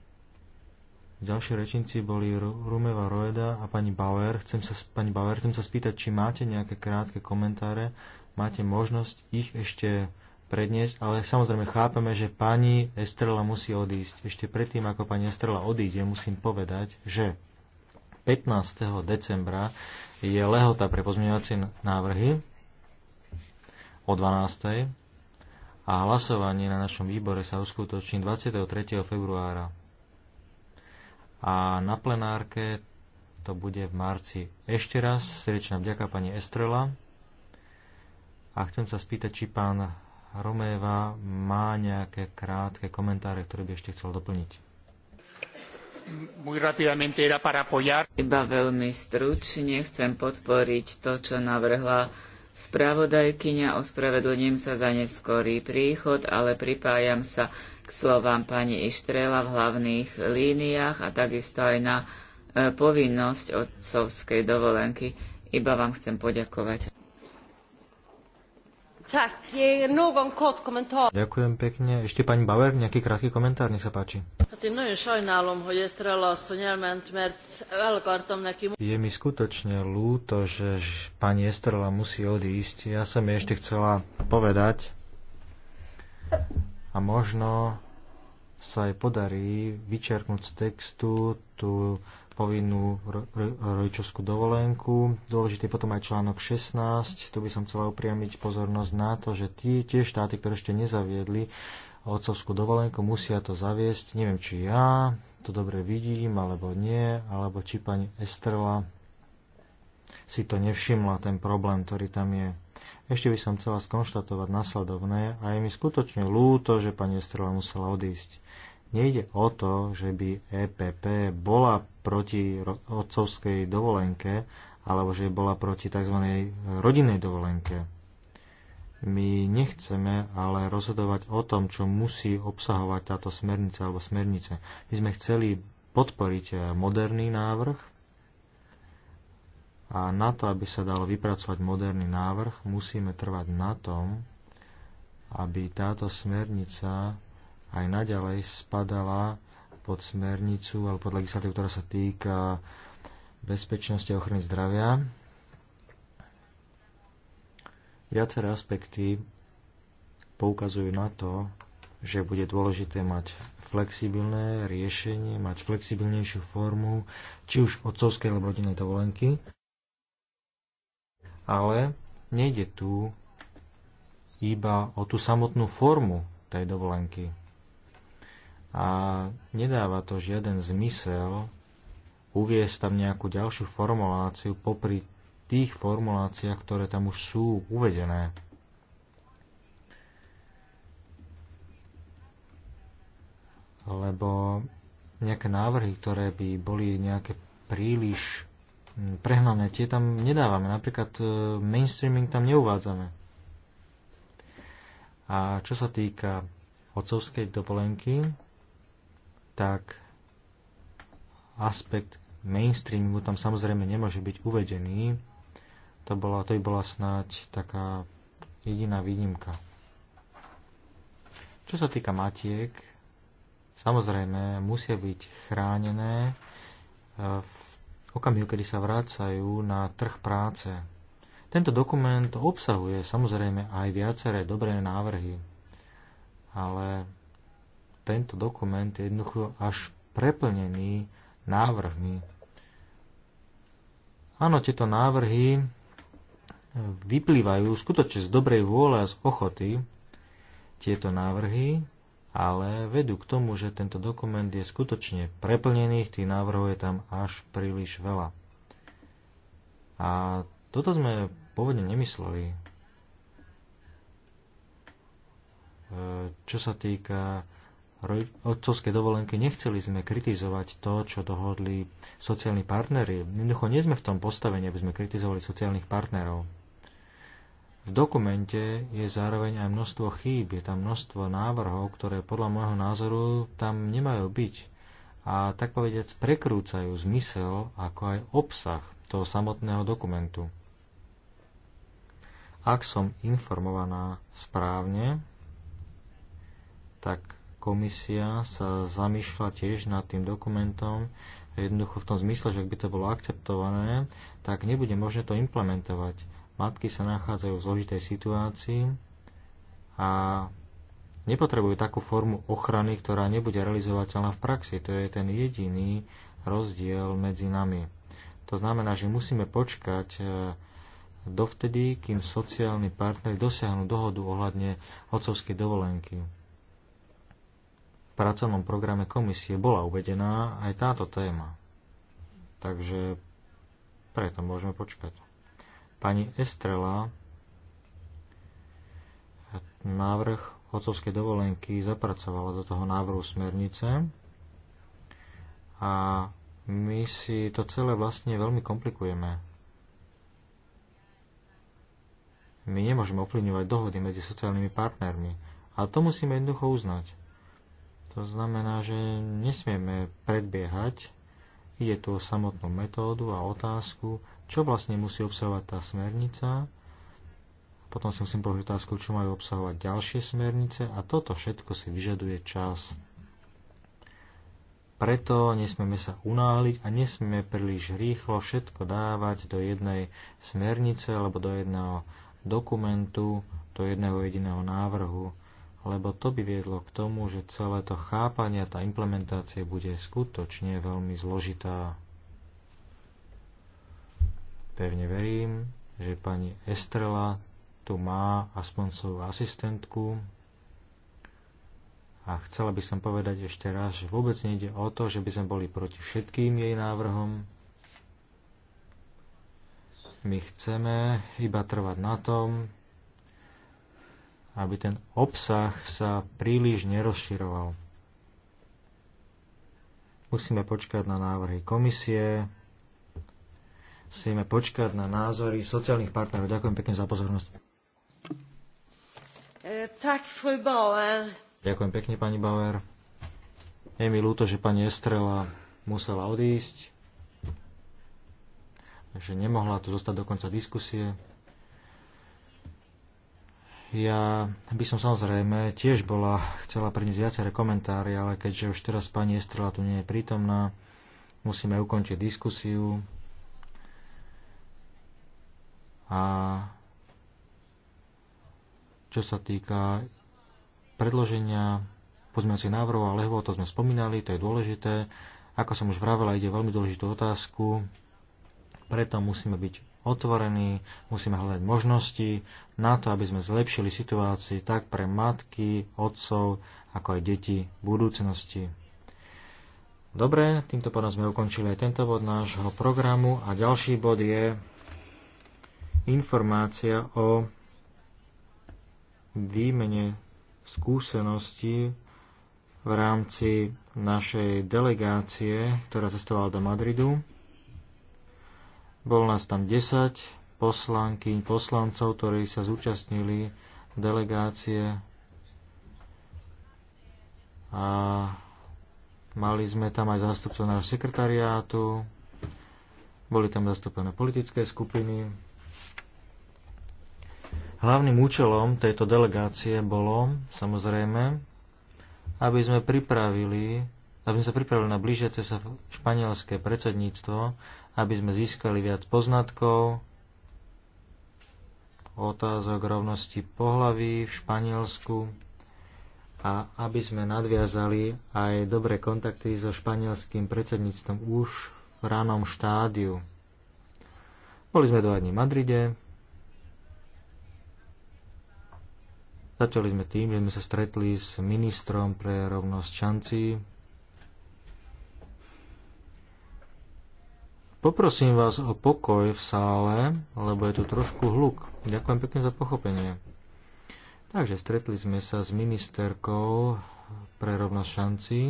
Ďalšie rečníci boli Rumeva Roeda a pani Bauer. Chcem sa, pani Bauer, chcem sa spýtať, či máte nejaké krátke komentáre, máte možnosť ich ešte predniesť, ale samozrejme chápeme, že pani Estrela musí odísť. Ešte predtým, ako pani Estrela odíde, musím povedať, že 15. decembra je lehota pre pozmeňovacie návrhy o 12. a hlasovanie na našom výbore sa uskutoční 23. februára. A na plenárke to bude v marci. Ešte raz srdečná vďaka pani Estrela a chcem sa spýtať, či pán Roméva má nejaké krátke komentáre, ktoré by ešte chcel doplniť. Iba veľmi stručne chcem podporiť to, čo navrhla Spravodajkyňa, ospravedlňujem sa za neskorý príchod, ale pripájam sa k slovám pani Ištrela v hlavných líniách a takisto aj na e, povinnosť otcovskej dovolenky. Iba vám chcem poďakovať. Tak, je komentár. Ďakujem pekne. Ešte pani Bauer, nejaký krátky komentár, nech sa páči. Je mi skutočne ľúto, že pani Estrela musí odísť. Ja som jej ešte chcela povedať a možno sa aj podarí vyčerknúť z textu tú povinnú rodičovskú dovolenku. Dôležitý je potom aj článok 16. Tu by som chcela upriamiť pozornosť na to, že tie, tie štáty, ktoré ešte nezaviedli otcovskú dovolenku, musia to zaviesť. Neviem, či ja to dobre vidím, alebo nie, alebo či pani Estrela si to nevšimla, ten problém, ktorý tam je. Ešte by som chcela skonštatovať nasledovné a je mi skutočne lúto, že pani Estrela musela odísť. Nejde o to, že by EPP bola proti otcovskej dovolenke, alebo že bola proti tzv. rodinnej dovolenke. My nechceme ale rozhodovať o tom, čo musí obsahovať táto smernica alebo smernice. My sme chceli podporiť eh, moderný návrh a na to, aby sa dalo vypracovať moderný návrh, musíme trvať na tom, aby táto smernica aj naďalej spadala pod smernicu alebo pod legislatívu, ktorá sa týka bezpečnosti a ochrany zdravia. Viaceré aspekty poukazujú na to, že bude dôležité mať flexibilné riešenie, mať flexibilnejšiu formu, či už otcovskej alebo rodinnej dovolenky. Ale nejde tu iba o tú samotnú formu tej dovolenky a nedáva to žiaden zmysel uviesť tam nejakú ďalšiu formuláciu popri tých formuláciách, ktoré tam už sú uvedené. Lebo nejaké návrhy, ktoré by boli nejaké príliš prehnané, tie tam nedávame. Napríklad e, mainstreaming tam neuvádzame. A čo sa týka otcovskej dovolenky, tak aspekt mainstreamu tam samozrejme nemôže byť uvedený. To, bola, to by bola snáď taká jediná výnimka. Čo sa týka matiek, samozrejme musia byť chránené e, v okamihu, kedy sa vrácajú na trh práce. Tento dokument obsahuje samozrejme aj viaceré dobré návrhy, ale tento dokument je jednoducho až preplnený návrhmi. Áno, tieto návrhy vyplývajú skutočne z dobrej vôle a z ochoty tieto návrhy, ale vedú k tomu, že tento dokument je skutočne preplnený, tých návrhov je tam až príliš veľa. A toto sme pôvodne nemysleli. E, čo sa týka otcovskej dovolenke nechceli sme kritizovať to, čo dohodli sociálni partnery. Jednoducho nie sme v tom postavení, aby sme kritizovali sociálnych partnerov. V dokumente je zároveň aj množstvo chýb, je tam množstvo návrhov, ktoré podľa môjho názoru tam nemajú byť. A tak povediac prekrúcajú zmysel ako aj obsah toho samotného dokumentu. Ak som informovaná správne, tak komisia sa zamýšľa tiež nad tým dokumentom, jednoducho v tom zmysle, že ak by to bolo akceptované, tak nebude možné to implementovať. Matky sa nachádzajú v zložitej situácii a nepotrebujú takú formu ochrany, ktorá nebude realizovateľná v praxi. To je ten jediný rozdiel medzi nami. To znamená, že musíme počkať e, dovtedy, kým sociálni partneri dosiahnu dohodu ohľadne otcovskej dovolenky pracovnom programe komisie bola uvedená aj táto téma. Takže preto môžeme počkať. Pani Estrela návrh otcovskej dovolenky zapracovala do toho návrhu smernice a my si to celé vlastne veľmi komplikujeme. My nemôžeme ovplyvňovať dohody medzi sociálnymi partnermi a to musíme jednoducho uznať. To znamená, že nesmieme predbiehať. Ide tu o samotnú metódu a otázku, čo vlastne musí obsahovať tá smernica. Potom si musím položiť otázku, čo majú obsahovať ďalšie smernice a toto všetko si vyžaduje čas. Preto nesmieme sa unáliť a nesmieme príliš rýchlo všetko dávať do jednej smernice alebo do jedného dokumentu, do jedného jediného návrhu lebo to by viedlo k tomu, že celé to chápanie a tá implementácia bude skutočne veľmi zložitá. Pevne verím, že pani Estrela tu má aspoň svoju asistentku. A chcela by som povedať ešte raz, že vôbec nejde o to, že by sme boli proti všetkým jej návrhom. My chceme iba trvať na tom, aby ten obsah sa príliš nerozširoval. Musíme počkať na návrhy komisie, musíme počkať na názory sociálnych partnerov. Ďakujem pekne za pozornosť. E, tak, fru Bauer. Ďakujem pekne, pani Bauer. Je mi ľúto, že pani Estrela musela odísť, takže nemohla tu zostať do konca diskusie. Ja by som samozrejme tiež bola, chcela priniesť viaceré komentári, ale keďže už teraz pani Estrela tu nie je prítomná, musíme ukončiť diskusiu. A čo sa týka predloženia pozmeňovacích návrhov a lehvo, to sme spomínali, to je dôležité. Ako som už vravela, ide veľmi dôležitú otázku, preto musíme byť otvorení, musíme hľadať možnosti na to, aby sme zlepšili situáciu tak pre matky, otcov, ako aj deti v budúcnosti. Dobre, týmto pádom sme ukončili aj tento bod nášho programu a ďalší bod je informácia o výmene skúseností v rámci našej delegácie, ktorá cestovala do Madridu. Bolo nás tam 10 poslanky, poslancov, ktorí sa zúčastnili delegácie a mali sme tam aj zástupcov nášho sekretariátu, boli tam zastúpené politické skupiny. Hlavným účelom tejto delegácie bolo, samozrejme, aby sme pripravili aby sme sa pripravili na blížiace sa španielské predsedníctvo aby sme získali viac poznatkov, otázok rovnosti pohlaví v Španielsku a aby sme nadviazali aj dobré kontakty so španielským predsedníctvom už v ranom štádiu. Boli sme dva dní v Madride. Začali sme tým, že sme sa stretli s ministrom pre rovnosť šancí Poprosím vás o pokoj v sále, lebo je tu trošku hluk. Ďakujem pekne za pochopenie. Takže stretli sme sa s ministerkou pre rovnosť šancí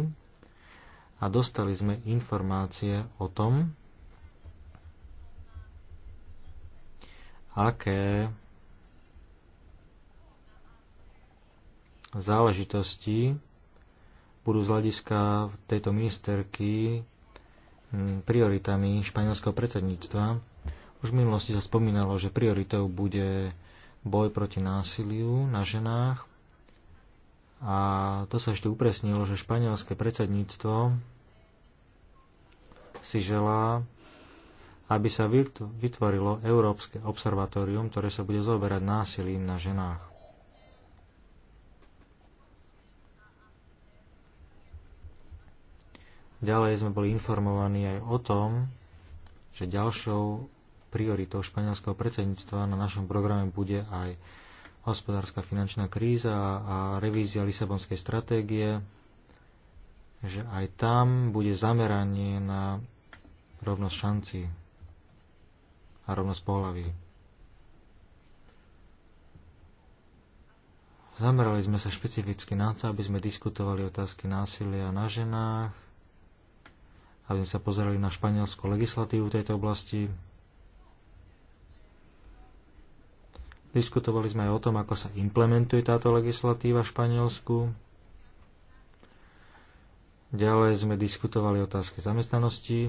a dostali sme informácie o tom, aké záležitosti budú z hľadiska tejto ministerky prioritami španielského predsedníctva. Už v minulosti sa spomínalo, že prioritou bude boj proti násiliu na ženách a to sa ešte upresnilo, že španielské predsedníctvo si želá, aby sa vytvorilo Európske observatórium, ktoré sa bude zoberať násilím na ženách. Ďalej sme boli informovaní aj o tom, že ďalšou prioritou španielského predsedníctva na našom programe bude aj hospodárska finančná kríza a revízia Lisabonskej stratégie, že aj tam bude zameranie na rovnosť šanci a rovnosť pohlaví. Zamerali sme sa špecificky na to, aby sme diskutovali otázky násilia na ženách, aby sme sa pozerali na španielskú legislatívu v tejto oblasti. Diskutovali sme aj o tom, ako sa implementuje táto legislatíva v Španielsku. Ďalej sme diskutovali otázky zamestnanosti,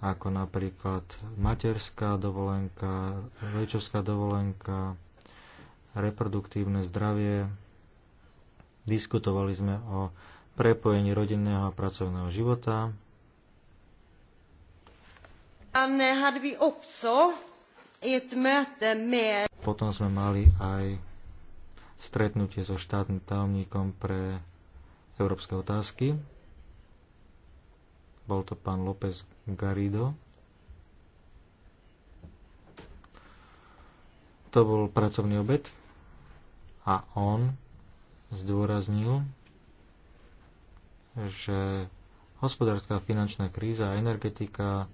ako napríklad materská dovolenka, rodičovská dovolenka, reproduktívne zdravie. Diskutovali sme o prepojení rodinného a pracovného života, potom sme mali aj stretnutie so štátnym tajomníkom pre európske otázky. Bol to pán López Garrido. To bol pracovný obed a on zdôraznil, že hospodárska a finančná kríza a energetika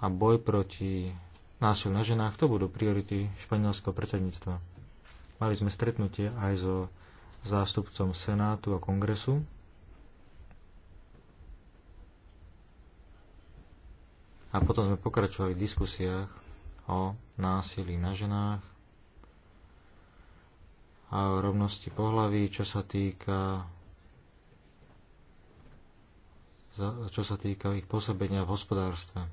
a boj proti násil na ženách, to budú priority španielského predsedníctva. Mali sme stretnutie aj so zástupcom Senátu a Kongresu. A potom sme pokračovali v diskusiách o násilí na ženách a o rovnosti pohlaví, čo sa týka čo sa týka ich pôsobenia v hospodárstve.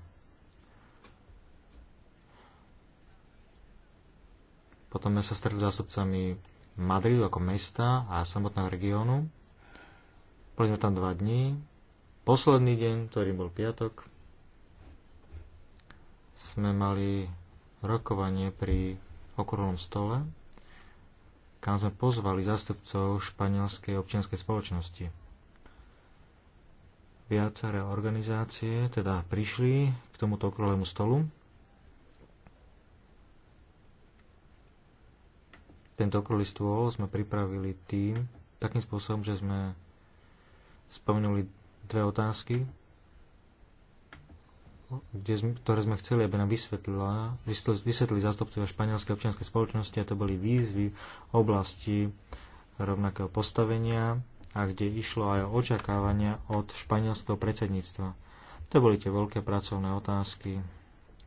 Potom sme sa stretli s zástupcami Madridu ako mesta a samotného regiónu. Boli sme tam dva dní. Posledný deň, ktorý bol piatok, sme mali rokovanie pri okrúhlom stole, kam sme pozvali zástupcov španielskej občianskej spoločnosti. Viaceré organizácie teda prišli k tomuto okrúhlemu stolu Tento okrúhly stôl sme pripravili tým, takým spôsobom, že sme spomenuli dve otázky, kde sme, ktoré sme chceli, aby nám vysvetlila, vysvetlili zástupcovia španielskej občianskej spoločnosti a to boli výzvy oblasti rovnakého postavenia a kde išlo aj o očakávania od španielského predsedníctva. To boli tie veľké pracovné otázky,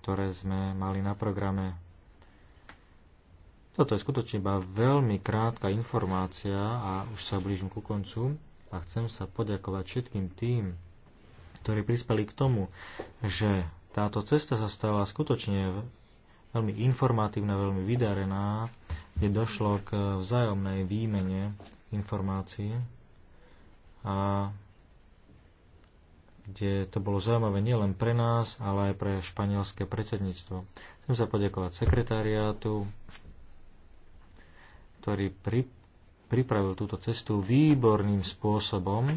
ktoré sme mali na programe toto je skutočne iba veľmi krátka informácia a už sa blížim ku koncu a chcem sa poďakovať všetkým tým, ktorí prispeli k tomu, že táto cesta sa stala skutočne veľmi informatívna, veľmi vydarená, kde došlo k vzájomnej výmene informácií a kde to bolo zaujímavé nielen pre nás, ale aj pre španielské predsedníctvo. Chcem sa poďakovať sekretariátu, ktorý pri, pripravil túto cestu výborným spôsobom.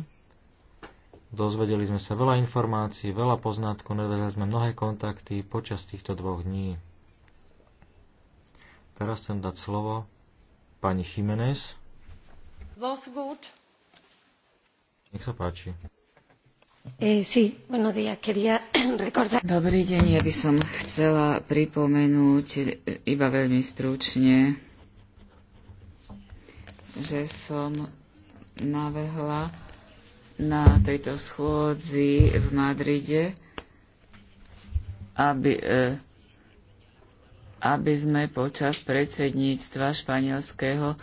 Dozvedeli sme sa veľa informácií, veľa poznatkov, nadviazali sme mnohé kontakty počas týchto dvoch dní. Teraz chcem dať slovo pani Jiménez. Nech sa páči. Eh, Dobrý deň, ja by som chcela pripomenúť iba veľmi stručne že som navrhla na tejto schôdzi v Madride, aby, e, aby sme počas predsedníctva španielského e,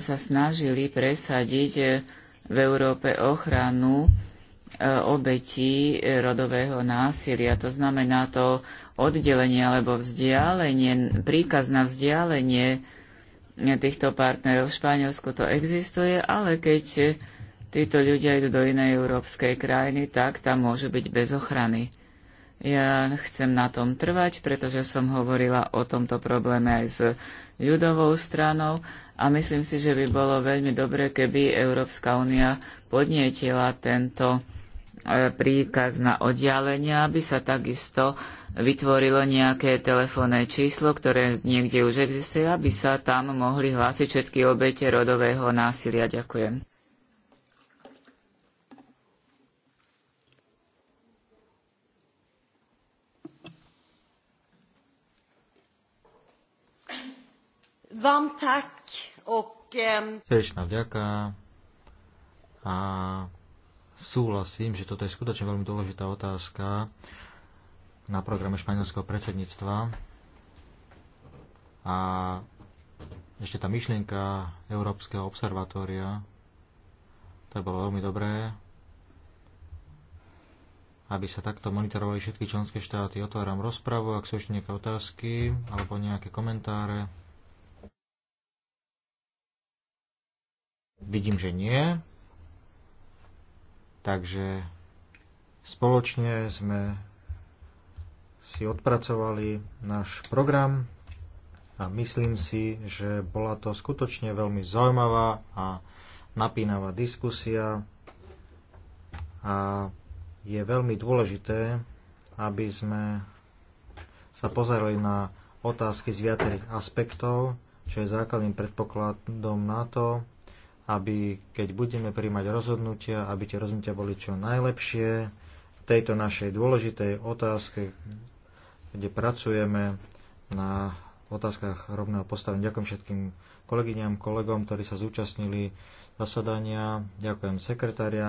sa snažili presadiť e, v Európe ochranu obetí rodového násilia. To znamená to oddelenie alebo vzdialenie, príkaz na vzdialenie týchto partnerov. V Španielsku to existuje, ale keď títo ľudia idú do inej európskej krajiny, tak tam môžu byť bez ochrany. Ja chcem na tom trvať, pretože som hovorila o tomto probléme aj s ľudovou stranou a myslím si, že by bolo veľmi dobre, keby Európska únia podnietila tento E, príkaz na oddialenie, aby sa takisto vytvorilo nejaké telefónne číslo, ktoré niekde už existuje, aby sa tam mohli hlásiť všetky obete rodového násilia. Ďakujem. Vám tak, ok. Srdečná vďaka a súhlasím, že toto je skutočne veľmi dôležitá otázka na programe španielského predsedníctva. A ešte tá myšlienka Európskeho observatória, to bolo veľmi dobré, aby sa takto monitorovali všetky členské štáty. Otváram rozpravu, ak sú ešte nejaké otázky alebo nejaké komentáre. Vidím, že nie. Takže spoločne sme si odpracovali náš program a myslím si, že bola to skutočne veľmi zaujímavá a napínavá diskusia a je veľmi dôležité, aby sme sa pozerali na otázky z viacerých aspektov, čo je základným predpokladom na to, aby keď budeme príjmať rozhodnutia, aby tie rozhodnutia boli čo najlepšie v tejto našej dôležitej otázke, kde pracujeme na otázkach rovného postavenia. Ďakujem všetkým kolegyňam, kolegom, ktorí sa zúčastnili zasadania. Ďakujem sekretária.